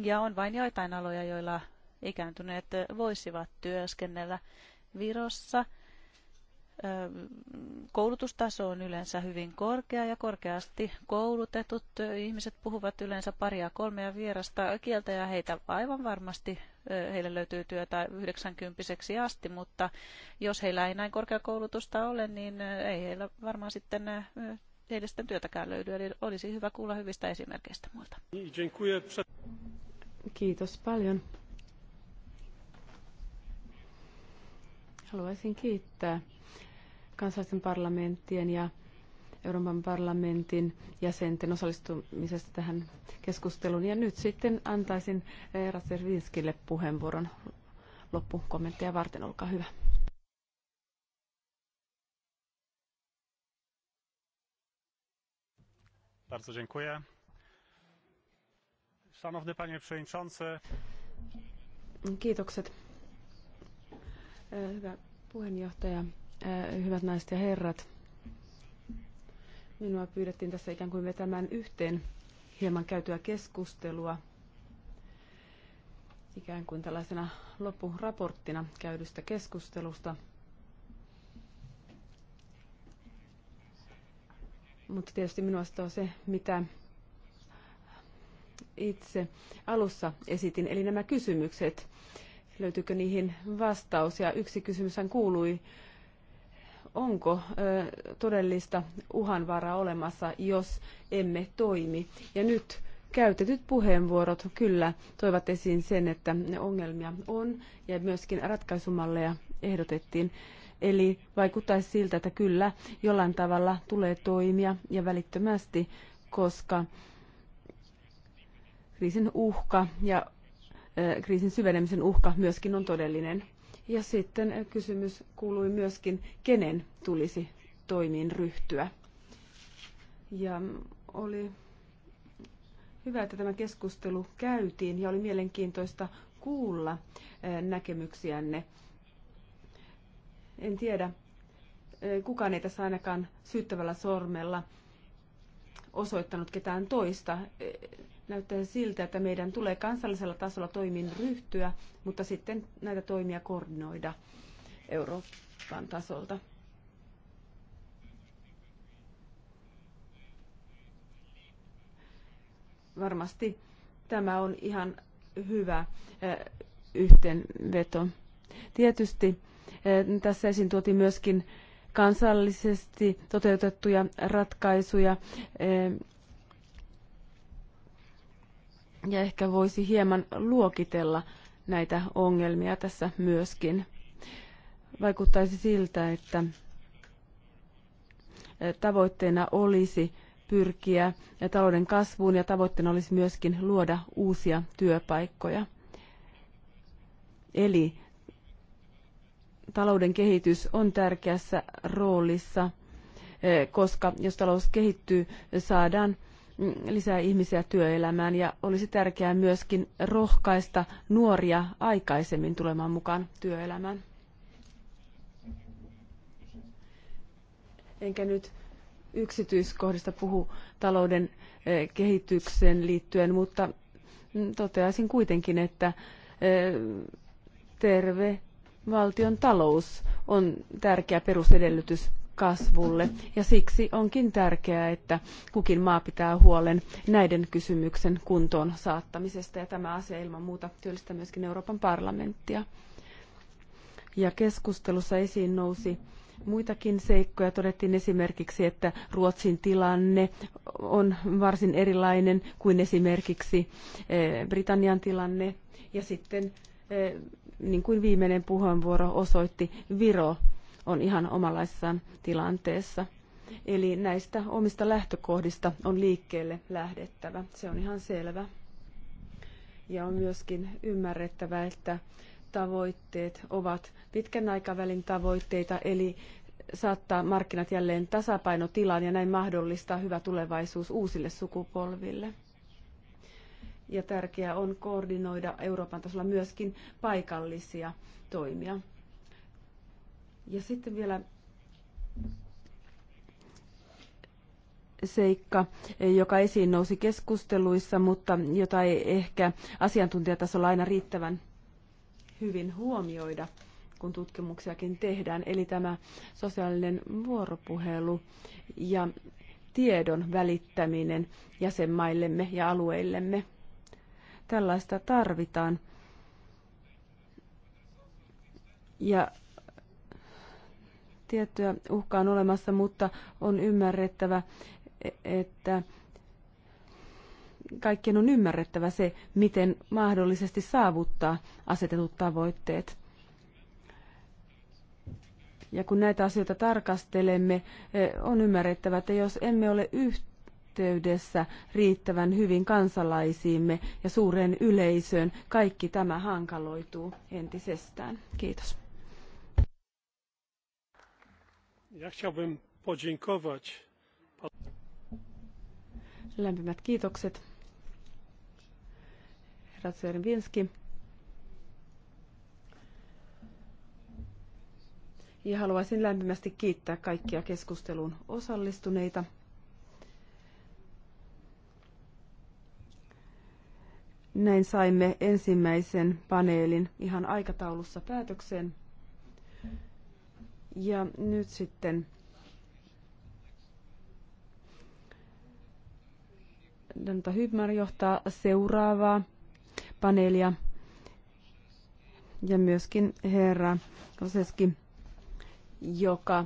Ja on vain joitain aloja, joilla ikääntyneet voisivat työskennellä Virossa – koulutustaso on yleensä hyvin korkea ja korkeasti koulutetut ihmiset puhuvat yleensä paria kolmea vierasta kieltä ja heitä aivan varmasti heille löytyy työtä 90 asti, mutta jos heillä ei näin koulutusta ole, niin ei heillä varmaan sitten heille sitten työtäkään löydy, eli olisi hyvä kuulla hyvistä esimerkkeistä muilta. Kiitos paljon. Haluaisin kiittää kansallisten parlamenttien ja Euroopan parlamentin jäsenten osallistumisesta tähän keskusteluun. Ja nyt sitten antaisin Eera Servinskille puheenvuoron loppukommentteja varten. Olkaa hyvä. Bardzo dziękuję. Szanowny panie przewodniczący. Kiitokset. E, hyvä puheenjohtaja. Äh, hyvät naiset ja herrat. Minua pyydettiin tässä ikään kuin vetämään yhteen hieman käytyä keskustelua ikään kuin tällaisena loppuraporttina käydystä keskustelusta. Mutta tietysti minusta on se, mitä itse alussa esitin, eli nämä kysymykset. Löytyykö niihin vastaus? Ja yksi kysymys kuului, onko todellista uhanvaraa olemassa, jos emme toimi. Ja nyt käytetyt puheenvuorot kyllä toivat esiin sen, että ongelmia on ja myöskin ratkaisumalleja ehdotettiin. Eli vaikuttaisi siltä, että kyllä jollain tavalla tulee toimia ja välittömästi, koska kriisin uhka ja kriisin syvenemisen uhka myöskin on todellinen. Ja sitten eh, kysymys kuului myöskin, kenen tulisi toimiin ryhtyä. Ja mm, oli hyvä, että tämä keskustelu käytiin ja oli mielenkiintoista kuulla eh, näkemyksiänne. En tiedä, eh, kukaan ei tässä ainakaan syyttävällä sormella osoittanut ketään toista näyttää siltä, että meidän tulee kansallisella tasolla toimiin ryhtyä, mutta sitten näitä toimia koordinoida Euroopan tasolta. Varmasti tämä on ihan hyvä eh, yhteenveto. Tietysti eh, tässä esiin tuotiin myöskin kansallisesti toteutettuja ratkaisuja eh, ja ehkä voisi hieman luokitella näitä ongelmia tässä myöskin. Vaikuttaisi siltä, että tavoitteena olisi pyrkiä ja talouden kasvuun ja tavoitteena olisi myöskin luoda uusia työpaikkoja. Eli talouden kehitys on tärkeässä roolissa, koska jos talous kehittyy, saadaan Mm, lisää ihmisiä työelämään ja olisi tärkeää myöskin rohkaista nuoria aikaisemmin tulemaan mukaan työelämään. Enkä nyt yksityiskohdista puhu talouden eh, kehitykseen liittyen, mutta mm, toteaisin kuitenkin, että eh, terve valtion talous on tärkeä perusedellytys kasvulle. Ja siksi onkin tärkeää, että kukin maa pitää huolen näiden kysymyksen kuntoon saattamisesta. Ja tämä asia ilman muuta työllistää myöskin Euroopan parlamenttia. Ja keskustelussa esiin nousi muitakin seikkoja. Todettiin esimerkiksi, että Ruotsin tilanne on varsin erilainen kuin esimerkiksi eh, Britannian tilanne. Ja sitten, eh, niin kuin viimeinen puheenvuoro osoitti, Viro on ihan omanlaissaan tilanteessa. Eli näistä omista lähtökohdista on liikkeelle lähdettävä, se on ihan selvä. Ja on myöskin ymmärrettävä, että tavoitteet ovat pitkän aikavälin tavoitteita, eli saattaa markkinat jälleen tasapainotilaan ja näin mahdollistaa hyvä tulevaisuus uusille sukupolville. Ja tärkeää on koordinoida Euroopan tasolla myöskin paikallisia toimia ja sitten vielä seikka, joka esiin nousi keskusteluissa, mutta jota ei ehkä asiantuntijatasolla aina riittävän hyvin huomioida, kun tutkimuksiakin tehdään, eli tämä sosiaalinen vuoropuhelu ja tiedon välittäminen jäsenmaillemme ja alueillemme. Tällaista tarvitaan. Ja Tiettyä uhkaa on olemassa, mutta on ymmärrettävä, että kaikkien on ymmärrettävä se, miten mahdollisesti saavuttaa asetetut tavoitteet. Ja kun näitä asioita tarkastelemme, eh, on ymmärrettävä, että jos emme ole yhteydessä riittävän hyvin kansalaisiimme ja suureen yleisöön, kaikki tämä hankaloituu entisestään. Kiitos. Ja chciałbym podziękować. Lämpimät kiitokset. Herra Ja haluaisin lämpimästi kiittää kaikkia keskusteluun osallistuneita. Näin saimme ensimmäisen paneelin ihan aikataulussa päätökseen. Ja nyt sitten Danta Hybmar johtaa seuraavaa paneelia ja myöskin herra Koseski, joka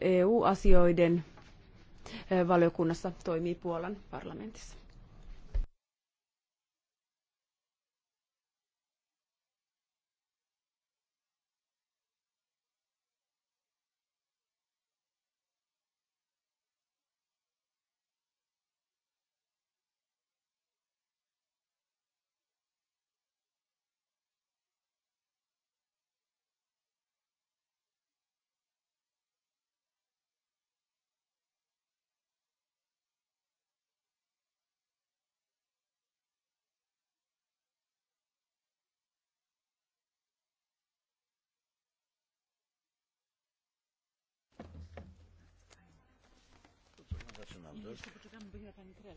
EU-asioiden e e, valiokunnassa toimii Puolan parlamentissa. synodów. Jeszcze poczekamy, bo chyba pani Krel.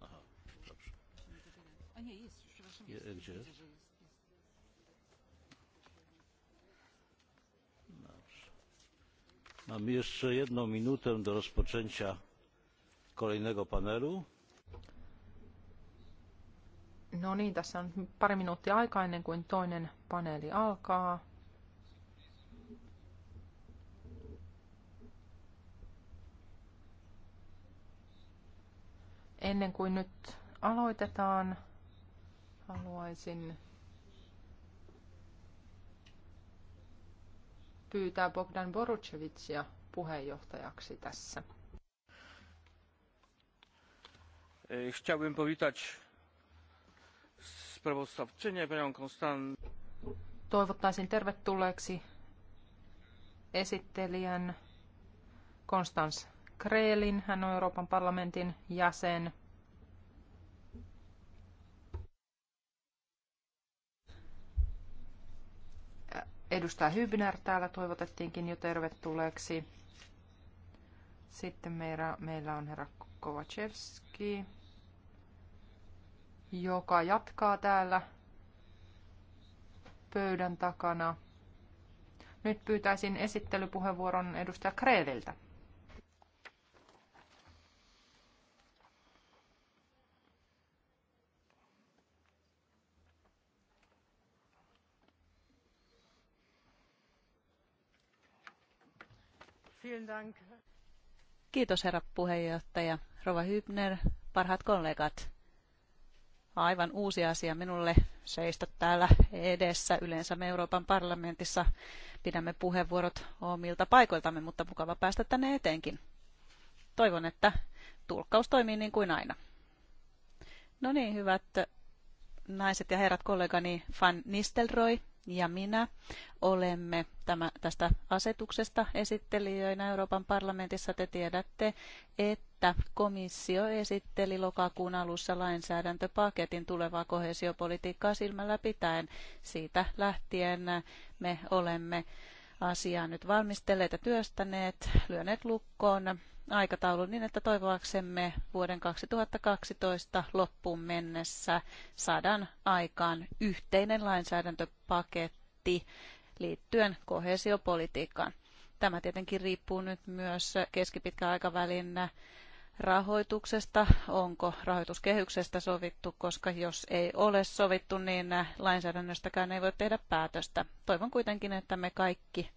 Aha, dobrze. A nie, jest, przepraszam. Je, jest, gdzie widzę, Że jest, jest. Dobrze. Mamy jeszcze jedną minutę do rozpoczęcia kolejnego panelu. No niin, tässä on pari minuuttia aikaa ennen kuin toinen paneeli alkaa. Ennen kuin nyt aloitetaan, haluaisin pyytää Bogdan Borucevicia puheenjohtajaksi tässä. E, chciałbym powitać sprawozdawczynię, panią Konstan. Toivottaisin tervetulleeksi esittelijän Konstans Kreelin. Hän on Euroopan parlamentin jäsen. Edustaja Hybner täällä toivotettiinkin jo tervetulleeksi. Sitten meillä, meillä on herra Kovacevski, joka jatkaa täällä pöydän takana. Nyt pyytäisin esittelypuheenvuoron edustaja Kreeliltä. Kiitos herra puheenjohtaja. Rova Hybner, parhaat kollegat. Aivan uusi asia minulle seistä täällä edessä. Yleensä me Euroopan parlamentissa pidämme puheenvuorot omilta paikoiltamme, mutta mukava päästä tänne eteenkin. Toivon, että tulkkaus toimii niin kuin aina. No niin, hyvät naiset ja herrat kollegani Van Nistelrooy, ja minä olemme tämä, tästä asetuksesta esittelijöinä Euroopan parlamentissa. Te tiedätte, että komissio esitteli lokakuun alussa lainsäädäntöpaketin tulevaa kohesiopolitiikkaa silmällä pitäen. Siitä lähtien me olemme asiaa nyt valmistelleet ja työstäneet, lyöneet lukkoon aikataulu niin, että toivoaksemme vuoden 2012 loppuun mennessä saadaan aikaan yhteinen lainsäädäntöpaketti liittyen kohesiopolitiikkaan. Tämä tietenkin riippuu nyt myös keskipitkän aikavälin rahoituksesta, onko rahoituskehyksestä sovittu, koska jos ei ole sovittu, niin lainsäädännöstäkään ei voi tehdä päätöstä. Toivon kuitenkin, että me kaikki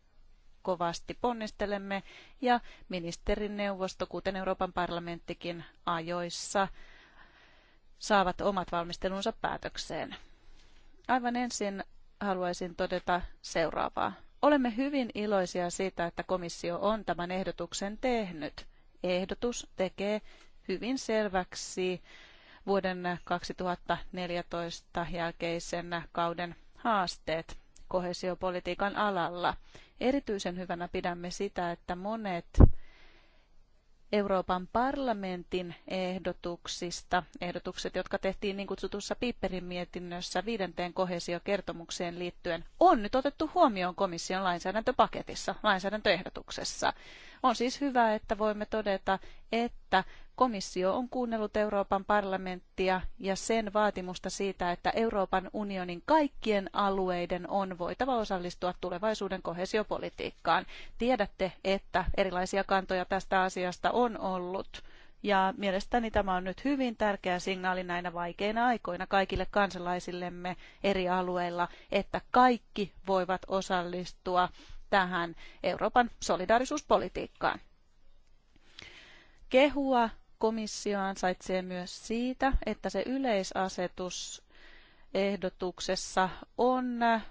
kovasti ponnistelemme ja ministerineuvosto, kuten Euroopan parlamenttikin ajoissa, saavat omat valmistelunsa päätökseen. Aivan ensin haluaisin todeta seuraavaa. Olemme hyvin iloisia siitä, että komissio on tämän ehdotuksen tehnyt. Ehdotus tekee hyvin selväksi vuoden 2014 jälkeisen kauden haasteet kohesiopolitiikan alalla. Erityisen hyvänä pidämme sitä, että monet Euroopan parlamentin ehdotuksista, ehdotukset, jotka tehtiin niin kutsutussa Piperin mietinnössä viidenteen kohesiokertomukseen liittyen, on nyt otettu huomioon komission lainsäädäntöpaketissa, lainsäädäntöehdotuksessa. On siis hyvä, että voimme todeta, että komissio on kuunnellut Euroopan parlamenttia ja sen vaatimusta siitä, että Euroopan unionin kaikkien alueiden on voitava osallistua tulevaisuuden kohesiopolitiikkaan. Tiedätte, että erilaisia kantoja tästä asiasta on ollut. Ja mielestäni tämä on nyt hyvin tärkeä signaali näinä vaikeina aikoina kaikille kansalaisillemme eri alueilla, että kaikki voivat osallistua tähän Euroopan solidaarisuuspolitiikkaan. Kehua komissio ansaitsee myös siitä, että se yleisasetus ehdotuksessa on äh,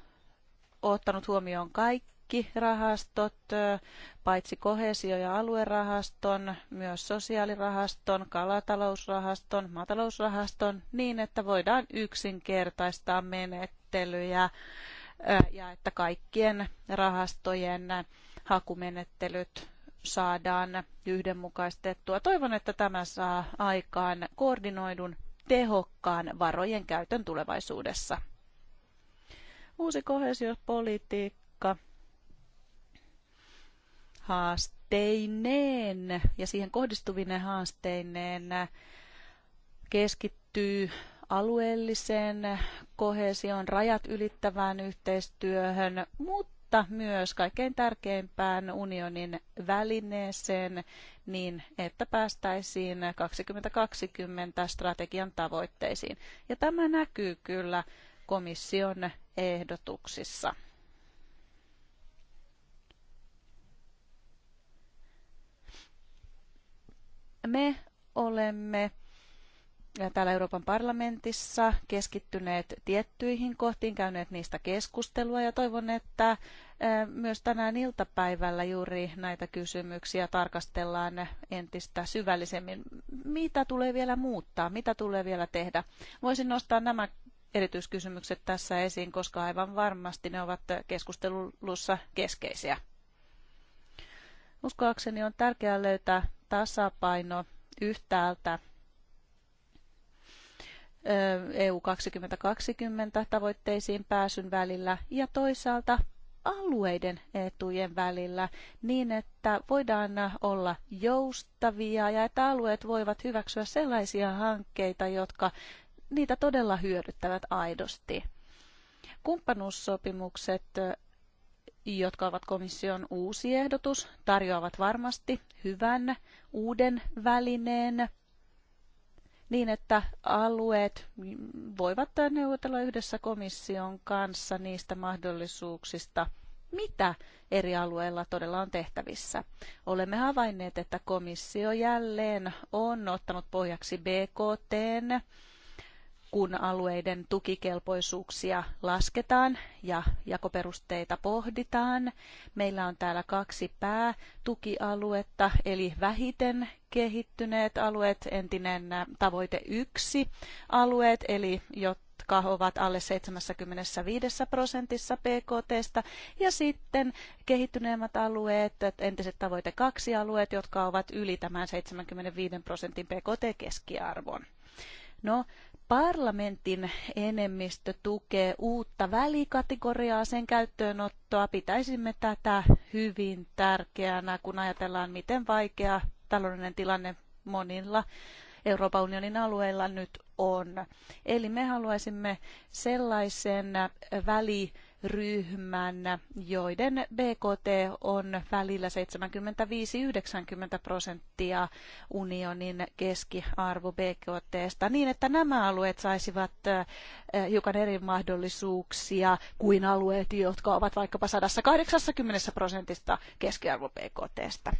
ottanut huomioon kaikki rahastot, äh, paitsi kohesio- ja aluerahaston, myös sosiaalirahaston, kalatalousrahaston, maatalousrahaston, niin että voidaan yksinkertaistaa menettelyjä äh, ja että kaikkien rahastojen hakumenettelyt saadaan yhdenmukaistettua. Toivon, että tämä saa aikaan koordinoidun tehokkaan varojen käytön tulevaisuudessa. Uusi kohesiopolitiikka haasteineen ja siihen kohdistuvine haasteineen keskittyy alueelliseen kohesioon, rajat ylittävään yhteistyöhön, mutta mutta myös kaikkein tärkeimpään unionin välineeseen niin, että päästäisiin 2020 strategian tavoitteisiin. Ja tämä näkyy kyllä komission ehdotuksissa. Me olemme Äh, täällä Euroopan parlamentissa keskittyneet tiettyihin kohtiin, käyneet niistä keskustelua ja toivon, että äh, myös tänään iltapäivällä juuri näitä kysymyksiä tarkastellaan entistä syvällisemmin. Mitä tulee vielä muuttaa? Mitä tulee vielä tehdä? Voisin nostaa nämä erityiskysymykset tässä esiin, koska aivan varmasti ne ovat keskustelussa keskeisiä. Uskoakseni on tärkeää löytää tasapaino yhtäältä EU 2020 tavoitteisiin pääsyn välillä ja toisaalta alueiden etujen välillä niin, että voidaan olla joustavia ja että alueet voivat hyväksyä sellaisia hankkeita, jotka niitä todella hyödyttävät aidosti. Kumppanuussopimukset jotka ovat komission uusi ehdotus, tarjoavat varmasti hyvän uuden välineen niin, että alueet voivat neuvotella yhdessä komission kanssa niistä mahdollisuuksista, mitä eri alueilla todella on tehtävissä. Olemme havainneet, että komissio jälleen on ottanut pohjaksi BKT, kun alueiden tukikelpoisuuksia lasketaan ja jakoperusteita pohditaan. Meillä on täällä kaksi päätukialuetta, eli vähiten kehittyneet alueet, entinen tavoite yksi alueet, eli jotka ovat alle 75 prosentissa PKT, ja sitten kehittyneemmät alueet, entiset tavoite kaksi alueet, jotka ovat yli tämän 75 prosentin PKT-keskiarvon. No, parlamentin enemmistö tukee uutta välikategoriaa, sen käyttöönottoa. Pitäisimme tätä hyvin tärkeänä, kun ajatellaan, miten vaikea taloudellinen tilanne monilla Euroopan unionin alueilla nyt on. Eli me haluaisimme sellaisen väliryhmän, joiden BKT on välillä 75-90 prosenttia unionin keskiarvo BKTstä, niin että nämä alueet saisivat eh, hiukan eri mahdollisuuksia kuin alueet, jotka ovat vaikkapa 180 prosentista keskiarvo BKTstä.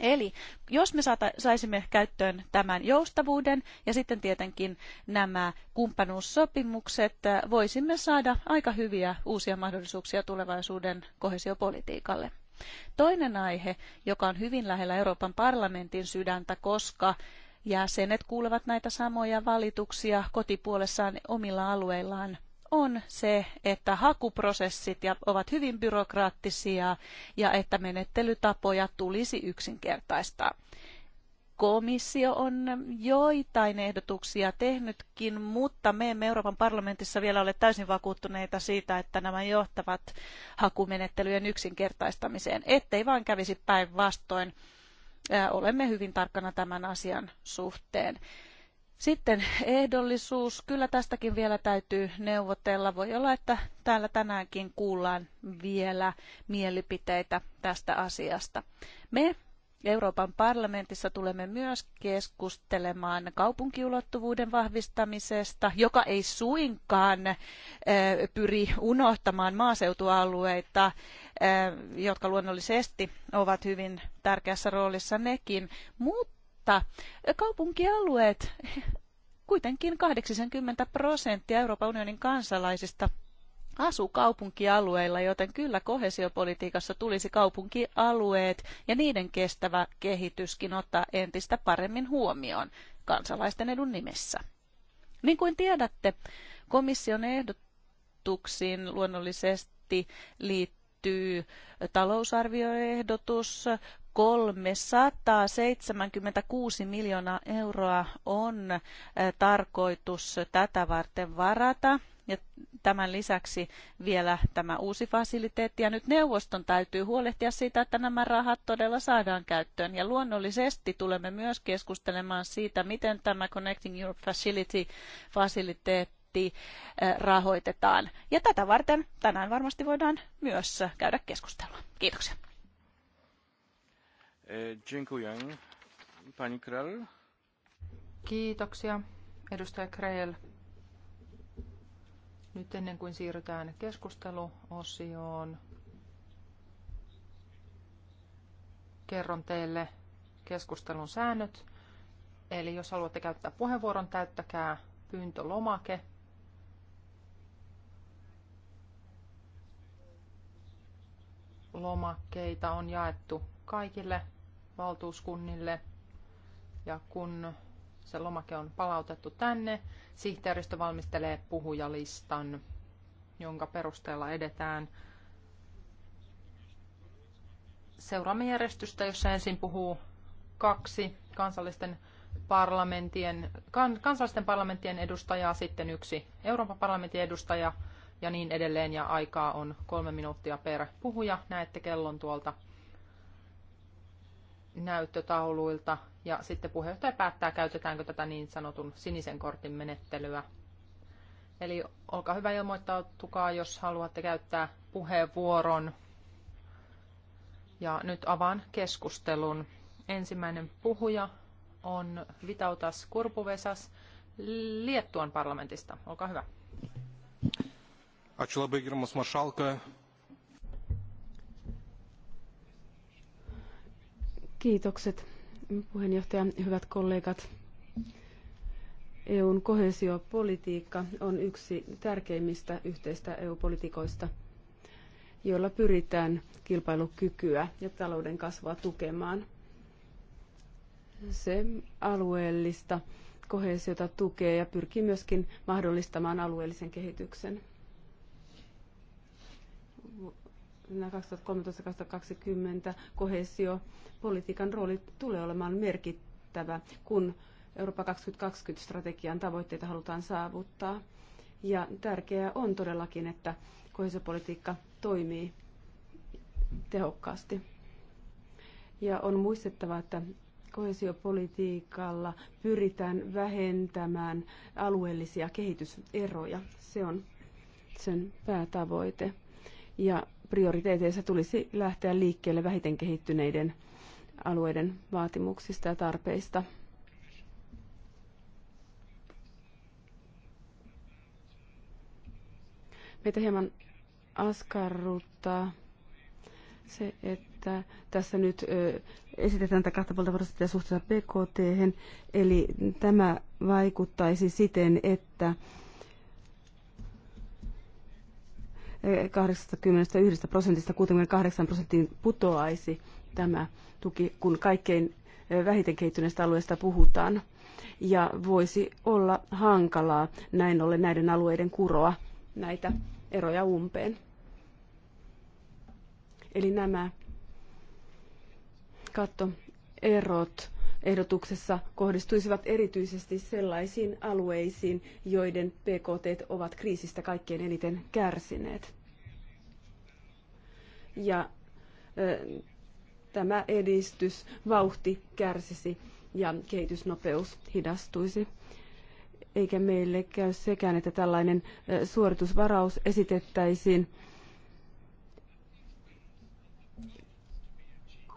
Eli jos me saisimme käyttöön tämän joustavuuden ja sitten tietenkin nämä kumppanuussopimukset, äh, voisimme saada aika hyviä uusia mahdollisuuksia tulevaisuuden kohesiopolitiikalle. Toinen aihe, joka on hyvin lähellä Euroopan parlamentin sydäntä, koska jäsenet kuulevat näitä samoja valituksia kotipuolessaan omilla alueillaan on se, että hakuprosessit ovat hyvin byrokraattisia ja että menettelytapoja tulisi yksinkertaistaa. Komissio on joitain ehdotuksia tehnytkin, mutta me emme Euroopan parlamentissa vielä ole täysin vakuuttuneita siitä, että nämä johtavat hakumenettelyjen yksinkertaistamiseen, ettei vain kävisi päinvastoin. Olemme hyvin tarkkana tämän asian suhteen. Sitten ehdollisuus. Kyllä tästäkin vielä täytyy neuvotella. Voi olla, että täällä tänäänkin kuullaan vielä mielipiteitä tästä asiasta. Me Euroopan parlamentissa tulemme myös keskustelemaan kaupunkiulottuvuuden vahvistamisesta, joka ei suinkaan pyri unohtamaan maaseutualueita, jotka luonnollisesti ovat hyvin tärkeässä roolissa nekin, mutta mutta kaupunkialueet, kuitenkin 80 prosenttia Euroopan unionin kansalaisista asuu kaupunkialueilla, joten kyllä kohesiopolitiikassa tulisi kaupunkialueet ja niiden kestävä kehityskin ottaa entistä paremmin huomioon kansalaisten edun nimessä. Niin kuin tiedätte, komission ehdotuksiin luonnollisesti liittyy talousarvioehdotus, 376 miljoonaa euroa on tarkoitus tätä varten varata. Ja tämän lisäksi vielä tämä uusi fasiliteetti. Ja nyt neuvoston täytyy huolehtia siitä, että nämä rahat todella saadaan käyttöön. Ja luonnollisesti tulemme myös keskustelemaan siitä, miten tämä Connecting Europe Facility fasiliteetti rahoitetaan. Ja tätä varten tänään varmasti voidaan myös käydä keskustelua. Kiitoksia. E, Kiitoksia, edustaja Krell. Nyt ennen kuin siirrytään keskusteluosioon, kerron teille keskustelun säännöt. Eli jos haluatte käyttää puheenvuoron, täyttäkää pyyntölomake. Lomakkeita on jaettu kaikille valtuuskunnille. Ja kun se lomake on palautettu tänne, sihteeristö valmistelee puhujalistan, jonka perusteella edetään. Seuraamme järjestystä, jossa ensin puhuu kaksi kansallisten parlamentien, kan, kansallisten parlamenttien edustajaa, sitten yksi Euroopan parlamentin edustaja ja niin edelleen. Ja aikaa on kolme minuuttia per puhuja. Näette kellon tuolta näyttötauluilta ja sitten puheenjohtaja päättää, käytetäänkö tätä niin sanotun sinisen kortin menettelyä. Eli olkaa hyvä ilmoittautukaa, jos haluatte käyttää puheenvuoron. Ja nyt avaan keskustelun. Ensimmäinen puhuja on Vitautas Kurpuvesas Liettuan parlamentista. Olkaa hyvä. Ačiū labai, gerbiamas maršalka. Kiitokset puheenjohtaja, hyvät kollegat. EUn kohesiopolitiikka on yksi tärkeimmistä yhteistä EU-politikoista, jolla pyritään kilpailukykyä ja talouden kasvua tukemaan. Se alueellista kohesiota tukee ja pyrkii myöskin mahdollistamaan alueellisen kehityksen. vuosina 2013-2020 kohesiopolitiikan rooli tulee olemaan merkittävä, kun Eurooppa 2020-strategian tavoitteita halutaan saavuttaa. Ja tärkeää on todellakin, että kohesiopolitiikka toimii tehokkaasti. Ja on muistettava, että kohesiopolitiikalla pyritään vähentämään alueellisia kehityseroja. Se on sen päätavoite. Ja prioriteeteissa tulisi lähteä liikkeelle vähiten kehittyneiden alueiden vaatimuksista ja tarpeista. Meitä hieman askarruttaa se, että tässä nyt esitetään tätä 2,5 prosenttia suhteessa BKT, eli tämä vaikuttaisi siten, että 81 prosentista 68 prosenttiin putoaisi tämä tuki, kun kaikkein vähiten kehittyneistä alueista puhutaan. Ja voisi olla hankalaa näin ollen näiden alueiden kuroa näitä eroja umpeen. Eli nämä kattoerot ehdotuksessa kohdistuisivat erityisesti sellaisiin alueisiin, joiden PKT ovat kriisistä kaikkein eniten kärsineet. Ja tämä edistys, vauhti kärsisi ja kehitysnopeus hidastuisi. Eikä meille käy sekään, että tällainen suoritusvaraus esitettäisiin,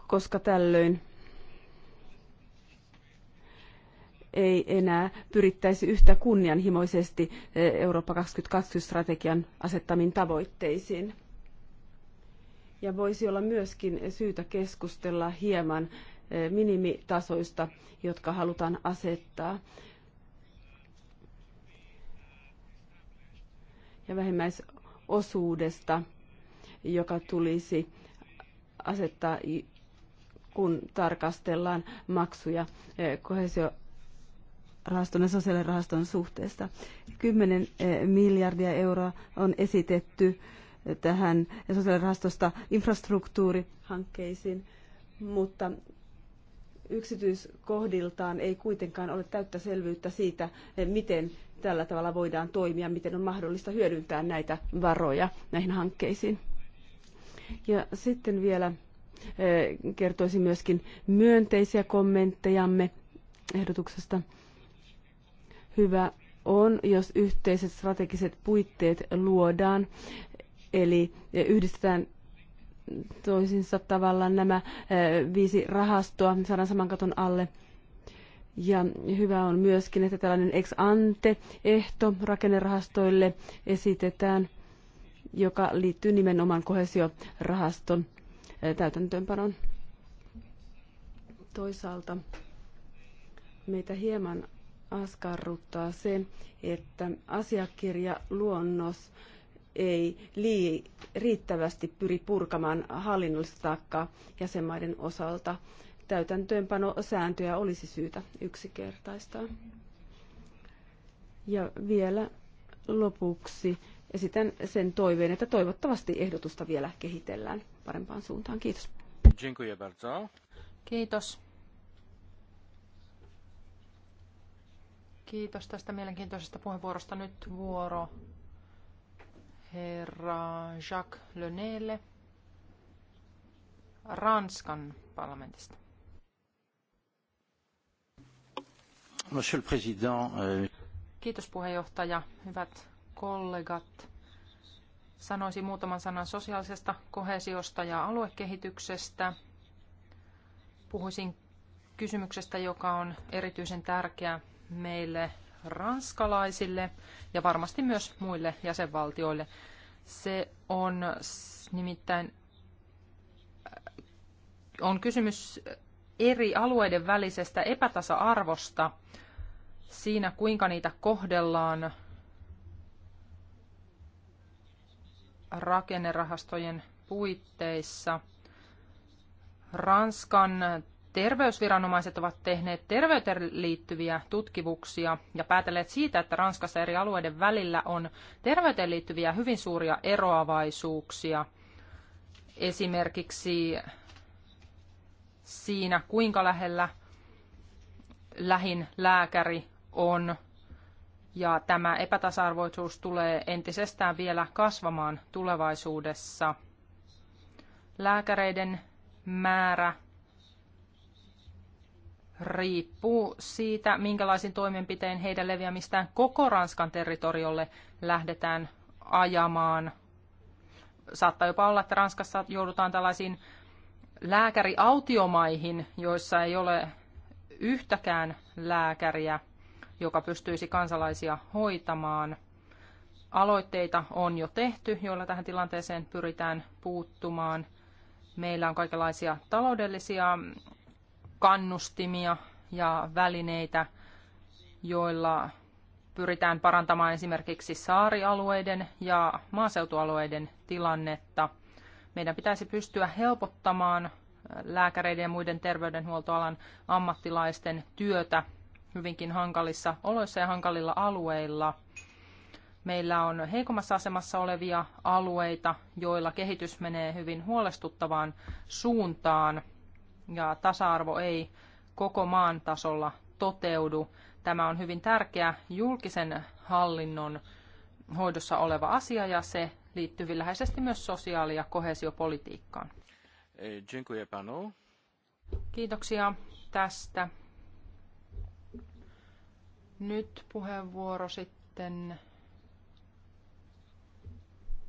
koska tällöin ei enää pyrittäisi yhtä kunnianhimoisesti eh, Eurooppa 2020-strategian asettamiin tavoitteisiin. Ja voisi olla myöskin syytä keskustella hieman eh, minimitasoista, jotka halutaan asettaa. Ja vähimmäisosuudesta, joka tulisi asettaa kun tarkastellaan maksuja eh, kohesio rahaston ja sosiaalirahaston suhteesta. 10 eh, miljardia euroa on esitetty eh, tähän sosiaalirahastosta infrastruktuurihankkeisiin, mutta yksityiskohdiltaan ei kuitenkaan ole täyttä selvyyttä siitä, eh, miten tällä tavalla voidaan toimia, miten on mahdollista hyödyntää näitä varoja näihin hankkeisiin. Ja sitten vielä kertoisin myöskin myönteisiä kommenttejamme ehdotuksesta. Hyvä on, jos yhteiset strategiset puitteet luodaan, eli yhdistetään toisinsa tavallaan nämä viisi rahastoa, saadaan saman katon alle. Ja hyvä on myöskin, että tällainen ex ante ehto rakennerahastoille esitetään, joka liittyy nimenomaan kohesiorahaston täytäntöönpanoon. Toisaalta meitä hieman askarruttaa se, että asiakirjaluonnos ei lii, riittävästi pyri purkamaan hallinnollista taakkaa jäsenmaiden osalta. Täytäntöönpanosääntöjä olisi syytä yksinkertaistaa. Ja vielä lopuksi esitän sen toiveen, että toivottavasti ehdotusta vielä kehitellään parempaan suuntaan. Kiitos. Kiitos. Kiitos tästä mielenkiintoisesta puheenvuorosta. Nyt vuoro herra Jacques Lenelle Ranskan parlamentista. Monsieur le Président. Euh, Kiitos puheenjohtaja. Hyvät kollegat. Sanoisin muutaman sanan sosiaalisesta kohesiosta ja aluekehityksestä. Puhuisin kysymyksestä, joka on erityisen tärkeä meille ranskalaisille ja varmasti myös muille jäsenvaltioille. Se on nimittäin äh, on kysymys eri alueiden välisestä epätasa-arvosta siinä, kuinka niitä kohdellaan rakennerahastojen puitteissa. Ranskan terveysviranomaiset ovat tehneet terveyteen liittyviä tutkimuksia ja päätelleet siitä, että Ranskassa eri alueiden välillä on terveyteen liittyviä hyvin suuria eroavaisuuksia. Esimerkiksi siinä, kuinka lähellä lähin lääkäri on. Ja tämä epätasa-arvoisuus tulee entisestään vielä kasvamaan tulevaisuudessa. Lääkäreiden määrä riippuu siitä, minkälaisin toimenpitein heidän leviämistään koko Ranskan territoriolle lähdetään ajamaan. Saattaa jopa olla, että Ranskassa joudutaan tällaisiin lääkäriautiomaihin, joissa ei ole yhtäkään lääkäriä, joka pystyisi kansalaisia hoitamaan. Aloitteita on jo tehty, joilla tähän tilanteeseen pyritään puuttumaan. Meillä on kaikenlaisia taloudellisia kannustimia ja välineitä, joilla pyritään parantamaan esimerkiksi saarialueiden ja maaseutualueiden tilannetta. Meidän pitäisi pystyä helpottamaan äh, lääkäreiden ja muiden terveydenhuoltoalan ammattilaisten työtä hyvinkin hankalissa oloissa ja hankalilla alueilla. Meillä on heikommassa asemassa olevia alueita, joilla kehitys menee hyvin huolestuttavaan suuntaan ja tasa-arvo ei koko maan tasolla toteudu. Tämä on hyvin tärkeä julkisen hallinnon hoidossa oleva asia ja se liittyy läheisesti myös sosiaali- ja kohesiopolitiikkaan. Kiitoksia tästä. Nyt puheenvuoro sitten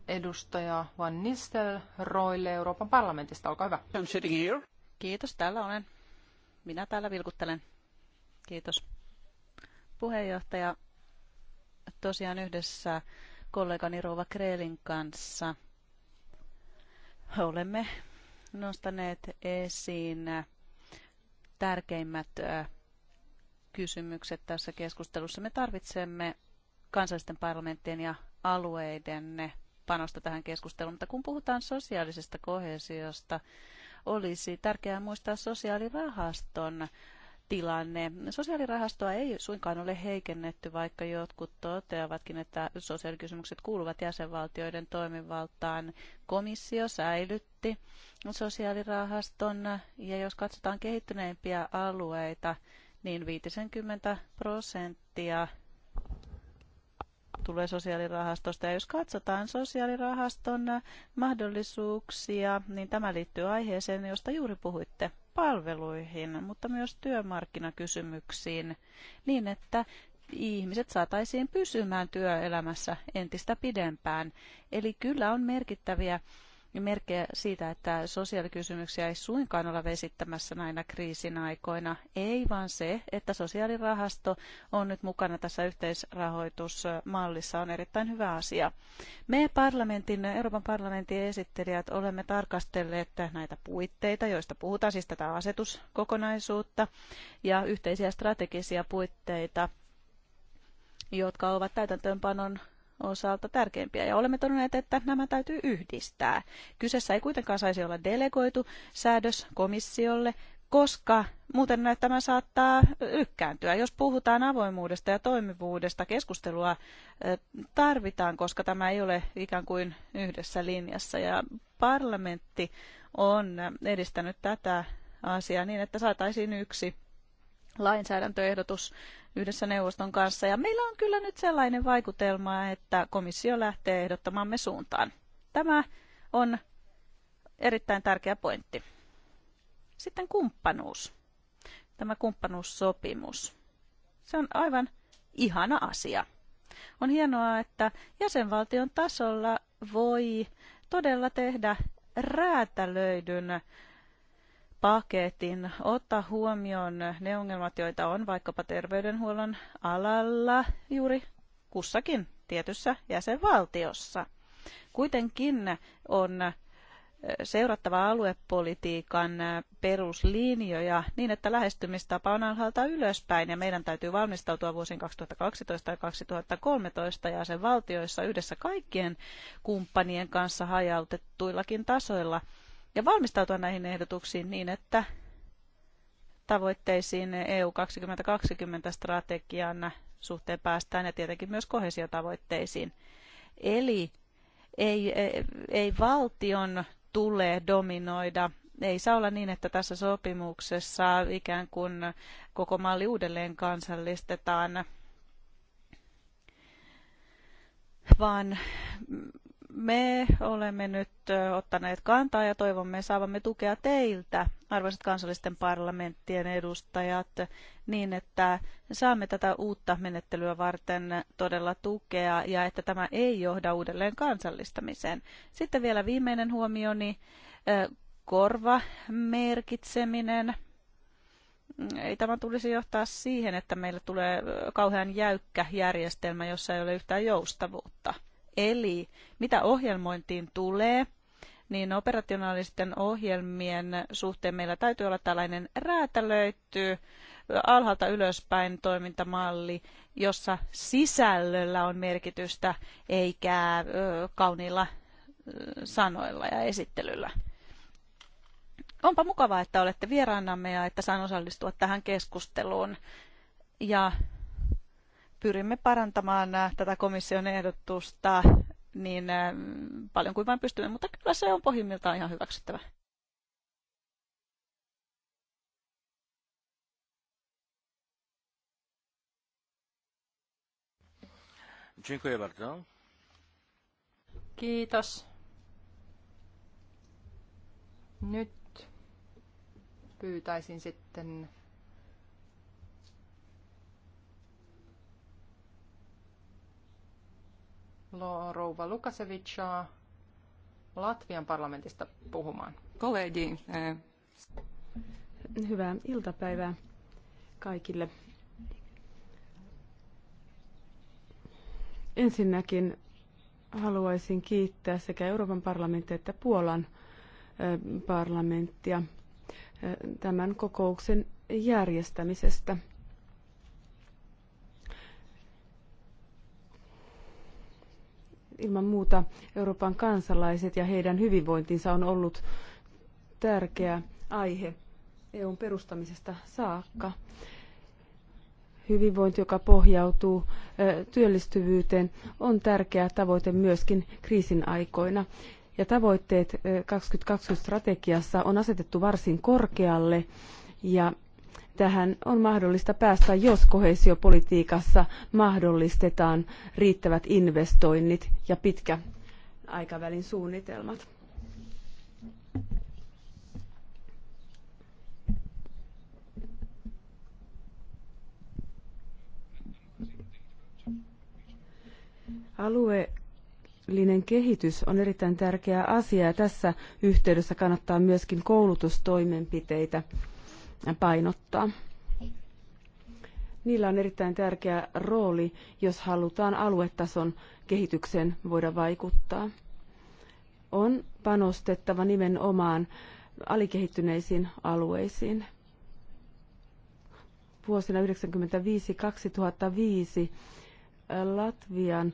edustaja Van Nistelrooille Euroopan parlamentista. Olkaa hyvä. I'm sitting here. Kiitos, täällä olen. Minä täällä vilkuttelen. Kiitos. Puheenjohtaja, tosiaan yhdessä kollegani Rova Kreelin kanssa olemme nostaneet esiin tärkeimmät kysymykset tässä keskustelussa. Me tarvitsemme kansallisten parlamenttien ja alueiden panosta tähän keskusteluun, mutta kun puhutaan sosiaalisesta kohesiosta, olisi tärkeää muistaa sosiaalirahaston tilanne. Sosiaalirahastoa ei suinkaan ole heikennetty, vaikka jotkut toteavatkin, että sosiaalikysymykset kuuluvat jäsenvaltioiden toimivaltaan. Komissio säilytti sosiaalirahaston ja jos katsotaan kehittyneimpiä alueita, niin 50 prosenttia tulee sosiaalirahastosta. Ja jos katsotaan sosiaalirahaston mahdollisuuksia, niin tämä liittyy aiheeseen, josta juuri puhuitte, palveluihin, mutta myös työmarkkinakysymyksiin, niin että ihmiset saataisiin pysymään työelämässä entistä pidempään. Eli kyllä on merkittäviä merkkejä siitä, että sosiaalikysymyksiä ei suinkaan olla vesittämässä näinä kriisin aikoina. Ei vaan se, että sosiaalirahasto on nyt mukana tässä yhteisrahoitusmallissa on erittäin hyvä asia. Me parlamentin, Euroopan parlamentin esittelijät olemme tarkastelleet näitä puitteita, joista puhutaan siis tätä asetuskokonaisuutta ja yhteisiä strategisia puitteita, jotka ovat täytäntöönpanon osalta tärkeimpiä. Ja olemme todenneet, että nämä täytyy yhdistää. Kyseessä ei kuitenkaan saisi olla delegoitu säädös komissiolle, koska muuten tämä saattaa lykkääntyä. Jos puhutaan avoimuudesta ja toimivuudesta, keskustelua tarvitaan, koska tämä ei ole ikään kuin yhdessä linjassa. Ja parlamentti on edistänyt tätä asiaa niin, että saataisiin yksi lainsäädäntöehdotus yhdessä neuvoston kanssa. Ja meillä on kyllä nyt sellainen vaikutelma, että komissio lähtee ehdottamamme suuntaan. Tämä on erittäin tärkeä pointti. Sitten kumppanuus. Tämä kumppanuussopimus. Se on aivan ihana asia. On hienoa, että jäsenvaltion tasolla voi todella tehdä räätälöidyn paketin, ottaa huomioon ne ongelmat, joita on vaikkapa terveydenhuollon alalla juuri kussakin tietyssä jäsenvaltiossa. Kuitenkin on eh, seurattava aluepolitiikan eh, peruslinjoja niin, että lähestymistapa on alhaalta ylöspäin ja meidän täytyy valmistautua vuosiin 2012 ja 2013 ja sen valtioissa yhdessä kaikkien kumppanien kanssa hajautettuillakin tasoilla – ja valmistautua näihin ehdotuksiin niin, että tavoitteisiin EU 2020-strategian suhteen päästään ja tietenkin myös kohesiotavoitteisiin. Eli ei, ei, ei valtion tule dominoida ei saa olla niin, että tässä sopimuksessa ikään kuin koko malli uudelleen kansallistetaan, vaan me olemme nyt ottaneet kantaa ja toivomme saavamme tukea teiltä, arvoisat kansallisten parlamenttien edustajat, niin että saamme tätä uutta menettelyä varten todella tukea ja että tämä ei johda uudelleen kansallistamiseen. Sitten vielä viimeinen huomioni, korva merkitseminen ei tämä tulisi johtaa siihen, että meillä tulee kauhean jäykkä järjestelmä, jossa ei ole yhtään joustavuutta. Eli mitä ohjelmointiin tulee, niin operationaalisten ohjelmien suhteen meillä täytyy olla tällainen räätälöitty alhaalta ylöspäin toimintamalli, jossa sisällöllä on merkitystä eikä kauniilla sanoilla ja esittelyllä. Onpa mukavaa, että olette vieraanamme ja että saan osallistua tähän keskusteluun. Ja pyrimme parantamaan äh, tätä komission ehdotusta niin äh, paljon kuin vain pystymme, mutta kyllä se on pohjimmiltaan ihan hyväksyttävä. Kiitos. Nyt pyytäisin sitten rouva Lukasevicaa Latvian parlamentista puhumaan. Kollegi. Eh, Hyvää iltapäivää kaikille. Ensinnäkin haluaisin kiittää sekä Euroopan parlamenttia että Puolan eh, parlamenttia eh, tämän kokouksen järjestämisestä – ilman muuta Euroopan kansalaiset ja heidän hyvinvointinsa on ollut tärkeä aihe EUn perustamisesta saakka. Hyvinvointi, joka pohjautuu työllistyvyyteen, on tärkeä tavoite myöskin kriisin aikoina. Ja tavoitteet 2020 strategiassa on asetettu varsin korkealle ja tähän on mahdollista päästä, jos koheesiopolitiikassa mahdollistetaan riittävät investoinnit ja pitkä aikavälin suunnitelmat. Alueellinen kehitys on erittäin tärkeä asia ja tässä yhteydessä kannattaa myöskin koulutustoimenpiteitä painottaa. Niillä on erittäin tärkeä rooli, jos halutaan aluetason kehitykseen voida vaikuttaa. On panostettava nimenomaan alikehittyneisiin alueisiin. Vuosina 1995-2005 Latvian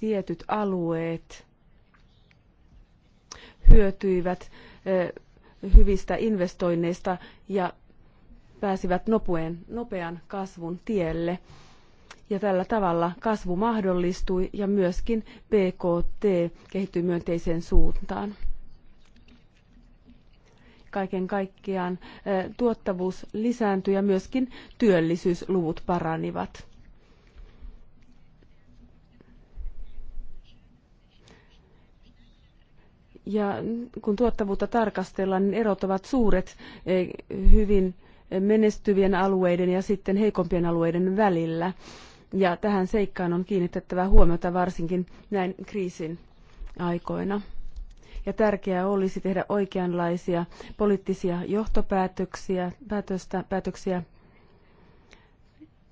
tietyt alueet hyötyivät eh, hyvistä investoinneista ja pääsivät nopean, nopean kasvun tielle. Ja tällä tavalla kasvu mahdollistui ja myöskin PKT kehittyi myönteiseen suuntaan kaiken kaikkiaan tuottavuus lisääntyi ja myöskin työllisyysluvut paranivat. Ja kun tuottavuutta tarkastellaan, niin erot ovat suuret e, hyvin menestyvien alueiden ja sitten heikompien alueiden välillä. Ja tähän seikkaan on kiinnitettävä huomiota varsinkin näin kriisin aikoina. Ja tärkeää olisi tehdä oikeanlaisia poliittisia johtopäätöksiä, päätöstä, päätöksiä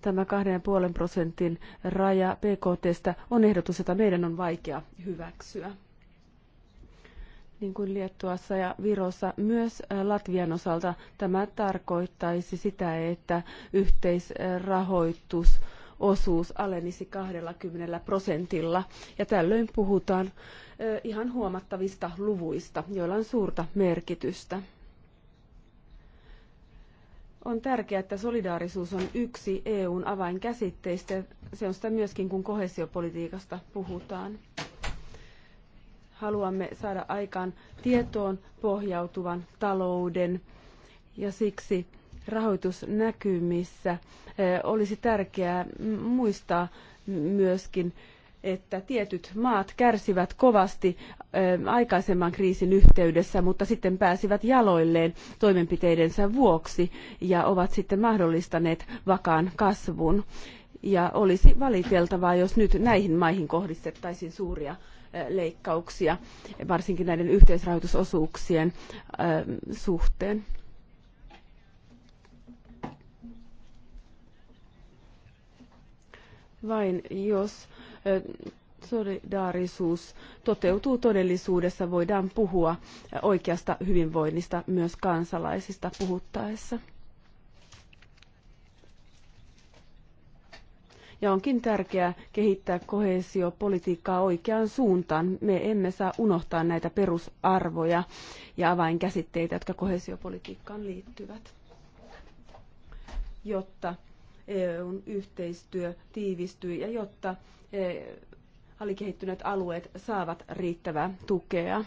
tämä 2,5 prosentin raja PKTstä on ehdotus, jota meidän on vaikea hyväksyä niin kuin Liettuassa ja Virossa, myös Latvian osalta tämä tarkoittaisi sitä, että yhteisrahoitusosuus alenisi 20 prosentilla. Ja tällöin puhutaan ihan huomattavista luvuista, joilla on suurta merkitystä. On tärkeää, että solidaarisuus on yksi EUn avainkäsitteistä. Se on sitä myöskin, kun kohesiopolitiikasta puhutaan haluamme saada aikaan tietoon pohjautuvan talouden ja siksi rahoitusnäkymissä eh, olisi tärkeää muistaa myöskin, että tietyt maat kärsivät kovasti eh, aikaisemman kriisin yhteydessä, mutta sitten pääsivät jaloilleen toimenpiteidensä vuoksi ja ovat sitten mahdollistaneet vakaan kasvun. Ja olisi valiteltavaa, jos nyt näihin maihin kohdistettaisiin suuria leikkauksia, varsinkin näiden yhteisrahoitusosuuksien suhteen. Vain jos solidaarisuus toteutuu todellisuudessa, voidaan puhua oikeasta hyvinvoinnista myös kansalaisista puhuttaessa. ja onkin tärkeää kehittää kohesiopolitiikkaa oikeaan suuntaan. Me emme saa unohtaa näitä perusarvoja ja avainkäsitteitä, jotka kohesiopolitiikkaan liittyvät, jotta EUn yhteistyö tiivistyy ja jotta eh, alikehittyneet alueet saavat riittävää tukea.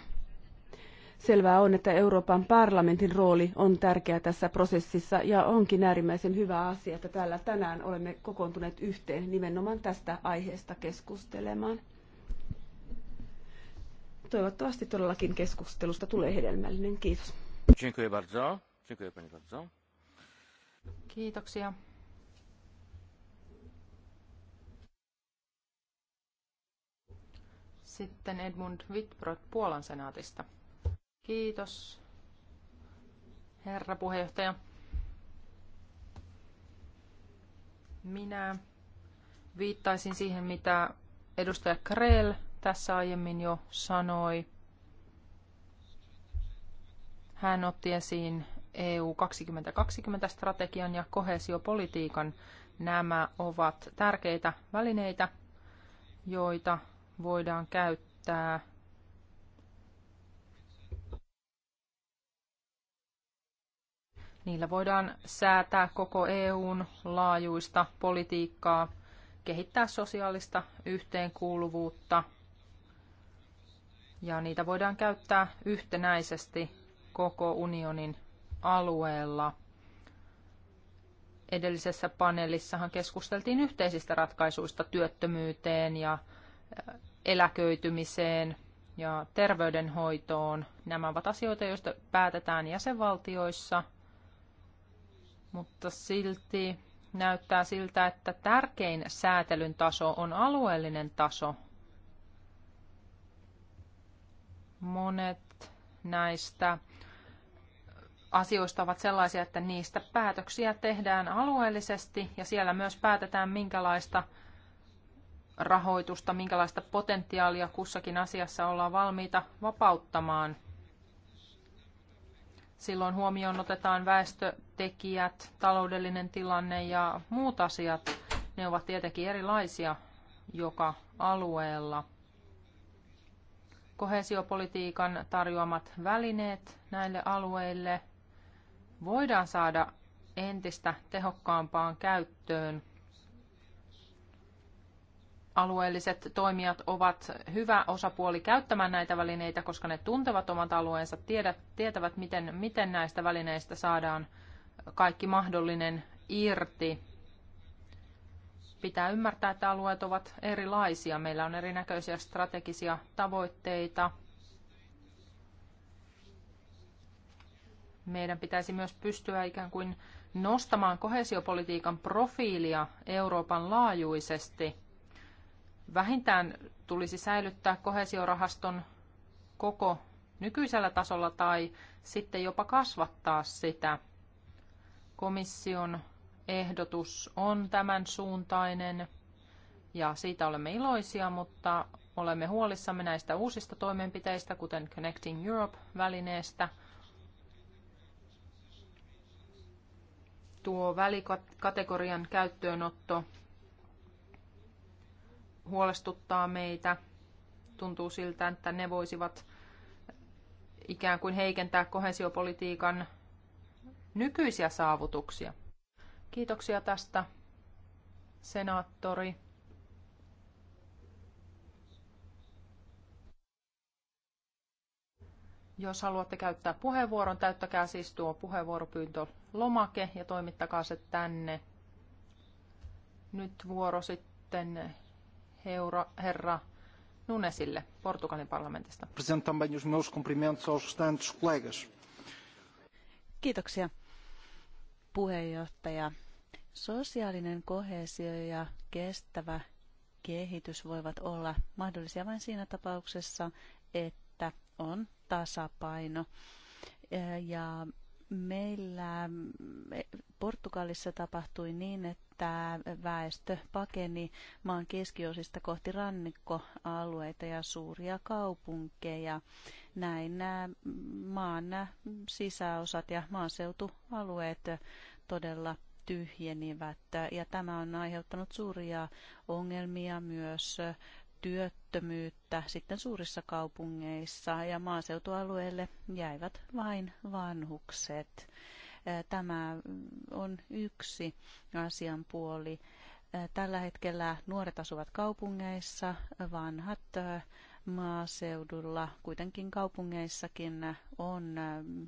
Selvää on, että Euroopan parlamentin rooli on tärkeä tässä prosessissa ja onkin äärimmäisen hyvä asia, että täällä tänään olemme kokoontuneet yhteen nimenomaan tästä aiheesta keskustelemaan. Toivottavasti todellakin keskustelusta tulee hedelmällinen. Kiitos. Kiitoksia. Sitten Edmund Wittbrod Puolan senaatista. Kiitos, herra puheenjohtaja. Minä viittaisin siihen, mitä edustaja Krell tässä aiemmin jo sanoi. Hän otti esiin EU 2020-strategian ja kohesiopolitiikan. Nämä ovat tärkeitä välineitä, joita voidaan käyttää Niillä voidaan säätää koko EUn laajuista politiikkaa, kehittää sosiaalista yhteenkuuluvuutta ja niitä voidaan käyttää yhtenäisesti koko unionin alueella. Edellisessä paneelissahan keskusteltiin yhteisistä ratkaisuista työttömyyteen ja äh, eläköitymiseen ja terveydenhoitoon. Nämä ovat asioita, joista päätetään jäsenvaltioissa – mutta silti näyttää siltä, että tärkein säätelyn taso on alueellinen taso. Monet näistä asioista ovat sellaisia, että niistä päätöksiä tehdään alueellisesti ja siellä myös päätetään, minkälaista rahoitusta, minkälaista potentiaalia kussakin asiassa ollaan valmiita vapauttamaan – Silloin huomioon otetaan väestötekijät, taloudellinen tilanne ja muut asiat. Ne ovat tietenkin erilaisia joka alueella. Kohesiopolitiikan tarjoamat välineet näille alueille voidaan saada entistä tehokkaampaan käyttöön – alueelliset toimijat ovat hyvä osapuoli käyttämään näitä välineitä, koska ne tuntevat omat alueensa, tiedät, tietävät, miten, miten näistä välineistä saadaan kaikki mahdollinen irti. Pitää ymmärtää, että alueet ovat erilaisia. Meillä on erinäköisiä strategisia tavoitteita. Meidän pitäisi myös pystyä ikään kuin nostamaan kohesiopolitiikan profiilia Euroopan laajuisesti – vähintään tulisi säilyttää kohesiorahaston koko nykyisellä tasolla tai sitten jopa kasvattaa sitä. Komission ehdotus on tämän suuntainen ja siitä olemme iloisia, mutta olemme huolissamme näistä uusista toimenpiteistä, kuten Connecting Europe-välineestä. Tuo välikategorian käyttöönotto huolestuttaa meitä. Tuntuu siltä, että ne voisivat ikään kuin heikentää kohesiopolitiikan nykyisiä saavutuksia. Kiitoksia tästä, senaattori. Jos haluatte käyttää puheenvuoron, täyttäkää siis tuo puheenvuoropyyntö lomake ja toimittakaa se tänne. Nyt vuoro sitten herra, herra Nunesille Portugalin parlamentista. Kiitoksia puheenjohtaja. Sosiaalinen kohesio ja kestävä kehitys voivat olla mahdollisia vain siinä tapauksessa, että on tasapaino. Ja Meillä eh, Portugalissa tapahtui niin, että väestö pakeni maan keskiosista kohti rannikkoalueita ja suuria kaupunkeja. Näin nämä eh, maan sisäosat ja maaseutualueet todella tyhjenivät ja tämä on aiheuttanut suuria ongelmia myös eh, työttömyyttä sitten suurissa kaupungeissa ja maaseutualueelle jäivät vain vanhukset. Tämä on yksi asian puoli. Tällä hetkellä nuoret asuvat kaupungeissa, vanhat maaseudulla, kuitenkin kaupungeissakin on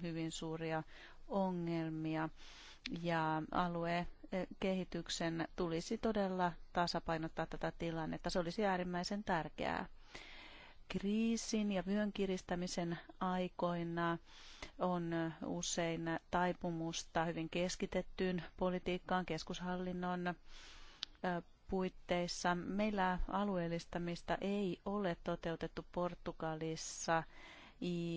hyvin suuria ongelmia ja alue eh, kehityksen tulisi todella tasapainottaa tätä tilannetta. Se olisi äärimmäisen tärkeää. Kriisin ja vyön kiristämisen aikoina on usein taipumusta hyvin keskitettyyn politiikkaan keskushallinnon eh, puitteissa. Meillä alueellistamista ei ole toteutettu Portugalissa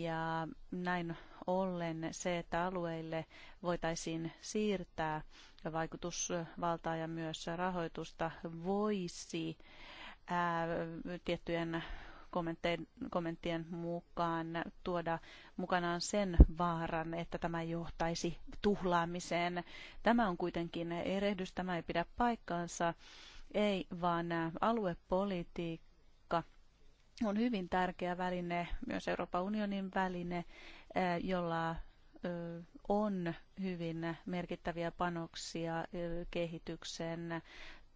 ja näin ollen se, että alueille voitaisiin siirtää vaikutusvaltaa ja myös rahoitusta, voisi ää, tiettyjen kommenttien mukaan tuoda mukanaan sen vaaran, että tämä johtaisi tuhlaamiseen. Tämä on kuitenkin erehdys, tämä ei pidä paikkaansa, ei vaan aluepolitiikka on hyvin tärkeä väline, myös Euroopan unionin väline, Eh, jolla on hyvin merkittäviä panoksia kehityksen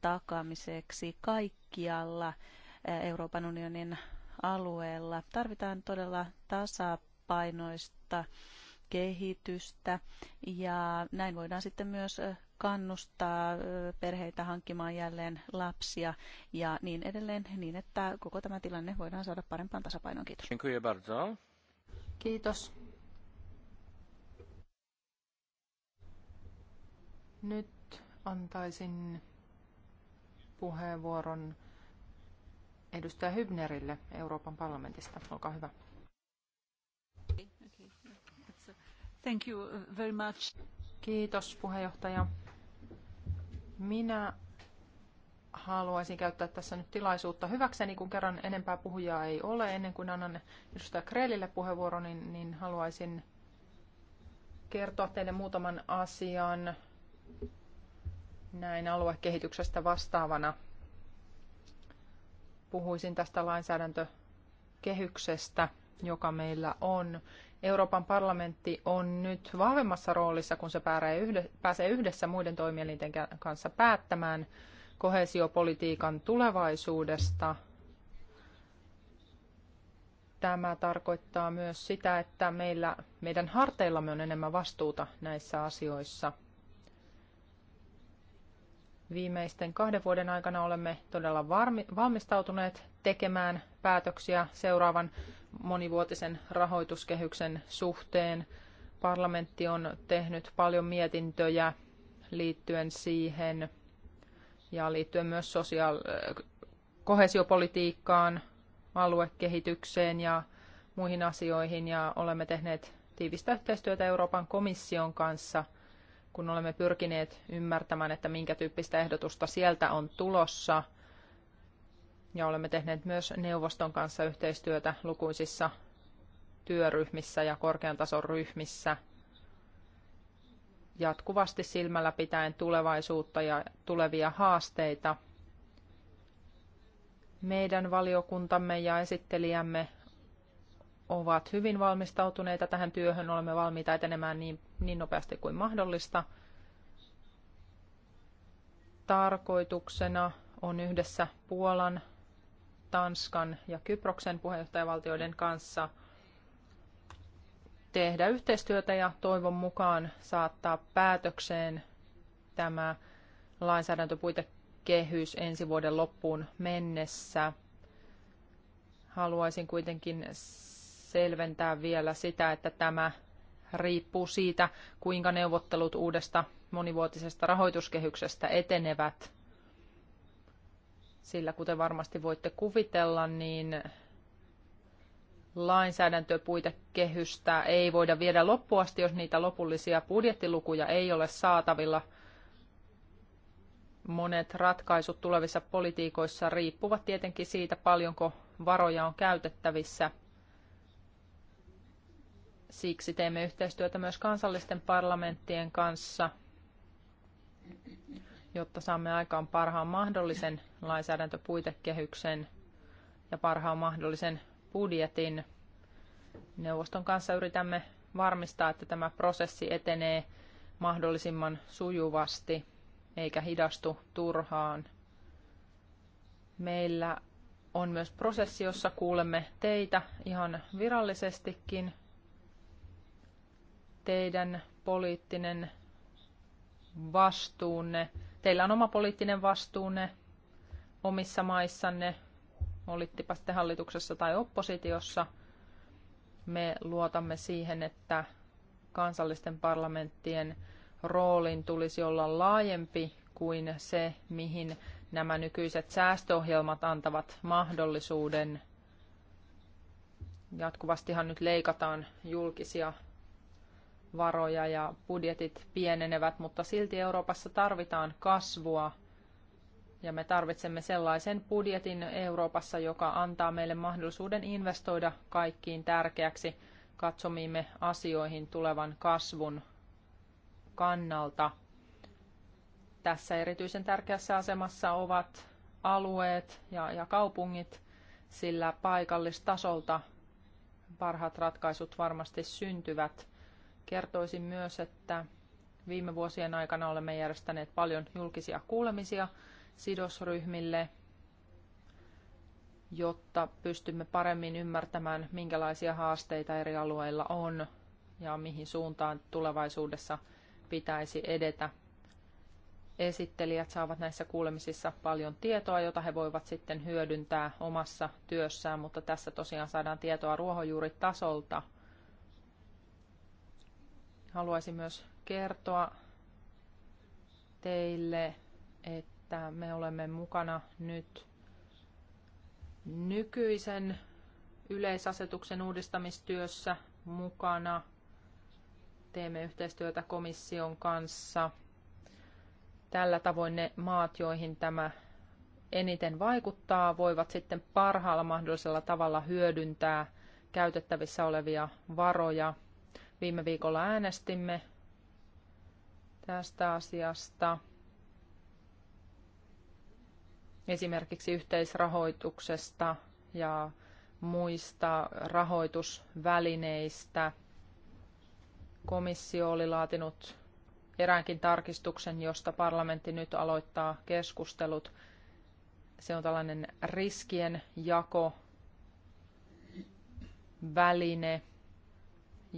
takaamiseksi kaikkialla eh, Euroopan unionin alueella. Tarvitaan todella tasapainoista kehitystä ja näin voidaan sitten myös kannustaa perheitä hankkimaan jälleen lapsia ja niin edelleen niin, että koko tämä tilanne voidaan saada parempaan tasapainoon. Kiitos. Kiitos. Nyt antaisin puheenvuoron edustaja Hybnerille Euroopan parlamentista. Olkaa hyvä. Thank you very much. Kiitos puheenjohtaja. Minä haluaisin käyttää tässä nyt tilaisuutta hyväkseni, kun kerran enempää puhujaa ei ole. Ennen kuin annan edustaja Kreelille puheenvuoron, niin, niin haluaisin kertoa teille muutaman asian näin aluekehityksestä vastaavana puhuisin tästä lainsäädäntökehyksestä, joka meillä on. Euroopan parlamentti on nyt vahvemmassa roolissa, kun se pääsee yhdessä muiden toimielinten kanssa päättämään kohesiopolitiikan tulevaisuudesta. Tämä tarkoittaa myös sitä, että meillä, meidän harteillamme on enemmän vastuuta näissä asioissa – Viimeisten kahden vuoden aikana olemme todella valmistautuneet tekemään päätöksiä seuraavan monivuotisen rahoituskehyksen suhteen. Parlamentti on tehnyt paljon mietintöjä liittyen siihen ja liittyen myös sosiaali- kohesiopolitiikkaan, aluekehitykseen ja muihin asioihin ja olemme tehneet tiivistä yhteistyötä Euroopan komission kanssa – kun olemme pyrkineet ymmärtämään, että minkä tyyppistä ehdotusta sieltä on tulossa, ja olemme tehneet myös neuvoston kanssa yhteistyötä lukuisissa työryhmissä ja korkean tason ryhmissä jatkuvasti silmällä pitäen tulevaisuutta ja tulevia haasteita. Meidän valiokuntamme ja esittelijämme ovat hyvin valmistautuneita tähän työhön. Olemme valmiita etenemään niin, niin nopeasti kuin mahdollista. Tarkoituksena on yhdessä Puolan, Tanskan ja Kyproksen puheenjohtajavaltioiden kanssa tehdä yhteistyötä ja toivon mukaan saattaa päätökseen tämä lainsäädäntöpuitekehys ensi vuoden loppuun mennessä. Haluaisin kuitenkin selventää vielä sitä, että tämä riippuu siitä, kuinka neuvottelut uudesta monivuotisesta rahoituskehyksestä etenevät. Sillä kuten varmasti voitte kuvitella, niin lainsäädäntöpuitekehystä ei voida viedä loppuasti, jos niitä lopullisia budjettilukuja ei ole saatavilla. Monet ratkaisut tulevissa politiikoissa riippuvat tietenkin siitä, paljonko varoja on käytettävissä – Siksi teemme yhteistyötä myös kansallisten parlamenttien kanssa, jotta saamme aikaan parhaan mahdollisen lainsäädäntöpuitekehyksen ja parhaan mahdollisen budjetin. Neuvoston kanssa yritämme varmistaa, että tämä prosessi etenee mahdollisimman sujuvasti eikä hidastu turhaan. Meillä on myös prosessi, jossa kuulemme teitä ihan virallisestikin teidän poliittinen vastuunne, teillä on oma poliittinen vastuunne omissa maissanne, olittipa sitten hallituksessa tai oppositiossa. Me luotamme siihen, että kansallisten parlamenttien roolin tulisi olla laajempi kuin se, mihin nämä nykyiset säästöohjelmat antavat mahdollisuuden. Jatkuvastihan nyt leikataan julkisia varoja ja budjetit pienenevät, mutta silti Euroopassa tarvitaan kasvua ja me tarvitsemme sellaisen budjetin Euroopassa, joka antaa meille mahdollisuuden investoida kaikkiin tärkeäksi katsomiimme asioihin tulevan kasvun kannalta. Tässä erityisen tärkeässä asemassa ovat alueet ja, ja kaupungit, sillä paikallistasolta parhaat ratkaisut varmasti syntyvät. Kertoisin myös, että viime vuosien aikana olemme järjestäneet paljon julkisia kuulemisia sidosryhmille, jotta pystymme paremmin ymmärtämään, minkälaisia haasteita eri alueilla on ja mihin suuntaan tulevaisuudessa pitäisi edetä. Esittelijät saavat näissä kuulemisissa paljon tietoa, jota he voivat sitten hyödyntää omassa työssään, mutta tässä tosiaan saadaan tietoa ruohonjuuritasolta – haluaisin myös kertoa teille, että me olemme mukana nyt nykyisen yleisasetuksen uudistamistyössä mukana. Teemme yhteistyötä komission kanssa. Tällä tavoin ne maat, joihin tämä eniten vaikuttaa, voivat sitten parhaalla mahdollisella tavalla hyödyntää käytettävissä olevia varoja – Viime viikolla äänestimme tästä asiasta. Esimerkiksi yhteisrahoituksesta ja muista rahoitusvälineistä. Komissio oli laatinut eräänkin tarkistuksen, josta parlamentti nyt aloittaa keskustelut. Se on tällainen riskien jako väline,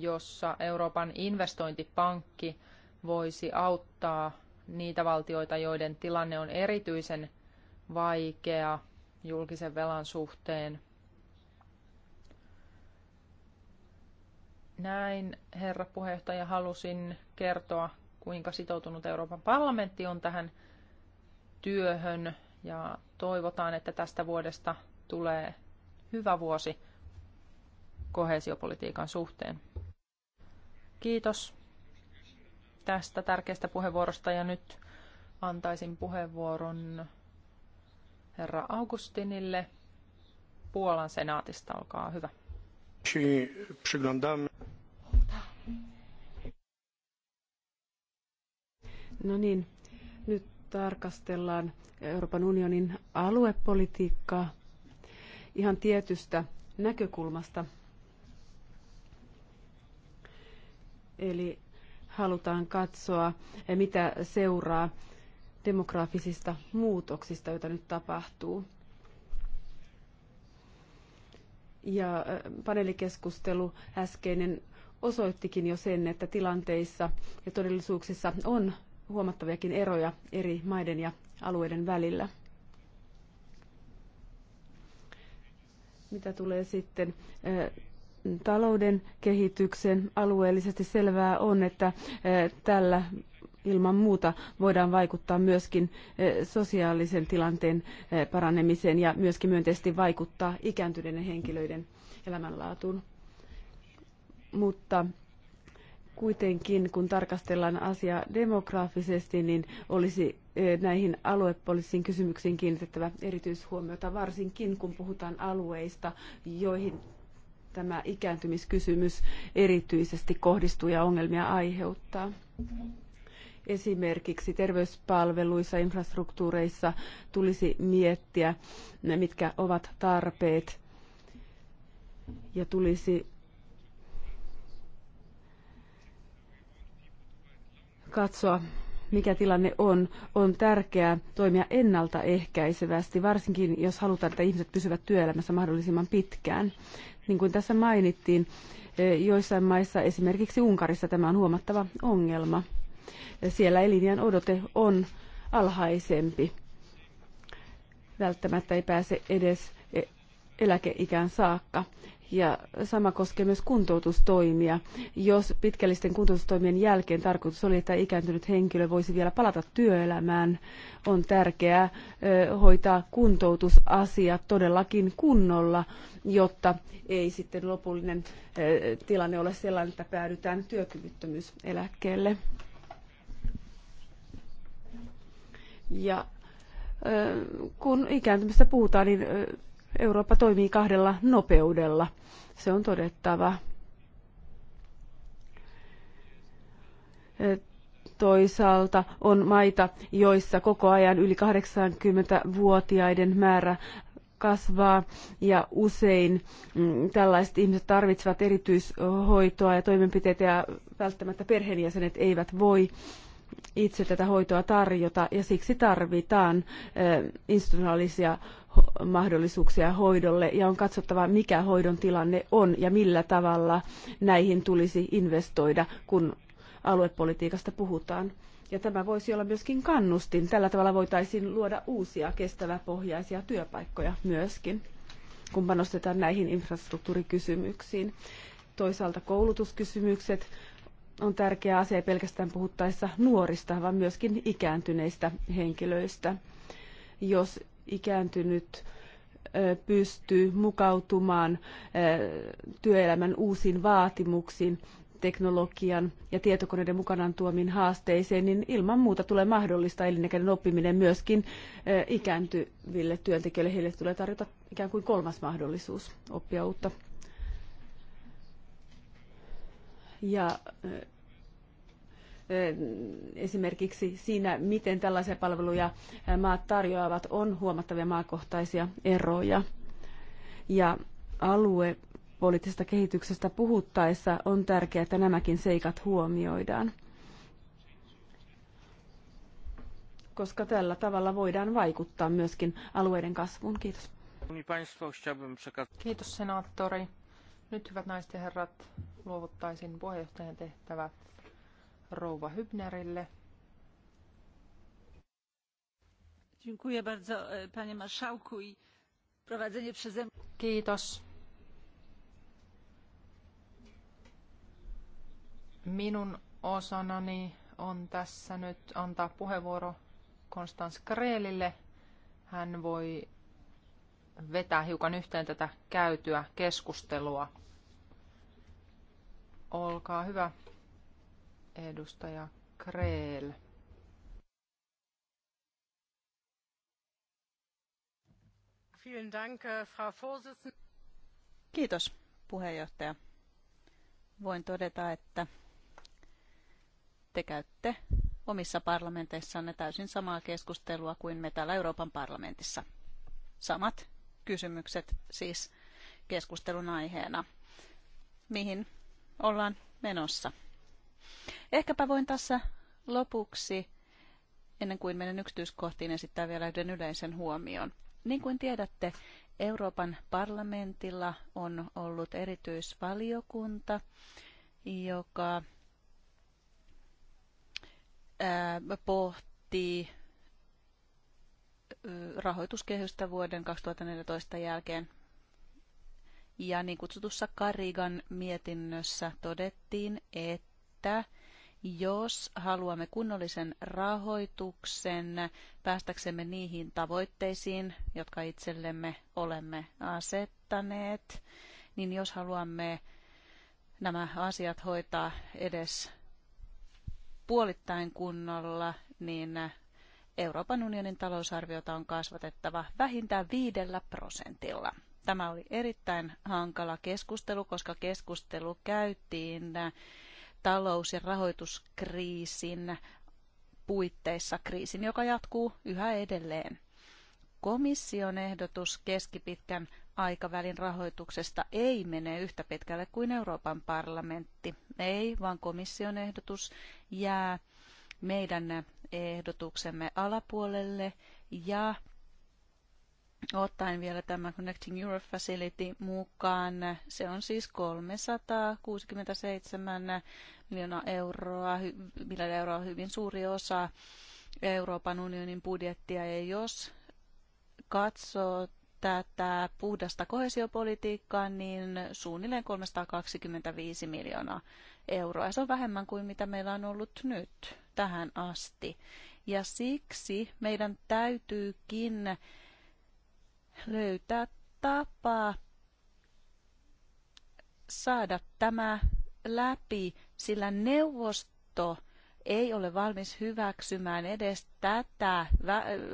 jossa Euroopan investointipankki voisi auttaa niitä valtioita, joiden tilanne on erityisen vaikea julkisen velan suhteen. Näin, herra puheenjohtaja, halusin kertoa, kuinka sitoutunut Euroopan parlamentti on tähän työhön ja toivotaan, että tästä vuodesta tulee hyvä vuosi kohesiopolitiikan suhteen. Kiitos tästä tärkeästä puheenvuorosta ja nyt antaisin puheenvuoron herra Augustinille Puolan senaatista. Olkaa hyvä. No niin, nyt tarkastellaan Euroopan unionin aluepolitiikkaa ihan tietystä näkökulmasta – Eli halutaan katsoa, mitä seuraa demografisista muutoksista, joita nyt tapahtuu. Ja paneelikeskustelu äskeinen osoittikin jo sen, että tilanteissa ja todellisuuksissa on huomattaviakin eroja eri maiden ja alueiden välillä. Mitä tulee sitten talouden kehityksen alueellisesti selvää on, että eh, tällä ilman muuta voidaan vaikuttaa myöskin eh, sosiaalisen tilanteen eh, paranemiseen ja myöskin myönteisesti vaikuttaa ikääntyneiden henkilöiden elämänlaatuun. Mutta kuitenkin, kun tarkastellaan asiaa demograafisesti, niin olisi näihin aluepoliittisiin kysymyksiin kiinnitettävä erityishuomiota, varsinkin kun puhutaan alueista, joihin tämä ikääntymiskysymys erityisesti kohdistuu ja ongelmia aiheuttaa. Esimerkiksi terveyspalveluissa, infrastruktuureissa tulisi miettiä, mitkä ovat tarpeet ja tulisi katsoa, mikä tilanne on, on tärkeää toimia ennaltaehkäisevästi, varsinkin jos halutaan, että ihmiset pysyvät työelämässä mahdollisimman pitkään. Niin kuin tässä mainittiin, e, joissain maissa, esimerkiksi Unkarissa, tämä on huomattava ongelma. E, siellä elinjään odote on alhaisempi. Välttämättä ei pääse edes e, eläkeikään saakka. Ja sama koskee myös kuntoutustoimia. Jos pitkällisten kuntoutustoimien jälkeen tarkoitus oli, että ikääntynyt henkilö voisi vielä palata työelämään, on tärkeää hoitaa kuntoutusasiat todellakin kunnolla, jotta ei sitten lopullinen tilanne ole sellainen, että päädytään työkyvyttömyyseläkkeelle. Ja kun ikääntymistä puhutaan, niin Eurooppa toimii kahdella nopeudella. Se on todettava. Toisaalta on maita, joissa koko ajan yli 80-vuotiaiden määrä kasvaa ja usein mm, tällaiset ihmiset tarvitsevat erityishoitoa ja toimenpiteitä ja välttämättä perheenjäsenet eivät voi itse tätä hoitoa tarjota ja siksi tarvitaan eh, institutionaalisia mahdollisuuksia hoidolle ja on katsottava, mikä hoidon tilanne on ja millä tavalla näihin tulisi investoida, kun aluepolitiikasta puhutaan. Ja tämä voisi olla myöskin kannustin. Tällä tavalla voitaisiin luoda uusia kestäväpohjaisia työpaikkoja myöskin, kun panostetaan näihin infrastruktuurikysymyksiin. Toisaalta koulutuskysymykset on tärkeä asia ei pelkästään puhuttaessa nuorista, vaan myöskin ikääntyneistä henkilöistä. Jos ikääntynyt pystyy mukautumaan työelämän uusiin vaatimuksiin, teknologian ja tietokoneiden mukanaan tuomiin haasteisiin, niin ilman muuta tulee mahdollista elinikäinen oppiminen myöskin ikääntyville työntekijöille. Heille tulee tarjota ikään kuin kolmas mahdollisuus oppia uutta. Ja esimerkiksi siinä, miten tällaisia palveluja maat tarjoavat, on huomattavia maakohtaisia eroja. Ja aluepoliittisesta kehityksestä puhuttaessa on tärkeää, että nämäkin seikat huomioidaan. koska tällä tavalla voidaan vaikuttaa myöskin alueiden kasvuun. Kiitos. Kiitos senaattori. Nyt hyvät naiset ja herrat, luovuttaisin puheenjohtajan tehtävät rouva Hübnerille. E, Kiitos. Minun osanani on tässä nyt antaa puheenvuoro Konstans Kreelille. Hän voi vetää hiukan yhteen tätä käytyä keskustelua. Olkaa hyvä edustaja Kreel. Äh, Kiitos puheenjohtaja. Voin todeta, että te käytte omissa parlamenteissanne täysin samaa keskustelua kuin me täällä Euroopan parlamentissa. Samat kysymykset siis keskustelun aiheena. Mihin ollaan menossa? Ehkäpä voin tässä lopuksi, ennen kuin menen yksityiskohtiin, esittää vielä yhden yleisen huomion. Niin kuin tiedätte, Euroopan parlamentilla on ollut erityisvaliokunta, joka pohti rahoituskehystä vuoden 2014 jälkeen. Ja niin kutsutussa Karigan mietinnössä todettiin, että että jos haluamme kunnollisen rahoituksen päästäksemme niihin tavoitteisiin, jotka itsellemme olemme asettaneet, niin jos haluamme nämä asiat hoitaa edes puolittain kunnolla, niin Euroopan unionin talousarviota on kasvatettava vähintään viidellä prosentilla. Tämä oli erittäin hankala keskustelu, koska keskustelu käytiin talous- ja rahoituskriisin puitteissa, kriisin, joka jatkuu yhä edelleen. Komission ehdotus keskipitkän aikavälin rahoituksesta ei mene yhtä pitkälle kuin Euroopan parlamentti. Ei, vaan komission ehdotus jää meidän ehdotuksemme alapuolelle ja ottaen vielä tämä Connecting Europe Facility mukaan. Se on siis 367 miljoonaa euroa, millä euroa hyvin suuri osa Euroopan unionin budjettia. Ja jos katsoo tätä puhdasta kohesiopolitiikkaa, niin suunnilleen 325 miljoonaa euroa. Se on vähemmän kuin mitä meillä on ollut nyt tähän asti. Ja siksi meidän täytyykin löytää tapaa saada tämä läpi, sillä neuvosto ei ole valmis hyväksymään edes tätä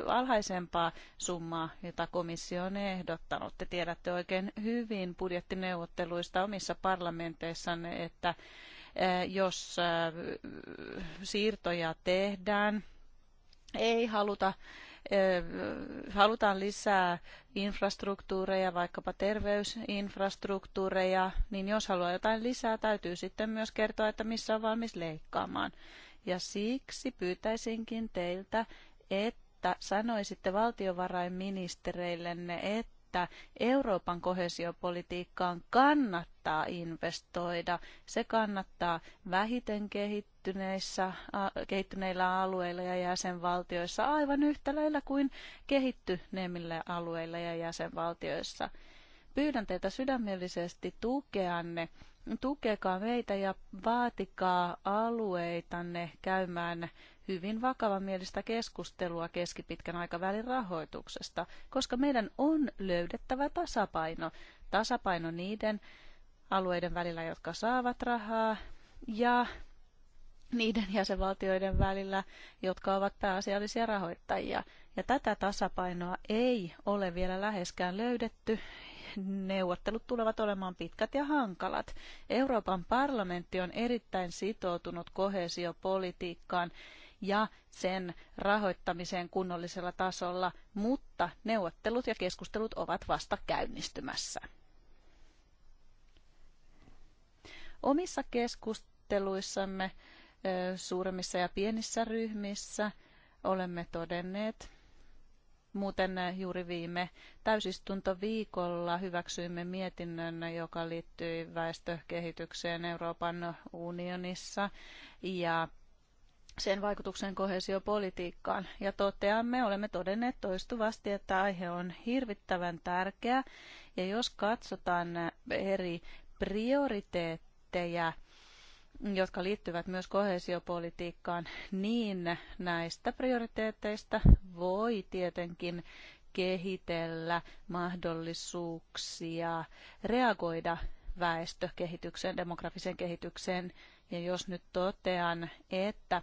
alhaisempaa summaa, jota komissio on ehdottanut. Te tiedätte oikein hyvin budjettineuvotteluista omissa parlamenteissanne, että eh, jos eh, siirtoja tehdään, ei haluta Eh, halutaan lisää infrastruktuureja, vaikkapa terveysinfrastruktuureja, niin jos haluaa jotain lisää, täytyy sitten myös kertoa, että missä on valmis leikkaamaan. Ja siksi pyytäisinkin teiltä, että sanoisitte valtiovarainministereillenne, että että Euroopan kohesiopolitiikkaan kannattaa investoida. Se kannattaa vähiten kehittyneissä, kehittyneillä alueilla ja jäsenvaltioissa aivan yhtä lailla kuin kehittyneemmillä alueilla ja jäsenvaltioissa. Pyydän teitä sydämellisesti tukeanne tukekaa meitä ja vaatikaa alueitanne käymään hyvin vakavamielistä keskustelua keskipitkän aikavälin rahoituksesta, koska meidän on löydettävä tasapaino. Tasapaino niiden alueiden välillä, jotka saavat rahaa, ja niiden jäsenvaltioiden välillä, jotka ovat pääasiallisia rahoittajia. Ja tätä tasapainoa ei ole vielä läheskään löydetty. Neuvottelut tulevat olemaan pitkät ja hankalat. Euroopan parlamentti on erittäin sitoutunut kohesiopolitiikkaan ja sen rahoittamiseen kunnollisella tasolla, mutta neuvottelut ja keskustelut ovat vasta käynnistymässä. Omissa keskusteluissamme suuremmissa ja pienissä ryhmissä olemme todenneet, Muuten juuri viime täysistuntoviikolla hyväksyimme mietinnön, joka liittyi väestökehitykseen Euroopan unionissa ja sen vaikutuksen kohesiopolitiikkaan. Ja toteamme, olemme todenneet toistuvasti, että aihe on hirvittävän tärkeä. Ja jos katsotaan eri prioriteetteja, jotka liittyvät myös kohesiopolitiikkaan, niin näistä prioriteeteista voi tietenkin kehitellä mahdollisuuksia reagoida väestökehitykseen, demografiseen kehitykseen ja jos nyt totean, että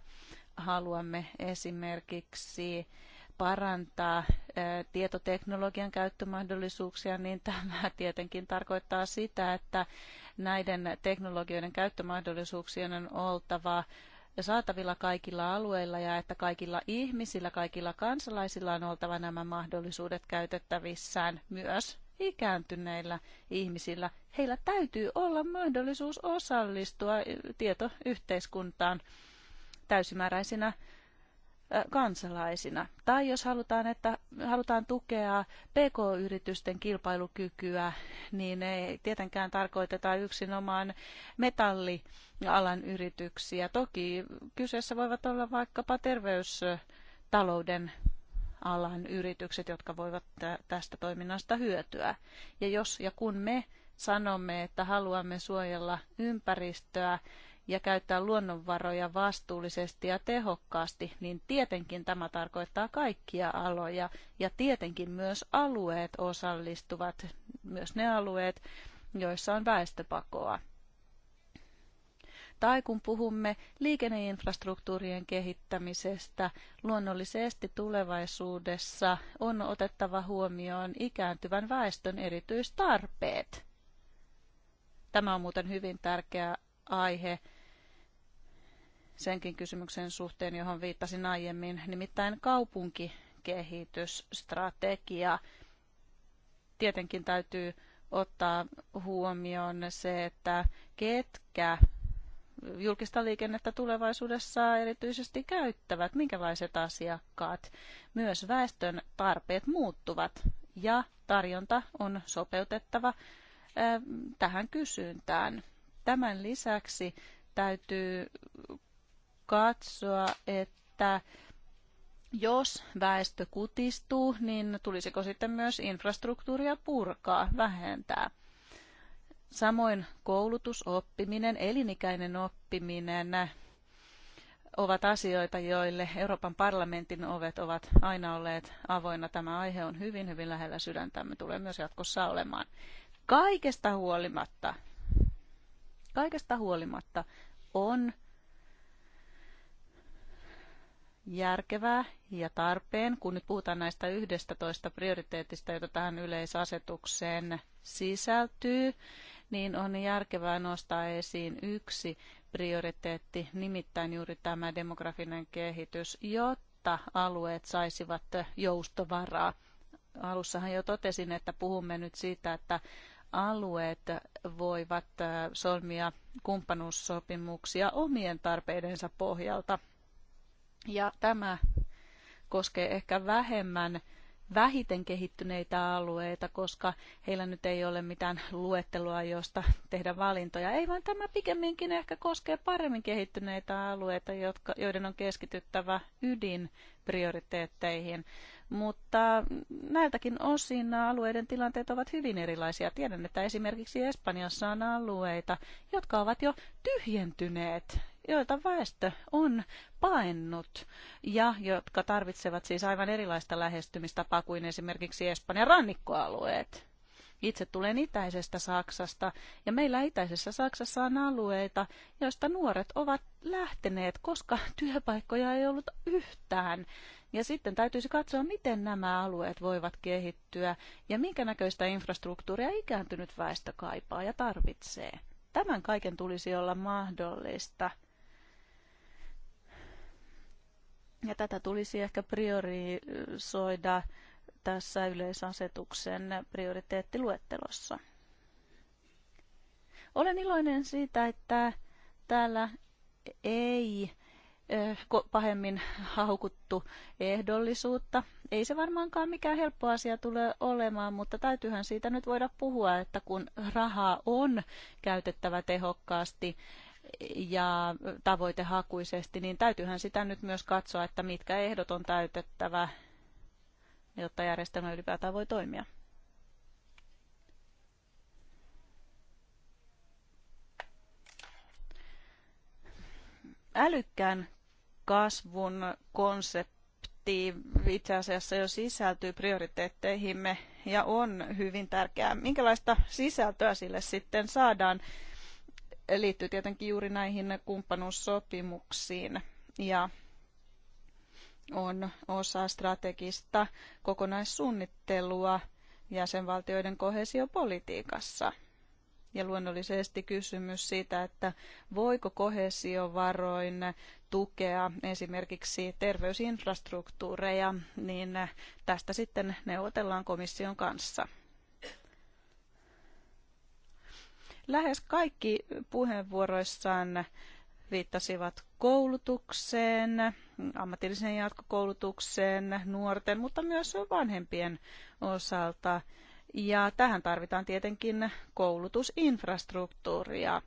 haluamme esimerkiksi parantaa tietoteknologian käyttömahdollisuuksia, niin tämä tietenkin tarkoittaa sitä, että näiden teknologioiden käyttömahdollisuuksien on oltava saatavilla kaikilla alueilla ja että kaikilla ihmisillä, kaikilla kansalaisilla on oltava nämä mahdollisuudet käytettävissään myös ikääntyneillä ihmisillä. Heillä täytyy olla mahdollisuus osallistua tietoyhteiskuntaan täysimääräisinä kansalaisina. Tai jos halutaan, että halutaan tukea PK-yritysten kilpailukykyä, niin ei tietenkään tarkoiteta yksinomaan metallialan yrityksiä. Toki kyseessä voivat olla vaikkapa terveystalouden alan yritykset, jotka voivat tästä toiminnasta hyötyä. Ja jos ja kun me sanomme, että haluamme suojella ympäristöä ja käyttää luonnonvaroja vastuullisesti ja tehokkaasti, niin tietenkin tämä tarkoittaa kaikkia aloja ja tietenkin myös alueet osallistuvat, myös ne alueet, joissa on väestöpakoa. Tai kun puhumme liikenneinfrastruktuurien kehittämisestä, luonnollisesti tulevaisuudessa on otettava huomioon ikääntyvän väestön erityistarpeet. Tämä on muuten hyvin tärkeä aihe senkin kysymyksen suhteen, johon viittasin aiemmin, nimittäin kaupunkikehitysstrategia. Tietenkin täytyy ottaa huomioon se, että ketkä julkista liikennettä tulevaisuudessa erityisesti käyttävät, minkälaiset asiakkaat. Myös väestön tarpeet muuttuvat ja tarjonta on sopeutettava tähän kysyntään. Tämän lisäksi täytyy katsoa, että jos väestö kutistuu, niin tulisiko sitten myös infrastruktuuria purkaa, vähentää. Samoin koulutus, oppiminen, elinikäinen oppiminen ovat asioita, joille Euroopan parlamentin ovet ovat aina olleet avoinna. Tämä aihe on hyvin, hyvin lähellä sydäntämme, tulee myös jatkossa olemaan. Kaikesta huolimatta, kaikesta huolimatta on järkevää ja tarpeen, kun nyt puhutaan näistä 11 prioriteetista, joita tähän yleisasetukseen sisältyy, niin on järkevää nostaa esiin yksi prioriteetti, nimittäin juuri tämä demografinen kehitys, jotta alueet saisivat joustovaraa. Alussahan jo totesin, että puhumme nyt siitä, että alueet voivat solmia kumppanuussopimuksia omien tarpeidensa pohjalta. Ja tämä koskee ehkä vähemmän vähiten kehittyneitä alueita, koska heillä nyt ei ole mitään luettelua, josta tehdä valintoja. Ei vaan tämä pikemminkin ehkä koskee paremmin kehittyneitä alueita, jotka, joiden on keskityttävä ydinprioriteetteihin. Mutta näiltäkin osin alueiden tilanteet ovat hyvin erilaisia. Tiedän, että esimerkiksi Espanjassa on alueita, jotka ovat jo tyhjentyneet joita väestö on paennut ja jotka tarvitsevat siis aivan erilaista lähestymistapaa kuin esimerkiksi Espanjan rannikkoalueet. Itse tulen itäisestä Saksasta ja meillä itäisessä Saksassa on alueita, joista nuoret ovat lähteneet, koska työpaikkoja ei ollut yhtään. Ja sitten täytyisi katsoa, miten nämä alueet voivat kehittyä ja minkä näköistä infrastruktuuria ikääntynyt väestö kaipaa ja tarvitsee. Tämän kaiken tulisi olla mahdollista. Ja tätä tulisi ehkä priorisoida tässä yleisasetuksen prioriteettiluettelossa. Olen iloinen siitä, että täällä ei pahemmin haukuttu ehdollisuutta. Ei se varmaankaan mikään helppo asia tule olemaan, mutta täytyyhän siitä nyt voida puhua, että kun rahaa on käytettävä tehokkaasti, ja tavoitehakuisesti, niin täytyyhän sitä nyt myös katsoa, että mitkä ehdot on täytettävä, jotta järjestelmä ylipäätään voi toimia. Älykkään kasvun konsepti itse asiassa jo sisältyy prioriteetteihimme ja on hyvin tärkeää. Minkälaista sisältöä sille sitten saadaan? liittyy tietenkin juuri näihin kumppanuussopimuksiin ja on osa strategista kokonaissuunnittelua jäsenvaltioiden kohesiopolitiikassa. Ja luonnollisesti kysymys siitä, että voiko kohesiovaroin tukea esimerkiksi terveysinfrastruktuureja, niin tästä sitten neuvotellaan komission kanssa. Lähes kaikki puheenvuoroissaan viittasivat koulutukseen, ammatilliseen jatkokoulutukseen, nuorten, mutta myös vanhempien osalta. Ja tähän tarvitaan tietenkin koulutusinfrastruktuuria.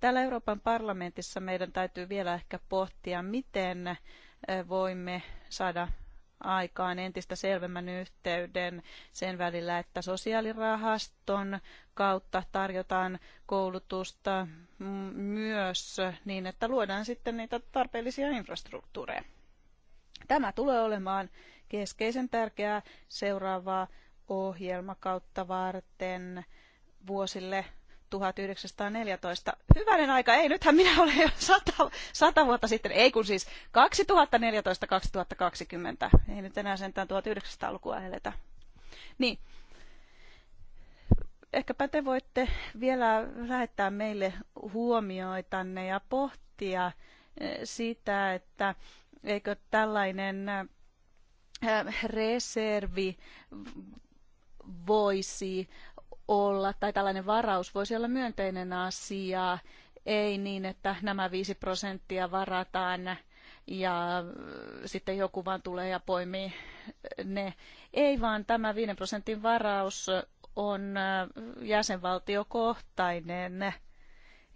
Täällä Euroopan parlamentissa meidän täytyy vielä ehkä pohtia, miten eh, voimme saada aikaan entistä selvemmän yhteyden sen välillä, että sosiaalirahaston kautta tarjotaan koulutusta myös niin, että luodaan sitten niitä tarpeellisia infrastruktuureja. Tämä tulee olemaan keskeisen tärkeää seuraavaa ohjelmakautta varten vuosille 1914. Hyvänen aika, ei nythän minä olen jo sata, sata vuotta sitten, ei kun siis 2014-2020. Ei nyt enää sentään 1900-lukua eletä. Niin, ehkäpä te voitte vielä lähettää meille huomioitanne ja pohtia eh, sitä, että eikö tällainen eh, reservi voisi olla, tai tällainen varaus voisi olla myönteinen asia, ei niin, että nämä 5 prosenttia varataan ja äh, sitten joku vaan tulee ja poimii ne. Ei vaan tämä 5 prosentin varaus on äh, jäsenvaltiokohtainen.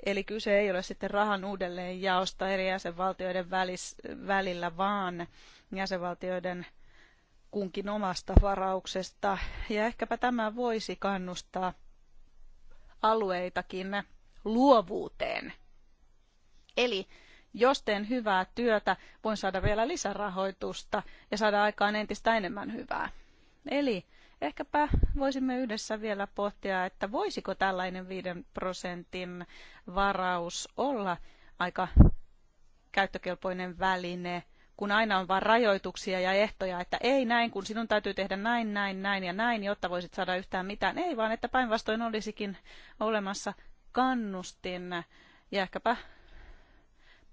Eli kyse ei ole sitten rahan uudelleenjaosta eri jäsenvaltioiden välis, välillä, vaan jäsenvaltioiden kunkin omasta varauksesta. Ja ehkäpä tämä voisi kannustaa alueitakin luovuuteen. Eli jos teen hyvää työtä, voin saada vielä lisärahoitusta ja saada aikaan entistä enemmän hyvää. Eli ehkäpä voisimme yhdessä vielä pohtia, että voisiko tällainen 5 prosentin varaus olla aika käyttökelpoinen väline kun aina on vain rajoituksia ja ehtoja, että ei näin, kun sinun täytyy tehdä näin, näin, näin ja näin, jotta voisit saada yhtään mitään. Ei vaan, että päinvastoin olisikin olemassa kannustin ja ehkäpä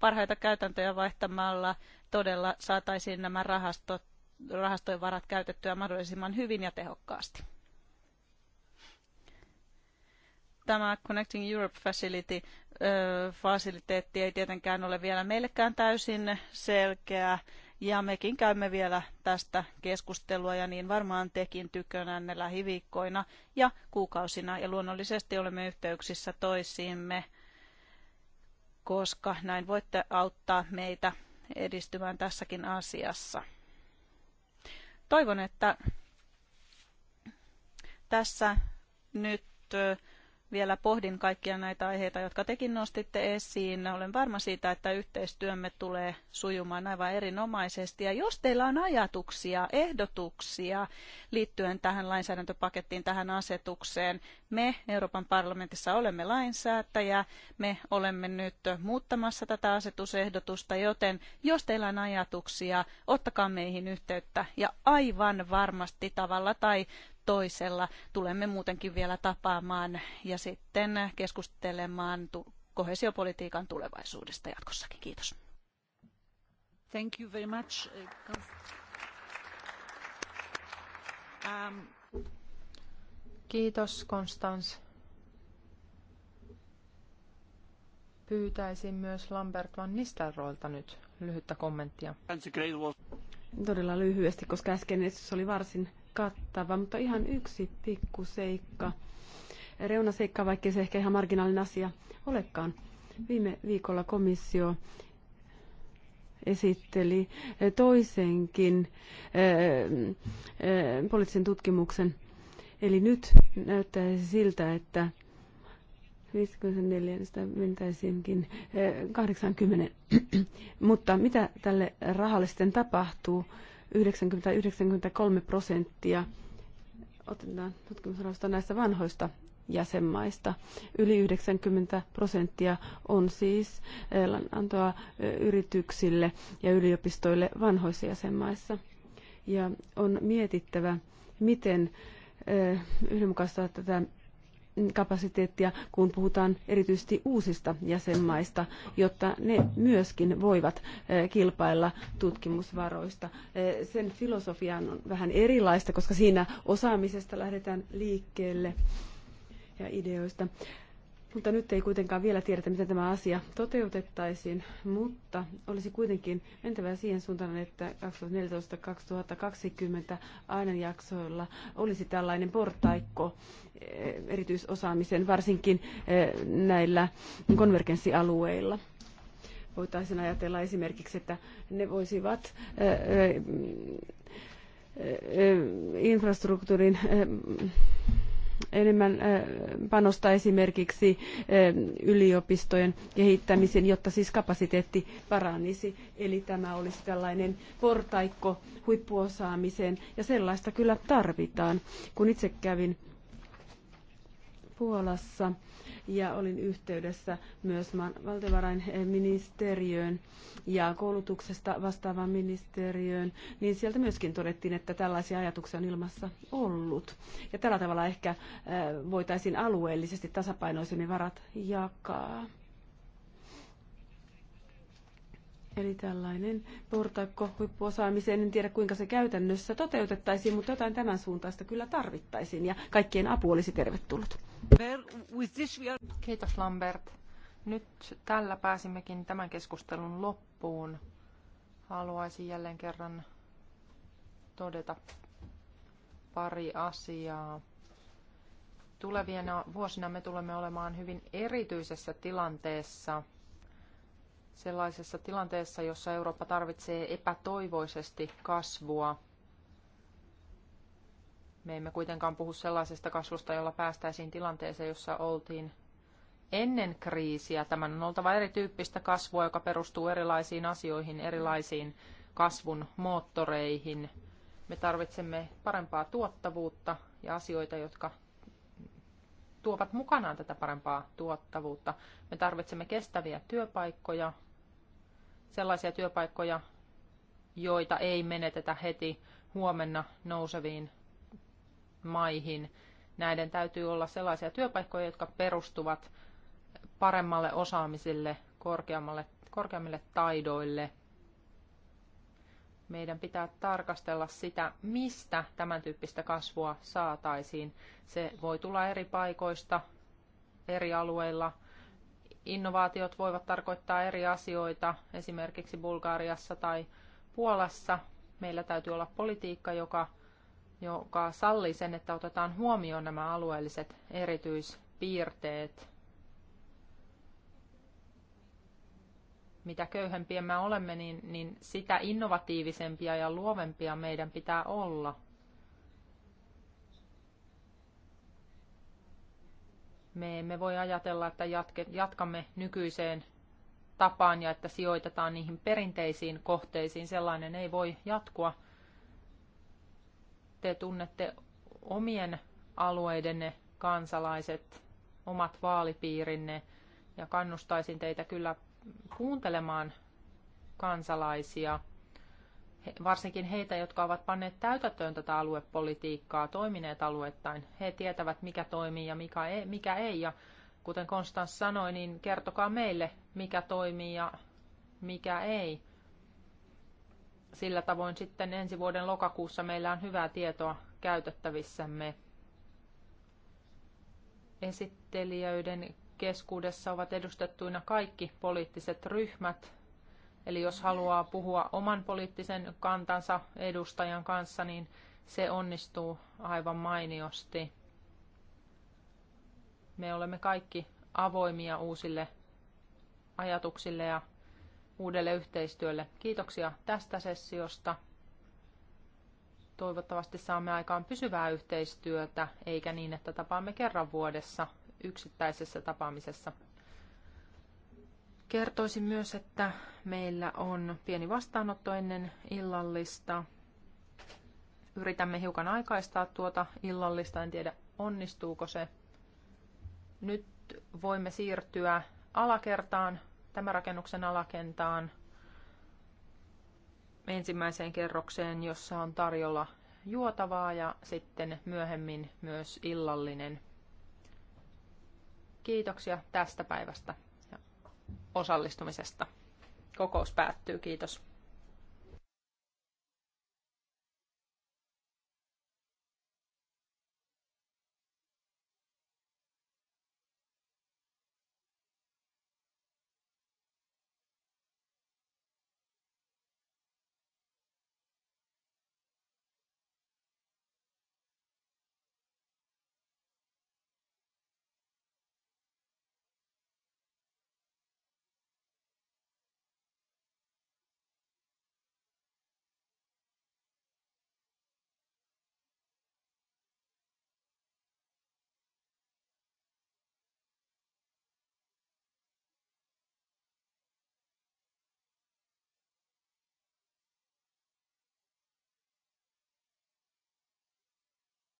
parhaita käytäntöjä vaihtamalla todella saataisiin nämä rahastot, rahastojen varat käytettyä mahdollisimman hyvin ja tehokkaasti tämä Connecting Europe Facility fasiliteetti ei tietenkään ole vielä meillekään täysin selkeä. Ja mekin käymme vielä tästä keskustelua ja niin varmaan tekin tykönänne lähiviikkoina ja kuukausina. Ja luonnollisesti olemme yhteyksissä toisiimme, koska näin voitte auttaa meitä edistymään tässäkin asiassa. Toivon, että tässä nyt vielä pohdin kaikkia näitä aiheita, jotka tekin nostitte esiin. Olen varma siitä, että yhteistyömme tulee sujumaan aivan erinomaisesti. Ja jos teillä on ajatuksia, ehdotuksia liittyen tähän lainsäädäntöpakettiin, tähän asetukseen, me Euroopan parlamentissa olemme lainsäätäjä, me olemme nyt muuttamassa tätä asetusehdotusta, joten jos teillä on ajatuksia, ottakaa meihin yhteyttä ja aivan varmasti tavalla tai toisella. Tulemme muutenkin vielä tapaamaan ja sitten keskustelemaan kohesiopolitiikan tulevaisuudesta jatkossakin. Kiitos. Thank you very much. Um. Kiitos Konstans. Pyytäisin myös Lambert van Nistelrooilta nyt lyhyttä kommenttia. Todella lyhyesti, koska äsken oli varsin kattava, mutta ihan yksi pikkuseikka. Reunaseikka, vaikka se ehkä ihan marginaalinen asia olekaan. Viime viikolla komissio esitteli eh, toisenkin eh, eh, poliittisen tutkimuksen. Eli nyt näyttäisi siltä, että 54 mentäisinkin 80. Mutta mitä tälle rahalle sitten tapahtuu? 90-93 prosenttia otetaan tutkimusrahoista näistä vanhoista jäsenmaista. Yli 90 prosenttia on siis eh, antoa eh, yrityksille ja yliopistoille vanhoissa jäsenmaissa. Ja on mietittävä, miten eh, yhdenmukaistaa tätä kapasiteettia, kun puhutaan erityisesti uusista jäsenmaista, jotta ne myöskin voivat eh, kilpailla tutkimusvaroista. Eh, sen filosofia on vähän erilaista, koska siinä osaamisesta lähdetään liikkeelle ja ideoista. Mutta nyt ei kuitenkaan vielä tiedetä, miten tämä asia toteutettaisiin, mutta olisi kuitenkin mentävä siihen suuntaan, että 2014-2020 aina jaksoilla olisi tällainen portaikko eh, erityisosaamisen, varsinkin eh, näillä konvergenssialueilla voitaisiin ajatella esimerkiksi, että ne voisivat eh, infrastruktuurin enemmän panosta esimerkiksi yliopistojen kehittämiseen, jotta siis kapasiteetti paranisi. Eli tämä olisi tällainen portaikko huippuosaamiseen ja sellaista kyllä tarvitaan. Kun itse kävin Puolassa ja olin yhteydessä myös valtiovarainministeriöön ja koulutuksesta vastaavaan ministeriöön, niin sieltä myöskin todettiin, että tällaisia ajatuksia on ilmassa ollut. Ja tällä tavalla ehkä äh, voitaisiin alueellisesti tasapainoisemmin varat jakaa. Eli tällainen portaikko huippuosaamiseen, en tiedä kuinka se käytännössä toteutettaisiin, mutta jotain tämän suuntaista kyllä tarvittaisiin ja kaikkien apu olisi tervetullut. Kiitos Lambert. Nyt tällä pääsimmekin tämän keskustelun loppuun. Haluaisin jälleen kerran todeta pari asiaa. Tulevina vuosina me tulemme olemaan hyvin erityisessä tilanteessa – sellaisessa tilanteessa, jossa Eurooppa tarvitsee epätoivoisesti kasvua. Me emme kuitenkaan puhu sellaisesta kasvusta, jolla päästäisiin tilanteeseen, jossa oltiin ennen kriisiä. Tämän on oltava erityyppistä kasvua, joka perustuu erilaisiin asioihin, erilaisiin kasvun moottoreihin. Me tarvitsemme parempaa tuottavuutta ja asioita, jotka tuovat mukanaan tätä parempaa tuottavuutta. Me tarvitsemme kestäviä työpaikkoja, sellaisia työpaikkoja, joita ei menetetä heti huomenna nouseviin maihin. Näiden täytyy olla sellaisia työpaikkoja, jotka perustuvat paremmalle osaamiselle, korkeammalle, korkeammille taidoille. Meidän pitää tarkastella sitä, mistä tämän tyyppistä kasvua saataisiin. Se voi tulla eri paikoista, eri alueilla – innovaatiot voivat tarkoittaa eri asioita esimerkiksi Bulgariassa tai Puolassa. Meillä täytyy olla politiikka, joka, joka sallii sen, että otetaan huomioon nämä alueelliset erityispiirteet. Mitä köyhempiä me olemme, niin, niin sitä innovatiivisempia ja luovempia meidän pitää olla – Me emme voi ajatella, että jatke, jatkamme nykyiseen tapaan ja että sijoitetaan niihin perinteisiin kohteisiin. Sellainen ei voi jatkua. Te tunnette omien alueidenne kansalaiset, omat vaalipiirinne ja kannustaisin teitä kyllä kuuntelemaan kansalaisia – varsinkin heitä, jotka ovat panneet täytäntöön tätä aluepolitiikkaa, toimineet alueittain. He tietävät, mikä toimii ja mikä ei. Mikä ei. Ja kuten Konstans sanoi, niin kertokaa meille, mikä toimii ja mikä ei. Sillä tavoin sitten ensi vuoden lokakuussa meillä on hyvää tietoa käytettävissämme. Esittelijöiden keskuudessa ovat edustettuina kaikki poliittiset ryhmät, Eli jos haluaa puhua oman poliittisen kantansa edustajan kanssa, niin se onnistuu aivan mainiosti. Me olemme kaikki avoimia uusille ajatuksille ja uudelle yhteistyölle. Kiitoksia tästä sessiosta. Toivottavasti saamme aikaan pysyvää yhteistyötä, eikä niin, että tapaamme kerran vuodessa yksittäisessä tapaamisessa. Kertoisin myös, että meillä on pieni vastaanotto ennen illallista. Yritämme hiukan aikaistaa tuota illallista, en tiedä onnistuuko se. Nyt voimme siirtyä alakertaan, tämän rakennuksen alakentaan, ensimmäiseen kerrokseen, jossa on tarjolla juotavaa ja sitten myöhemmin myös illallinen. Kiitoksia tästä päivästä osallistumisesta. Kokous päättyy. Kiitos.